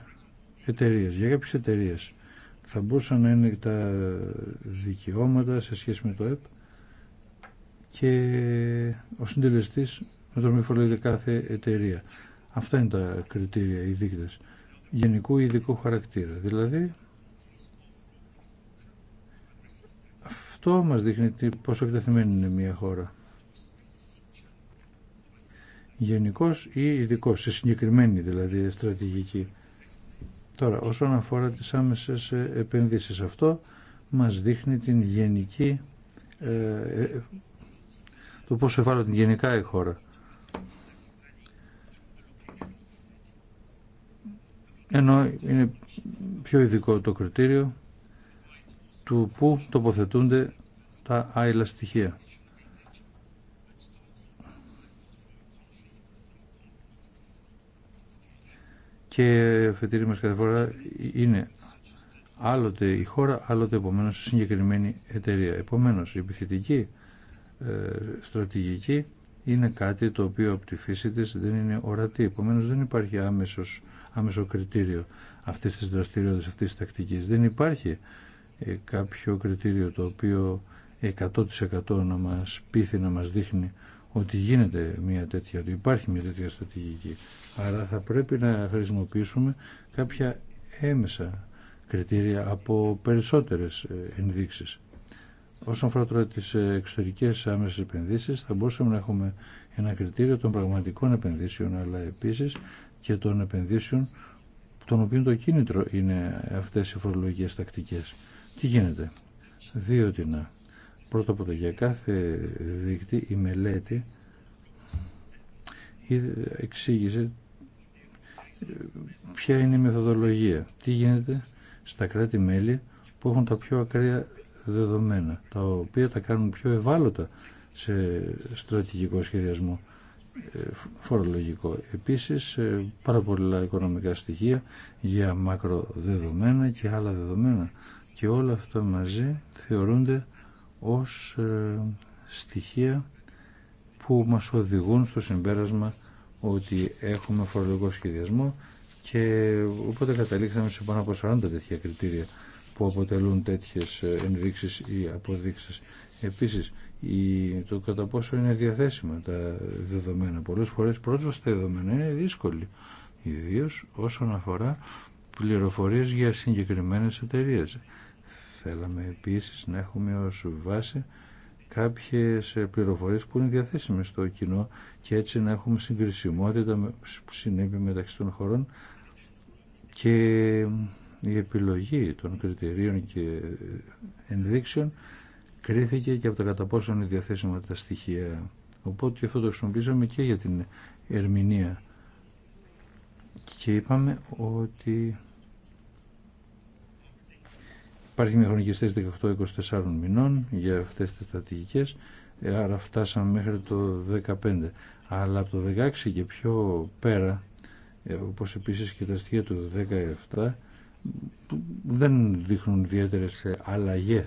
εταιρεία. Για κάποιες εταιρείε. θα μπορούσαν να είναι τα δικαιώματα σε σχέση με το ΕΠ και ο συντελεστής με τον μη κάθε εταιρεία. Αυτά είναι τα κριτήρια, οι δείκτες γενικού ή ειδικού χαρακτήρα. Δηλαδή, αυτό μας δείχνει πόσο εκτεθειμένη είναι μια χώρα γενικός ή ειδικό, σε συγκεκριμένη δηλαδή στρατηγική. Τώρα, όσον αφορά τις άμεσες ε, επενδύσεις, αυτό μας δείχνει την γενική, ε, ε, το πώς ευάλω την γενικά η χώρα. Ενώ είναι πιο ειδικό το πως εφαρμοζεται γενικα η χωρα ενω ειναι πιο ειδικο το κριτηριο του πού τοποθετούνται τα άειλα στοιχεία. και φετήρι μας κάθε φορά είναι άλλοτε η χώρα, άλλοτε επομένως συγκεκριμένη εταιρεία. Επομένως η επιθετική ε, στρατηγική είναι κάτι το οποίο από τη φύση της δεν είναι ορατή. Επομένως δεν υπάρχει άμεσος, άμεσο κριτήριο αυτής της δραστηριότητας, αυτής της τακτικής. Δεν υπάρχει ε, κάποιο κριτήριο το οποίο 100% να μας πείθει, να μας δείχνει ότι γίνεται μια τέτοια, ότι υπάρχει μια τέτοια στρατηγική. Άρα θα πρέπει να χρησιμοποιήσουμε κάποια έμεσα κριτήρια από περισσότερες ε, ενδείξεις. Όσον αφορά τώρα τις ε, εξωτερικές άμεσες επενδύσεις θα μπορούσαμε να έχουμε ένα κριτήριο των πραγματικών επενδύσεων αλλά επίσης και των επενδύσεων των οποίων το κίνητρο είναι αυτές οι φορολογικές τακτικές. Τι γίνεται. Δύο τινά. Πρώτα απ' όλα για κάθε δείκτη η μελέτη εξήγησε ποια είναι η μεθοδολογία, τι γίνεται στα κράτη-μέλη που έχουν τα πιο ακραία δεδομένα, τα οποία τα κάνουν πιο ευάλωτα σε στρατηγικό σχεδιασμό ε, φορολογικό. Επίσης ε, πάρα πολλά οικονομικά στοιχεία για μακροδεδομένα και άλλα δεδομένα και όλα αυτά μαζί θεωρούνται ως ε, στοιχεία που μας οδηγούν στο συμπέρασμα ότι έχουμε φορολογικό σχεδιασμό και οπότε καταλήξαμε σε πάνω από 40 τέτοια κριτήρια που αποτελούν τέτοιες ε, ενδείξεις ή αποδείξεις. Επίσης, η, το κατά πόσο είναι διαθέσιμα τα δεδομένα. Πολλές φορές πρόσβαση στα δεδομένα είναι δύσκολη, ιδίως όσον αφορά πληροφορίες για συγκεκριμένες εταιρείες θέλαμε επίσης να έχουμε ως βάση κάποιες πληροφορίες που είναι διαθέσιμες στο κοινό και έτσι να έχουμε συγκρισιμότητα που συνέβη μεταξύ των χωρών και η επιλογή των κριτηρίων και ενδείξεων κρίθηκε και από τα κατά πόσο είναι διαθέσιμα τα στοιχεία. Οπότε αυτό το χρησιμοποιήσαμε και για την ερμηνεία και είπαμε ότι Υπάρχει μια χρονική στέση 18-24 μηνών για αυτές τις στρατηγικές, ε, άρα φτάσαμε μέχρι το 15. Αλλά από το 16 και πιο πέρα, ε, όπως επίση και τα στοιχεία του 17, δεν δείχνουν ιδιαίτερε ε, αλλαγέ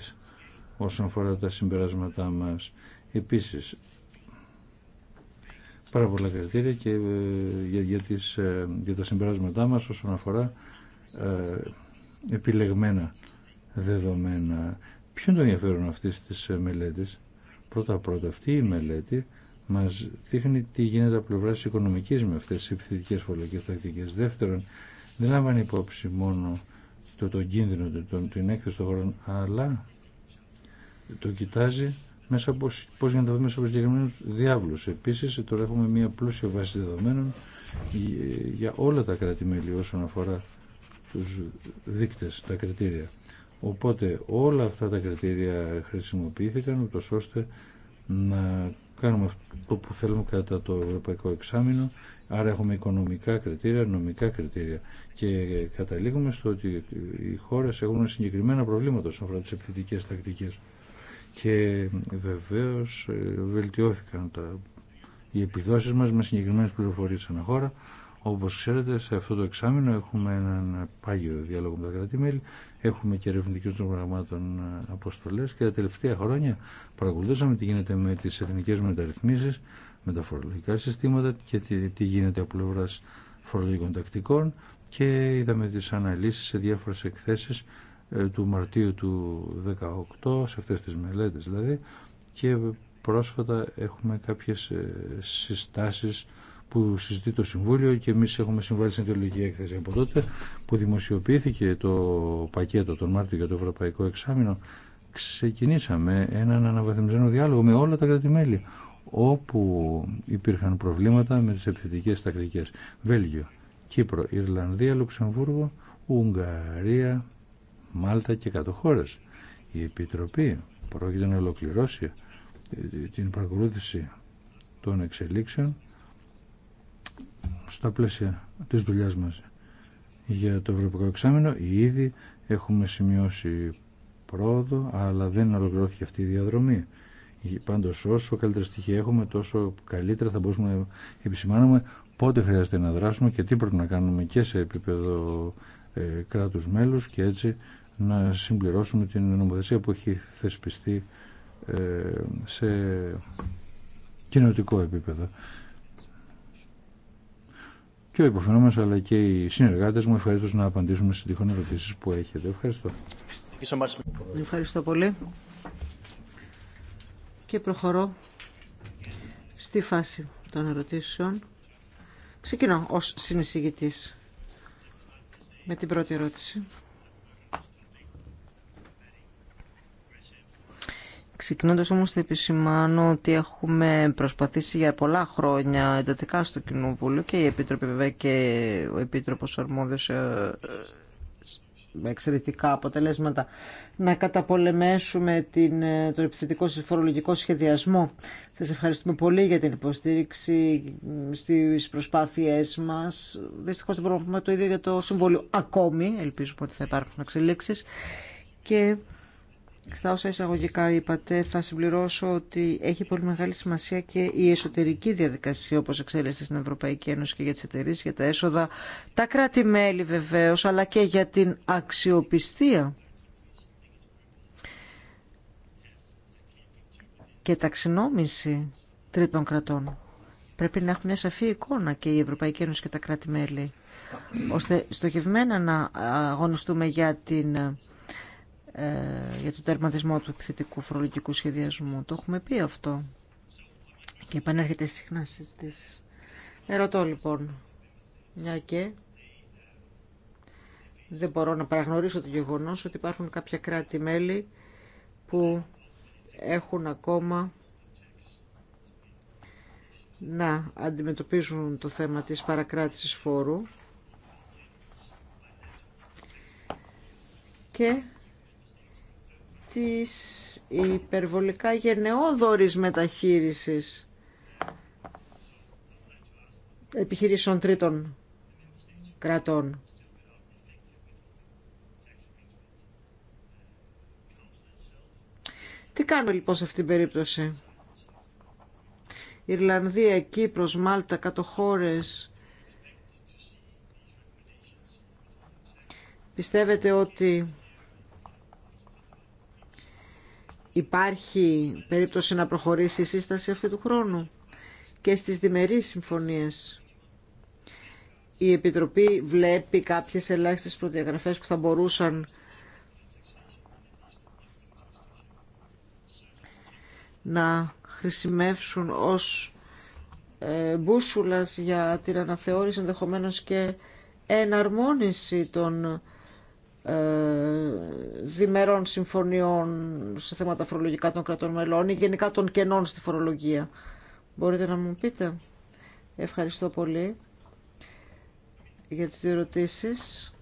όσον αφορά τα συμπεράσματά μας. Επίσης, πάρα πολλά κριτήρια και για, τις, για τα συμπεράσματά μας όσον αφορά επιλεγμένα δεδομένα. Ποιο είναι το ενδιαφέρον αυτής της ε, μελέτης. Πρώτα-πρώτα αυτή η μελέτη μα δείχνει τι γίνεται από πλευρά οικονομική με αυτέ τι επιθετικέ φορολογικέ τακτικέ. Δεύτερον, δεν λάμβανε υπόψη μόνο το, κίνδυνο, το, την έκθεση των χωρών, αλλά το κοιτάζει μέσα από, να το δούμε μέσα από συγκεκριμένου διάβλους. Επίσης, τώρα έχουμε μια πλούσια βάση δεδομένων για όλα τα κράτη-μέλη όσον αφορά τους δείκτες, τα κριτήρια. Οπότε όλα αυτά τα κριτήρια χρησιμοποιήθηκαν ούτως ώστε να κάνουμε αυτό που θέλουμε κατά το Ευρωπαϊκό Εξάμεινο, άρα έχουμε οικονομικά κριτήρια, νομικά κριτήρια και καταλήγουμε στο ότι οι χώρες έχουν συγκεκριμένα προβλήματα όσον αφορά τις επιθετικές τακτικές και βεβαίως ε, βελτιώθηκαν τα, οι επιδόσεις μας με συγκεκριμένες πληροφορίες ένα χώρα όπως ξέρετε, σε αυτό το εξάμεινο έχουμε έναν πάγιο διάλογο με τα κράτη-μέλη, έχουμε και ερευνητικέ των προγραμμάτων ε, αποστολές και τα τελευταία χρόνια παρακολουθήσαμε τι γίνεται με τις εθνικές μεταρρυθμίσεις, με τα φορολογικά συστήματα και τι, γίνεται από πλευρά φορολογικών τακτικών και είδαμε τις αναλύσεις σε διάφορες εκθέσεις ε, του Μαρτίου του 2018, σε αυτές τις μελέτες δηλαδή, και πρόσφατα έχουμε κάποιες ε, συστάσεις που συζητεί το Συμβούλιο και εμεί έχουμε συμβάλει στην τελική έκθεση. Από τότε που δημοσιοποιήθηκε το πακέτο τον Μάρτιο για το Ευρωπαϊκό Εξάμεινο, ξεκινήσαμε έναν αναβαθμισμένο διάλογο με όλα τα κράτη-μέλη όπου υπήρχαν προβλήματα με τις επιθετικές τακτικές. Βέλγιο, Κύπρο, Ιρλανδία, Λουξεμβούργο, Ουγγαρία, Μάλτα και κάτω χώρες. Η Επιτροπή πρόκειται να ολοκληρώσει ε, την παρακολούθηση των εξελίξεων στα πλαίσια της δουλειάς μας για το Ευρωπαϊκό Εξάμεινο. Ήδη έχουμε σημειώσει πρόοδο, αλλά δεν ολοκληρώθηκε αυτή η διαδρομή. Πάντως όσο καλύτερα στοιχεία έχουμε, τόσο καλύτερα θα μπορούμε να επισημάνουμε πότε χρειάζεται να δράσουμε και τι πρέπει να κάνουμε και σε επίπεδο ε, κράτους μέλους και έτσι να συμπληρώσουμε την νομοθεσία που έχει θεσπιστεί ε, σε κοινωτικό επίπεδο και ο υποφαινόμενος αλλά και οι συνεργάτες μου ευχαριστώ να απαντήσουμε σε τυχόν ερωτήσεις που έχετε. Ευχαριστώ. Ευχαριστώ πολύ. Και προχωρώ στη φάση των ερωτήσεων. Ξεκινώ ως συνεισηγητής με την πρώτη ερώτηση. Ξεκινώντας όμως θα επισημάνω ότι έχουμε προσπαθήσει για πολλά χρόνια εντατικά στο Κοινοβούλιο και η Επίτροπη βέβαια και ο Επίτροπος Αρμόδιος ε, ε, με εξαιρετικά αποτελέσματα να καταπολεμήσουμε την, ε, τον επιθετικό φορολογικό σχεδιασμό. Σας ευχαριστούμε πολύ για την υποστήριξη στις προσπάθειές μας. Δυστυχώς δεν μπορούμε να πούμε το ίδιο για το Συμβόλιο ακόμη. Ελπίζουμε ότι θα υπάρχουν εξελίξεις. Και στα όσα εισαγωγικά είπατε, θα συμπληρώσω ότι έχει πολύ μεγάλη σημασία και η εσωτερική διαδικασία όπως εξέλιξε στην Ευρωπαϊκή Ένωση και για τις εταιρείε, για τα έσοδα, τα κράτη-μέλη βεβαίως, αλλά και για την αξιοπιστία και ταξινόμηση τρίτων κρατών. Πρέπει να έχουμε μια σαφή εικόνα και η Ευρωπαϊκή Ένωση και τα κράτη-μέλη, ώστε στοχευμένα να αγωνιστούμε για την ε, για το τερματισμό του επιθετικού φορολογικού σχεδιασμού. Το έχουμε πει αυτό και επανέρχεται συχνά στις συζητήσει. Ερωτώ λοιπόν, μια και δεν μπορώ να παραγνωρίσω το γεγονός ότι υπάρχουν κάποια κράτη-μέλη που έχουν ακόμα να αντιμετωπίζουν το θέμα της παρακράτησης φόρου και της υπερβολικά γενναιόδορης μεταχείρισης επιχειρήσεων τρίτων κρατών. Τι κάνουμε λοιπόν σε αυτήν την περίπτωση. Ιρλανδία, Κύπρος, Μάλτα, κάτω χώρες. Πιστεύετε ότι Υπάρχει περίπτωση να προχωρήσει η σύσταση αυτή του χρόνου και στις διμερείς συμφωνίες. Η Επιτροπή βλέπει κάποιες ελάχιστες προδιαγραφές που θα μπορούσαν να χρησιμεύσουν ως ε, μπούσουλας για την αναθεώρηση ενδεχομένως και εναρμόνιση των ε, διμερών συμφωνιών σε θέματα φορολογικά των κρατών μελών ή γενικά των κενών στη φορολογία. Μπορείτε να μου πείτε. Ευχαριστώ πολύ για τις ερωτήσεις.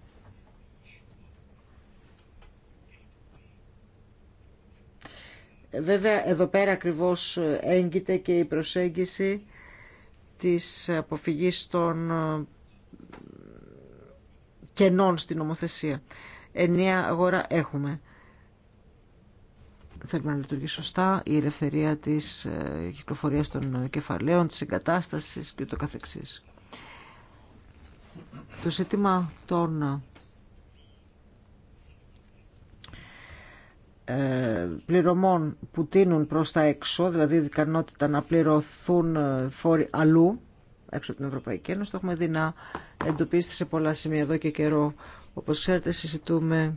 Ε, βέβαια, εδώ πέρα ακριβώς έγκυται και η προσέγγιση της αποφυγής των ε, κενών στην νομοθεσία. Ενία αγορά έχουμε. Θέλουμε να λειτουργεί σωστά η ελευθερία της ε, κυκλοφορίας των κεφαλαίων, της εγκατάστασης και το καθεξής. Το ζήτημα των ε, πληρωμών που τίνουν προς τα έξω, δηλαδή η δικανότητα να πληρωθούν ε, φόροι αλλού, έξω από την Ευρωπαϊκή Ένωση, το έχουμε δει να εντοπίσει σε πολλά σημεία εδώ και καιρό όπως ξέρετε συζητούμε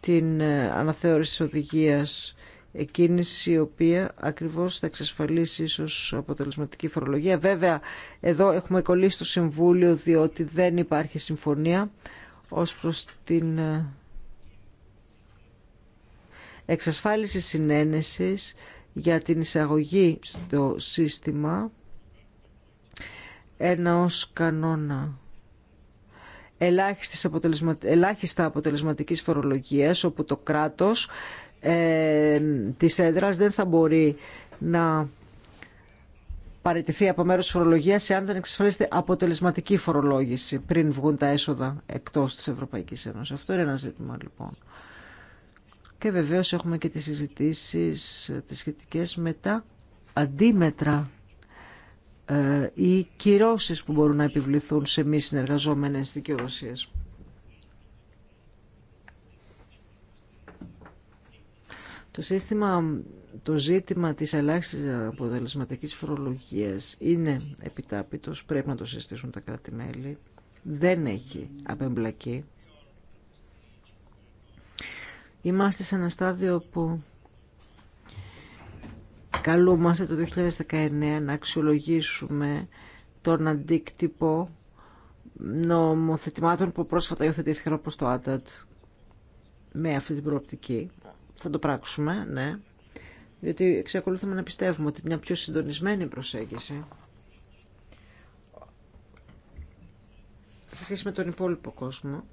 την ε, αναθεώρηση της οδηγίας εκείνης η οποία ακριβώς θα εξασφαλίσει ίσως αποτελεσματική φορολογία. Βέβαια εδώ έχουμε κολλήσει το Συμβούλιο διότι δεν υπάρχει συμφωνία ως προς την ε, εξασφάλιση συνένεσης για την εισαγωγή στο σύστημα ένα ως κανόνα ελάχιστα αποτελεσματικής φορολογίας όπου το κράτος ε, της έδρας δεν θα μπορεί να παραιτηθεί από μέρος φορολογίας εάν δεν εξασφαλίσετε αποτελεσματική φορολόγηση πριν βγουν τα έσοδα εκτός της Ευρωπαϊκής Ένωσης. Αυτό είναι ένα ζήτημα λοιπόν. Και βεβαίως έχουμε και τις συζητήσεις ε, τις σχετικές με τα αντίμετρα ε, οι κυρώσεις που μπορούν να επιβληθούν σε μη συνεργαζόμενες δικαιοδοσίες. Το σύστημα, το ζήτημα της ελάχιστης αποτελεσματικής φορολογίας είναι επιτάπητος, πρέπει να το συστήσουν τα κράτη-μέλη, δεν έχει απεμπλακεί. Είμαστε σε ένα στάδιο που Καλούμαστε το 2019 να αξιολογήσουμε τον αντίκτυπο νομοθετημάτων που πρόσφατα υιοθετήθηκαν όπως το ΆΤΑΤ με αυτή την προοπτική. Θα το πράξουμε, ναι. Διότι εξακολουθούμε να πιστεύουμε ότι μια πιο συντονισμένη προσέγγιση σε σχέση με τον υπόλοιπο κόσμο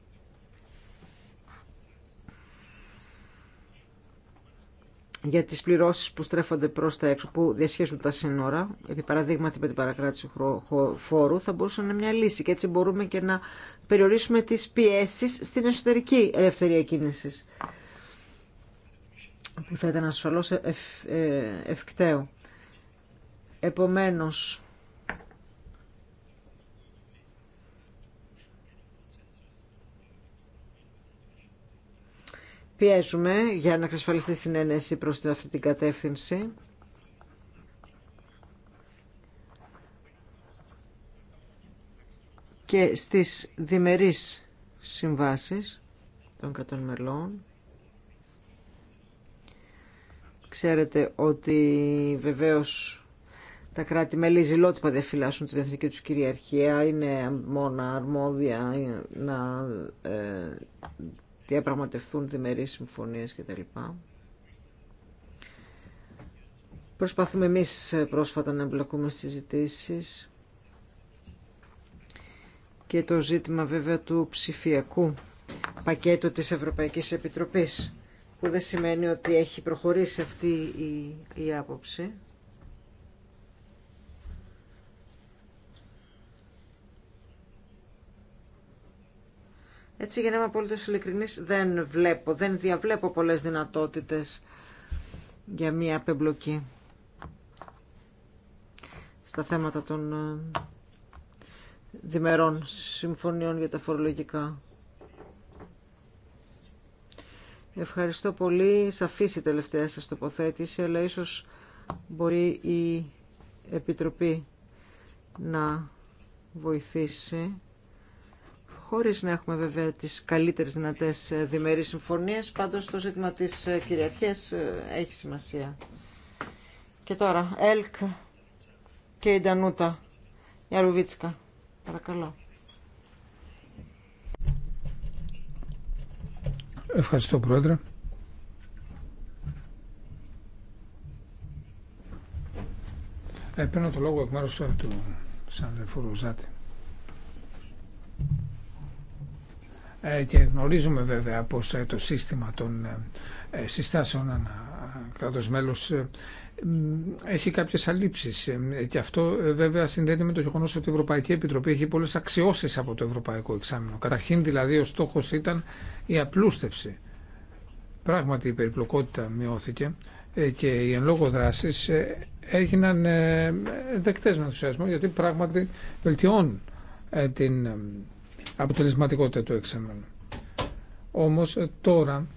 για τις πληρώσεις που στρέφονται προς τα έξω, που διασχίζουν τα σύνορα, επί παραδείγματι με την παρακράτηση φόρου, θα μπορούσε να είναι μια λύση και έτσι μπορούμε και να περιορίσουμε τις πιέσεις στην εσωτερική ελευθερία κίνησης, που θα ήταν ασφαλώς ευ, ε, ευκταίο. Επομένως, πιέζουμε για να εξασφαλιστεί συνένεση προς την αυτή την κατεύθυνση. Και στις διμερείς συμβάσεις των κρατών μελών ξέρετε ότι βεβαίως τα κράτη-μέλη ζηλότυπα δεν την εθνική τους κυριαρχία, είναι μόνα αρμόδια να ε, διαπραγματευτούν διμερείς συμφωνίες κτλ. Προσπαθούμε εμείς πρόσφατα να εμπλακούμε στις συζητήσεις και το ζήτημα βέβαια του ψηφιακού πακέτου της Ευρωπαϊκής Επιτροπής που δεν σημαίνει ότι έχει προχωρήσει αυτή η, η άποψη. Έτσι για να είμαι απολύτως ειλικρινής δεν βλέπω, δεν διαβλέπω πολλές δυνατότητες για μία απεμπλοκή στα θέματα των ε, διμερών συμφωνιών για τα φορολογικά. Ευχαριστώ πολύ. Σαφής η τελευταία σας τοποθέτηση, αλλά ίσως μπορεί η Επιτροπή να βοηθήσει χωρίς να έχουμε βέβαια τις καλύτερες δυνατές ε, διμερείς συμφωνίες, πάντως το ζήτημα της ε, κυριαρχίας ε, έχει σημασία. Και τώρα, ΕΛΚ και η Ντανούτα, η παρακαλώ. Ευχαριστώ, Πρόεδρε. Ε, παίρνω το λόγο εκ μέρους του Σανδεφούρου Ροζάτη. Ε, και γνωρίζουμε βέβαια πως ε, το σύστημα των ε, συστάσεων ανά κράτος μέλος έχει κάποιες αλήψεις και αυτό βέβαια συνδέεται με το γεγονός ότι η Ευρωπαϊκή Επιτροπή έχει πολλές αξιώσεις από το Ευρωπαϊκό Εξάμεινο. Καταρχήν δηλαδή ο στόχος ήταν η απλούστευση. Πράγματι η περιπλοκότητα μειώθηκε και οι εν λόγω δράσεις έγιναν δεκτές με ενθουσιασμό γιατί πράγματι βελτιώνουν την αποτελεσματικότητα του εξάμενου. Όμως ε, τώρα,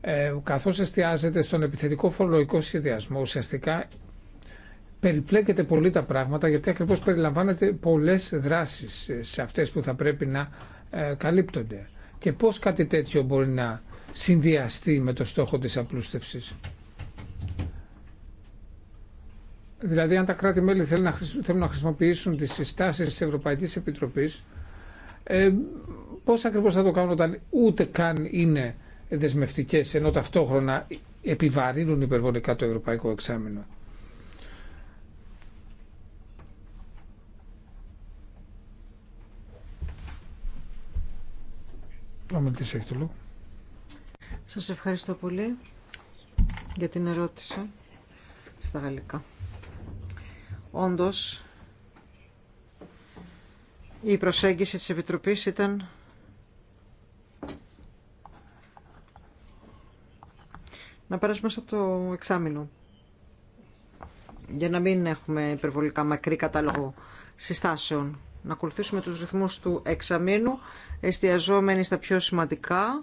ε, καθώς εστιάζεται στον επιθετικό φορολογικό σχεδιασμό, ουσιαστικά περιπλέκεται πολύ τα πράγματα γιατί ακριβώς περιλαμβάνεται πολλές δράσεις ε, σε αυτές που θα πρέπει να ε, καλύπτονται. Και πώς κάτι τέτοιο μπορεί να συνδυαστεί με το στόχο της απλούστευσης. Δηλαδή αν τα κράτη-μέλη θέλουν να χρησιμοποιήσουν τις συστάσεις της Ευρωπαϊκής Επιτροπής ε, πώς ακριβώς θα το κάνουν όταν ούτε καν είναι δεσμευτικές ενώ ταυτόχρονα επιβαρύνουν υπερβολικά το ευρωπαϊκό εξάμεινο. Σας ευχαριστώ πολύ για την ερώτηση στα γαλλικά. Όντως, η προσέγγιση της Επιτροπής ήταν να περάσουμε μέσα από το εξάμεινο για να μην έχουμε υπερβολικά μακρύ κατάλογο συστάσεων. Να ακολουθήσουμε τους ρυθμούς του εξαμήνου, εστιαζόμενοι στα πιο σημαντικά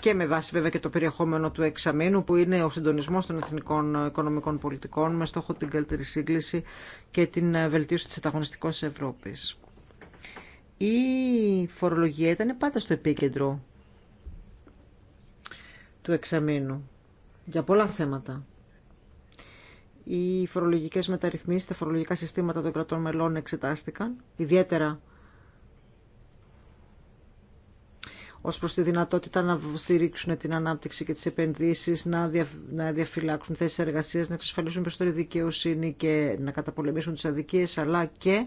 και με βάση βέβαια και το περιεχόμενο του εξαμήνου που είναι ο συντονισμός των εθνικών οικονομικών πολιτικών με στόχο την καλύτερη σύγκληση και την ε, βελτίωση της ανταγωνιστικής Ευρώπης η φορολογία ήταν πάντα στο επίκεντρο του εξαμήνου για πολλά θέματα. Οι φορολογικές μεταρρυθμίσεις, τα φορολογικά συστήματα των κρατών μελών εξετάστηκαν, ιδιαίτερα ως προς τη δυνατότητα να στηρίξουν την ανάπτυξη και τις επενδύσεις, να, να διαφυλάξουν θέσεις εργασίας, να εξασφαλίσουν περισσότερη δικαιοσύνη και να καταπολεμήσουν τις αδικίες, αλλά και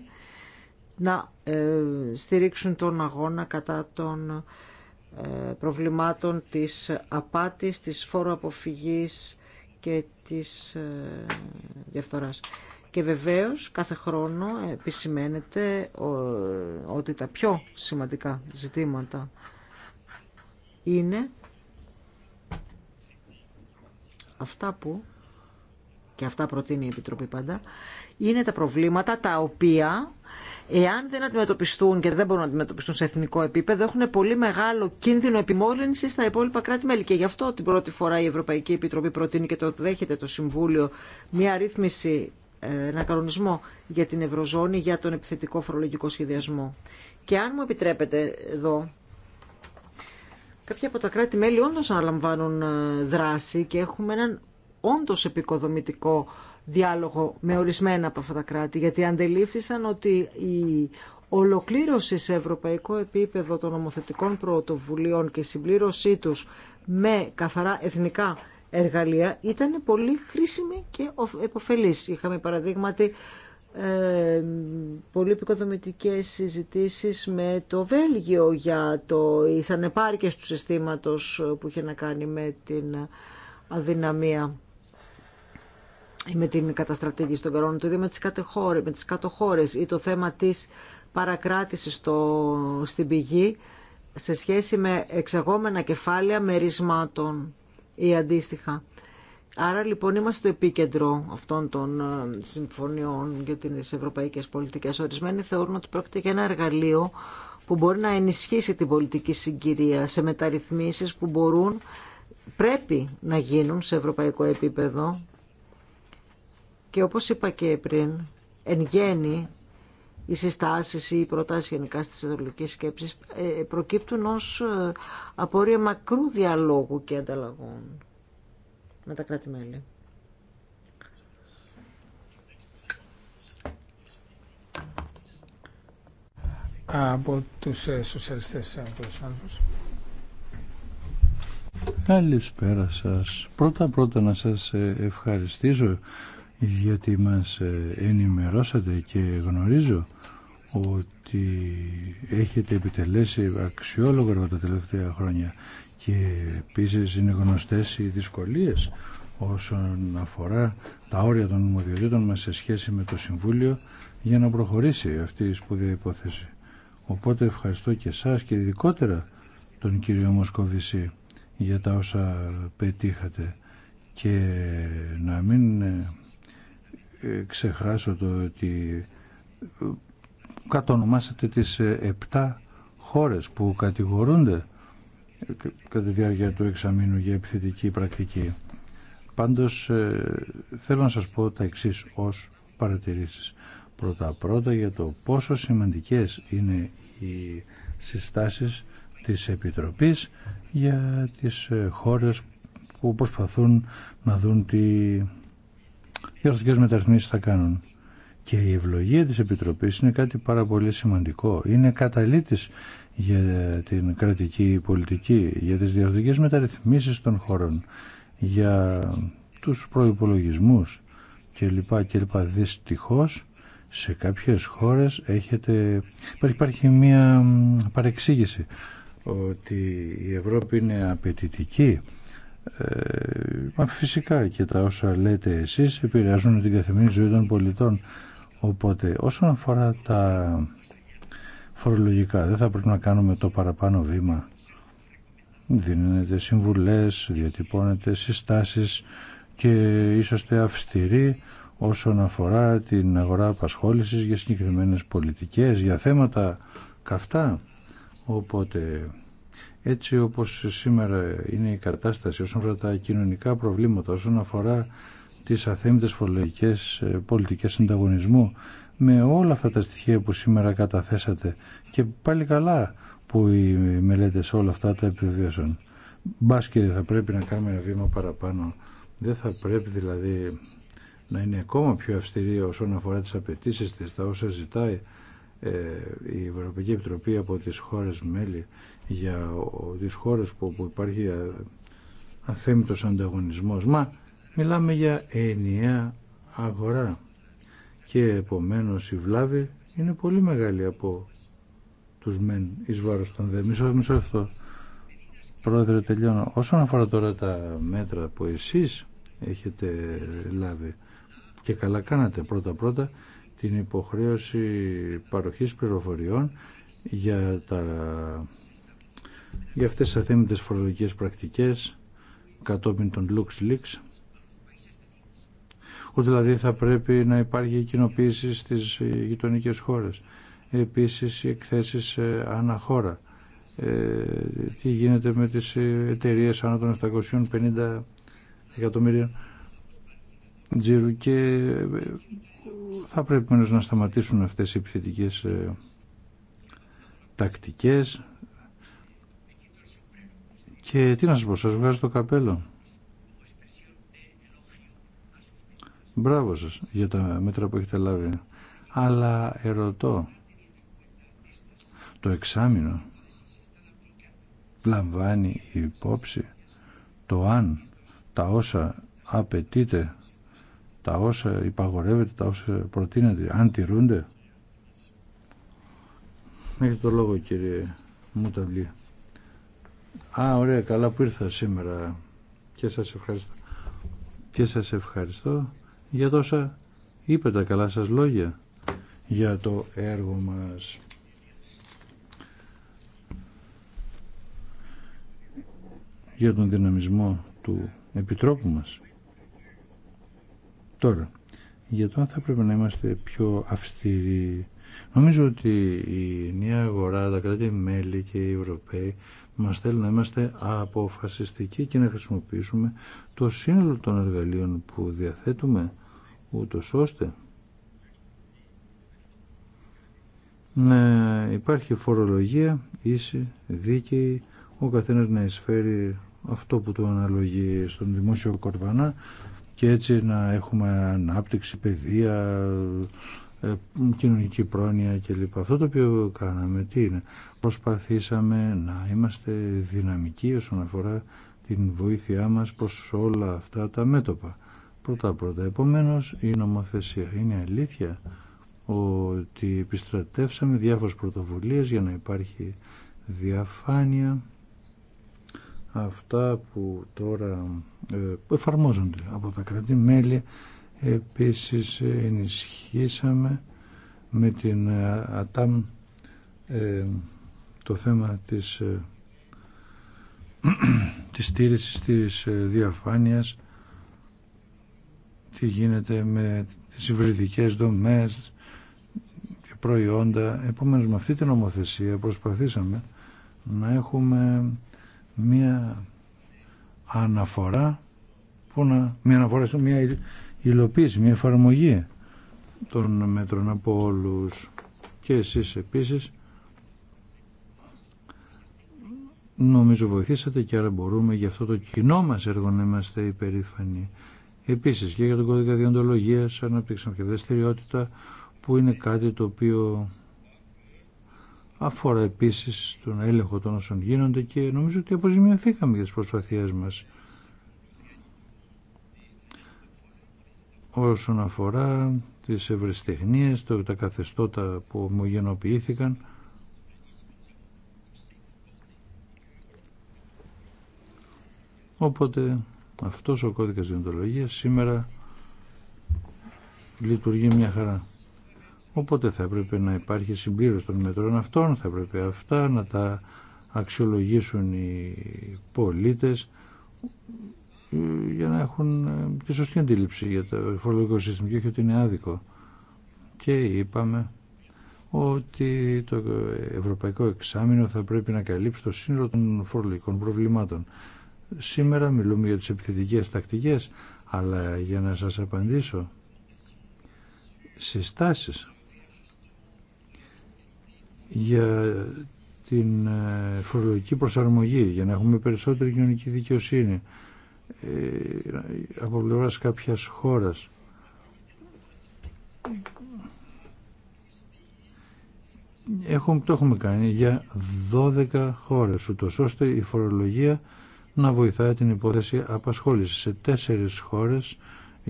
να ε, στηρίξουν τον αγώνα κατά των ε, προβλημάτων της απάτης, της φόρου αποφυγής και της ε, διαφθοράς. Και βεβαίως κάθε χρόνο επισημαίνεται ότι τα πιο σημαντικά ζητήματα είναι αυτά που και αυτά προτείνει η Επιτροπή πάντα, είναι τα προβλήματα τα οποία εάν δεν αντιμετωπιστούν και δεν μπορούν να αντιμετωπιστούν σε εθνικό επίπεδο, έχουν πολύ μεγάλο κίνδυνο επιμόλυνση στα υπόλοιπα κράτη-μέλη. Και γι' αυτό την πρώτη φορά η Ευρωπαϊκή Επιτροπή προτείνει και το δέχεται το Συμβούλιο μια ρύθμιση, ε, ένα κανονισμό για την Ευρωζώνη για τον επιθετικό φορολογικό σχεδιασμό. Και αν μου επιτρέπετε εδώ, κάποια από τα κράτη-μέλη όντως αναλαμβάνουν ε, δράση και έχουμε έναν όντως επικοδομητικό διάλογο με ορισμένα από αυτά τα κράτη, γιατί αντελήφθησαν ότι η ολοκλήρωση σε ευρωπαϊκό επίπεδο των νομοθετικών πρωτοβουλίων και συμπλήρωσή τους με καθαρά εθνικά εργαλεία ήταν πολύ χρήσιμη και επωφελής. Είχαμε παραδείγματι ε, πολύ επικοδομητικές συζητήσεις με το Βέλγιο για το, οι του συστήματος που είχε να κάνει με την αδυναμία με την καταστρατήγηση των κανόνων το ίδιο με τις τις ή το θέμα της παρακράτησης στο, στην πηγή σε σχέση με εξαγόμενα κεφάλαια μερισμάτων ή αντίστοιχα. Άρα λοιπόν είμαστε το επίκεντρο αυτών των ε, συμφωνιών για τις ευρωπαϊκές πολιτικές. Ορισμένοι θεωρούν ότι πρόκειται για ένα εργαλείο που μπορεί να ενισχύσει την πολιτική συγκυρία σε μεταρρυθμίσεις που μπορούν, πρέπει να γίνουν σε ευρωπαϊκό επίπεδο και όπως είπα και πριν, εν γέννη, οι συστάσεις ή οι προτάσεις γενικά στις ειδωλικές σκέψεις ε, προκύπτουν ως ε, απορία μακρού διαλόγου και ανταλλαγών με τα κράτη-μέλη. από τους ε, σοσιαλιστές ε, Καλησπέρα σας. Πρώτα πρώτα να σας ευχαριστήσω γιατί μας ε, ενημερώσατε και γνωρίζω ότι έχετε επιτελέσει αξιόλογα τα τελευταία χρόνια και επίση είναι γνωστές οι δυσκολίες όσον αφορά τα όρια των νομοδιοτήτων μας σε σχέση με το Συμβούλιο για να προχωρήσει αυτή η σπουδαία υπόθεση. Οπότε ευχαριστώ και εσάς και ειδικότερα τον κύριο Μοσκοβησή για τα όσα πετύχατε και να μην ε, ε, ξεχάσω το ότι ε, κατονομάσατε τις ε, επτά χώρες που κατηγορούνται κατά τη διάρκεια του εξαμήνου για επιθετική πρακτική. Πάντως θέλω να σας πω τα εξής ως παρατηρήσεις. Πρώτα-πρώτα για το πόσο σημαντικές είναι οι συστάσεις της Επιτροπής για τις χώρες που προσπαθούν να δουν τι και αρθρωτικές μεταρρυθμίσει θα κάνουν. Και η ευλογία της Επιτροπής είναι κάτι πάρα πολύ σημαντικό. Είναι καταλήτη για την κρατική πολιτική, για τι διαρθρωτικές μεταρρυθμίσει των χωρών, για τους προϋπολογισμούς κλπ. κλπ. δυστυχώ, σε κάποιες χώρες έχετε... υπάρχει, υπάρχει μια παρεξήγηση ότι η Ευρώπη είναι απαιτητική ε, μα φυσικά και τα όσα λέτε εσείς επηρεάζουν την καθημερινή ζωή των πολιτών. Οπότε όσον αφορά τα φορολογικά δεν θα πρέπει να κάνουμε το παραπάνω βήμα. Δίνετε συμβουλές, διατυπώνετε συστάσεις και είσαστε αυστηροί όσον αφορά την αγορά απασχόλησης για συγκεκριμένες πολιτικές, για θέματα καυτά. Οπότε έτσι όπως σήμερα είναι η κατάσταση όσον αφορά τα κοινωνικά προβλήματα, όσον αφορά τις αθέμητες φορολογικές ε, πολιτικές συνταγωνισμού, με όλα αυτά τα στοιχεία που σήμερα καταθέσατε και πάλι καλά που οι μελέτες όλα αυτά τα επιβίωσαν. Μπά και θα πρέπει να κάνουμε ένα βήμα παραπάνω. Δεν θα πρέπει δηλαδή να είναι ακόμα πιο αυστηρή όσον αφορά τις απαιτήσει της, τα όσα ζητάει ε, η Ευρωπαϊκή Επιτροπή από τις χώρες μέλη για τις χώρες που, υπάρχει αθέμητος ανταγωνισμός. Μα μιλάμε για ενιαία αγορά και επομένως η βλάβη είναι πολύ μεγάλη από τους μεν εις βάρος των δε. Μισό, αυτό. Πρόεδρε, τελειώνω. Όσον αφορά τώρα τα μέτρα που εσείς έχετε λάβει και καλά κάνατε πρώτα-πρώτα την υποχρέωση παροχής πληροφοριών για τα για αυτές τις αθέμητες φορολογικές πρακτικές κατόπιν των LuxLeaks ότι δηλαδή θα πρέπει να υπάρχει κοινοποίηση στις γειτονικέ χώρες επίσης οι εκθέσεις ε, αναχώρα ε, τι γίνεται με τις εταιρείε άνω των 750 εκατομμύρια τζίρου και ε, θα πρέπει μόνος να σταματήσουν αυτές οι επιθετικές τακτικές και τι να σας πω, σας βγάζω το καπέλο. Μπράβο σας για τα μέτρα που έχετε λάβει. Αλλά ερωτώ, το εξάμεινο λαμβάνει υπόψη το αν τα όσα απαιτείται, τα όσα υπαγορεύεται, τα όσα προτείνεται, αν τηρούνται. Έχετε το λόγο κύριε Μουταβλή. Α, ωραία, καλά που ήρθα σήμερα και σας ευχαριστώ. Και σας ευχαριστώ για τόσα είπε τα καλά σας λόγια για το έργο μας. για τον δυναμισμό του Επιτρόπου μας. Τώρα, για το αν θα πρέπει να είμαστε πιο αυστηροί. Νομίζω ότι η νέα αγορά, τα κράτη-μέλη και οι Ευρωπαίοι μας θέλει να είμαστε αποφασιστικοί και να χρησιμοποιήσουμε το σύνολο των εργαλείων που διαθέτουμε ούτω ώστε να υπάρχει φορολογία ίση, δίκαιη, ο καθένας να εισφέρει αυτό που του αναλογεί στον δημόσιο κορβανά και έτσι να έχουμε ανάπτυξη, παιδεία, ε, κοινωνική πρόνοια κλπ. Αυτό το οποίο κάναμε τι είναι Προσπαθήσαμε να είμαστε δυναμικοί όσον αφορά την βοήθειά μας προς όλα αυτά τα μέτωπα. Πρώτα πρώτα. Επομένως η νομοθεσία. Είναι αλήθεια ότι επιστρατεύσαμε διάφορες πρωτοβουλίες για να υπάρχει διαφάνεια αυτά που τώρα ε, εφαρμόζονται από τα κράτη-μέλη επίσης ενισχύσαμε με την ε, ΑΤΑΜ ε, το θέμα της, ε, της στήριξης της ε, διαφάνειας τι γίνεται με τις υβριδικές δομές και προϊόντα. Επομένως με αυτή την νομοθεσία προσπαθήσαμε να έχουμε μία αναφορά που να, μία αναφορά σε μία υλοποίηση, μία εφαρμογή των μέτρων από όλους και εσείς επίσης νομίζω βοηθήσατε και άρα μπορούμε για αυτό το κοινό μας έργο να είμαστε υπερήφανοι. Επίσης και για τον κώδικα διοντολογίας αναπτύξαμε και δραστηριότητα που είναι κάτι το οποίο αφορά επίσης τον έλεγχο των όσων γίνονται και νομίζω ότι αποζημιωθήκαμε για τις προσπαθίες μας. Όσον αφορά τις ευρεσιτεχνίες, τα καθεστώτα που ομογενοποιήθηκαν, Οπότε αυτός ο κώδικας διοντολογίας σήμερα λειτουργεί μια χαρά. Οπότε θα έπρεπε να υπάρχει συμπλήρωση των μετρών αυτών, θα έπρεπε αυτά να τα αξιολογήσουν οι πολίτες ε, για να έχουν ε, τη σωστή αντίληψη για το φορολογικό σύστημα και όχι ότι είναι άδικο. Και είπαμε ότι το ευρωπαϊκό εξάμεινο θα πρέπει να καλύψει το σύνολο των φορολογικών προβλημάτων. Σήμερα μιλούμε για τις επιθετικές τακτικές, αλλά για να σας απαντήσω, συστάσεις για την ε, φορολογική προσαρμογή, για να έχουμε περισσότερη κοινωνική δικαιοσύνη ε, από πλευρά κάποιας χώρας. Έχουμε, το έχουμε κάνει για 12 χώρες, ούτως ώστε η φορολογία να βοηθάει την υπόθεση απασχόλησης σε τέσσερις χώρες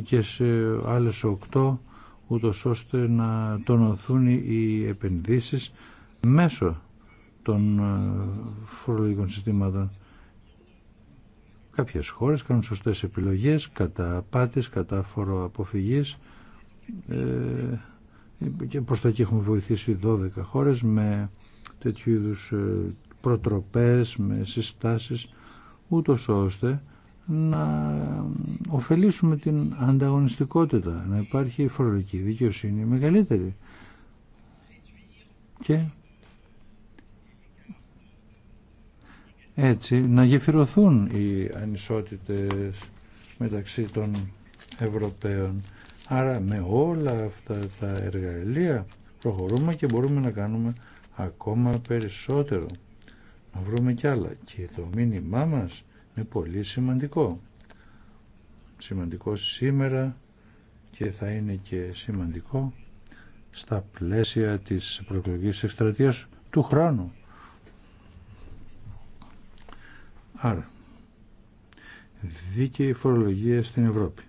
και σε άλλες οκτώ ούτως ώστε να τονωθούν οι επενδύσεις μέσω των ε, φορολογικών συστήματων. Κάποιες χώρες κάνουν σωστές επιλογές κατά πάτης, κατά φοροαποφυγής ε, και προς τα εκεί έχουμε βοηθήσει 12 χώρες με τέτοιου είδους ε, προτροπές, με συστάσεις ούτω ώστε να ωφελήσουμε την ανταγωνιστικότητα, να υπάρχει φορολογική δικαιοσύνη μεγαλύτερη. Και έτσι να γεφυρωθούν οι ανισότητες μεταξύ των Ευρωπαίων. Άρα με όλα αυτά τα εργαλεία προχωρούμε και μπορούμε να κάνουμε ακόμα περισσότερο να βρούμε κι άλλα. Και το μήνυμά μας είναι πολύ σημαντικό. Σημαντικό σήμερα και θα είναι και σημαντικό στα πλαίσια της προεκλογικής εκστρατείας του χρόνου. Άρα, δίκαιη φορολογία στην Ευρώπη.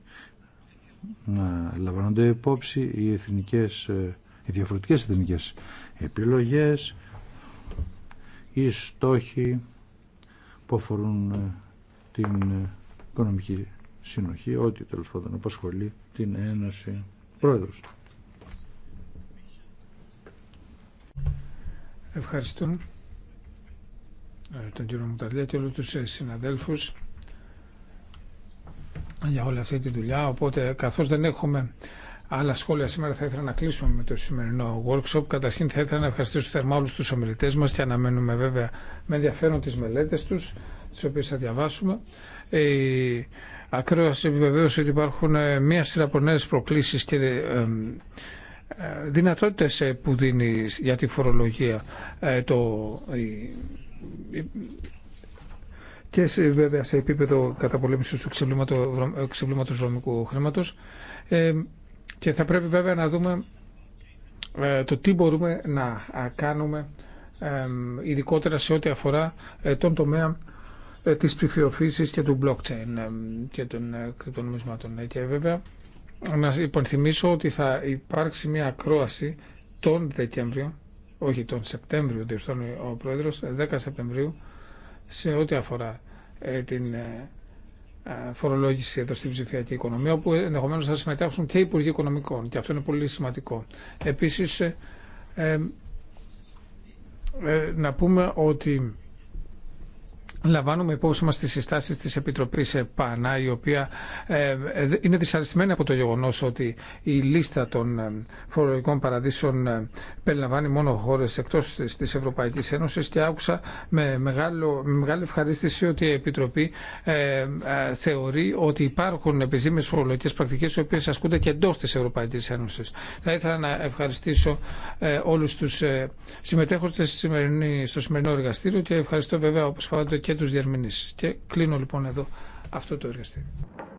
Να λαμβάνονται υπόψη οι, εθνικές, ε, οι διαφορετικές εθνικές επιλογές, οι στόχοι που αφορούν ε, την οικονομική συνοχή, ό,τι τέλο πάντων απασχολεί την Ένωση Πρόεδρος. Ευχαριστώ ε, τον κύριο Μουταλιά και όλους τους ε, συναδέλφους για όλη αυτή τη δουλειά. Οπότε, καθώς δεν έχουμε άλλα σχόλια σήμερα θα ήθελα να κλείσουμε με το σημερινό workshop. Καταρχήν θα ήθελα να ευχαριστήσω θερμά όλους τους ομιλητές μας και αναμένουμε βέβαια με ενδιαφέρον τις μελέτες τους, τις οποίες θα διαβάσουμε. Η ακρόαση επιβεβαίωσε ότι υπάρχουν ε, μία σειρά από νέες προκλήσεις και ε, ε, δυνατότητες που δίνει για τη φορολογία το, και σε, βέβαια σε επίπεδο καταπολέμησης του ξεπλήματος βρωμικού χρήματος. Ε, και θα πρέπει βέβαια να δούμε ε, το τι μπορούμε να κάνουμε ειδικότερα σε ό,τι αφορά ε, τον τομέα ε, της ψηφιοφύσης και του blockchain και των κρυπτονομισμάτων. Και βέβαια να υπενθυμίσω ότι θα υπάρξει μια ακρόαση τον Δεκέμβριο, όχι τον Σεπτέμβριο, διορθώνει ο Πρόεδρος, 10 Σεπτεμβρίου, σε ό,τι αφορά την ε, φορολόγηση εδώ στην ψηφιακή οικονομία, όπου ενδεχομένω θα συμμετέχουν και οι Υπουργοί Οικονομικών. Και αυτό είναι πολύ σημαντικό. Επίση, ε, ε, να πούμε ότι Λαμβάνουμε υπόψη μα τι συστάσει τη Επιτροπή ΕΠΑΝΑ, η οποία ε, ε, είναι δυσαρεστημένη από το γεγονό ότι η λίστα των ε, φορολογικών παραδείσων περιλαμβάνει μόνο χώρε εκτό τη Ευρωπαϊκή Ένωση και άκουσα με, μεγάλο, με μεγάλη ευχαρίστηση ότι η Επιτροπή θεωρεί ότι υπάρχουν επιζήμιε φορολογικέ πρακτικέ, οι οποίε ασκούνται και εντό τη Ευρωπαϊκή Ένωση. Θα ήθελα να ευχαριστήσω όλου του συμμετέχοντε στο σημερινό εργαστήριο και ευχαριστώ βέβαια, όπω και τους διερμηνήσεις. Και κλείνω λοιπόν εδώ αυτό το εργαστήριο.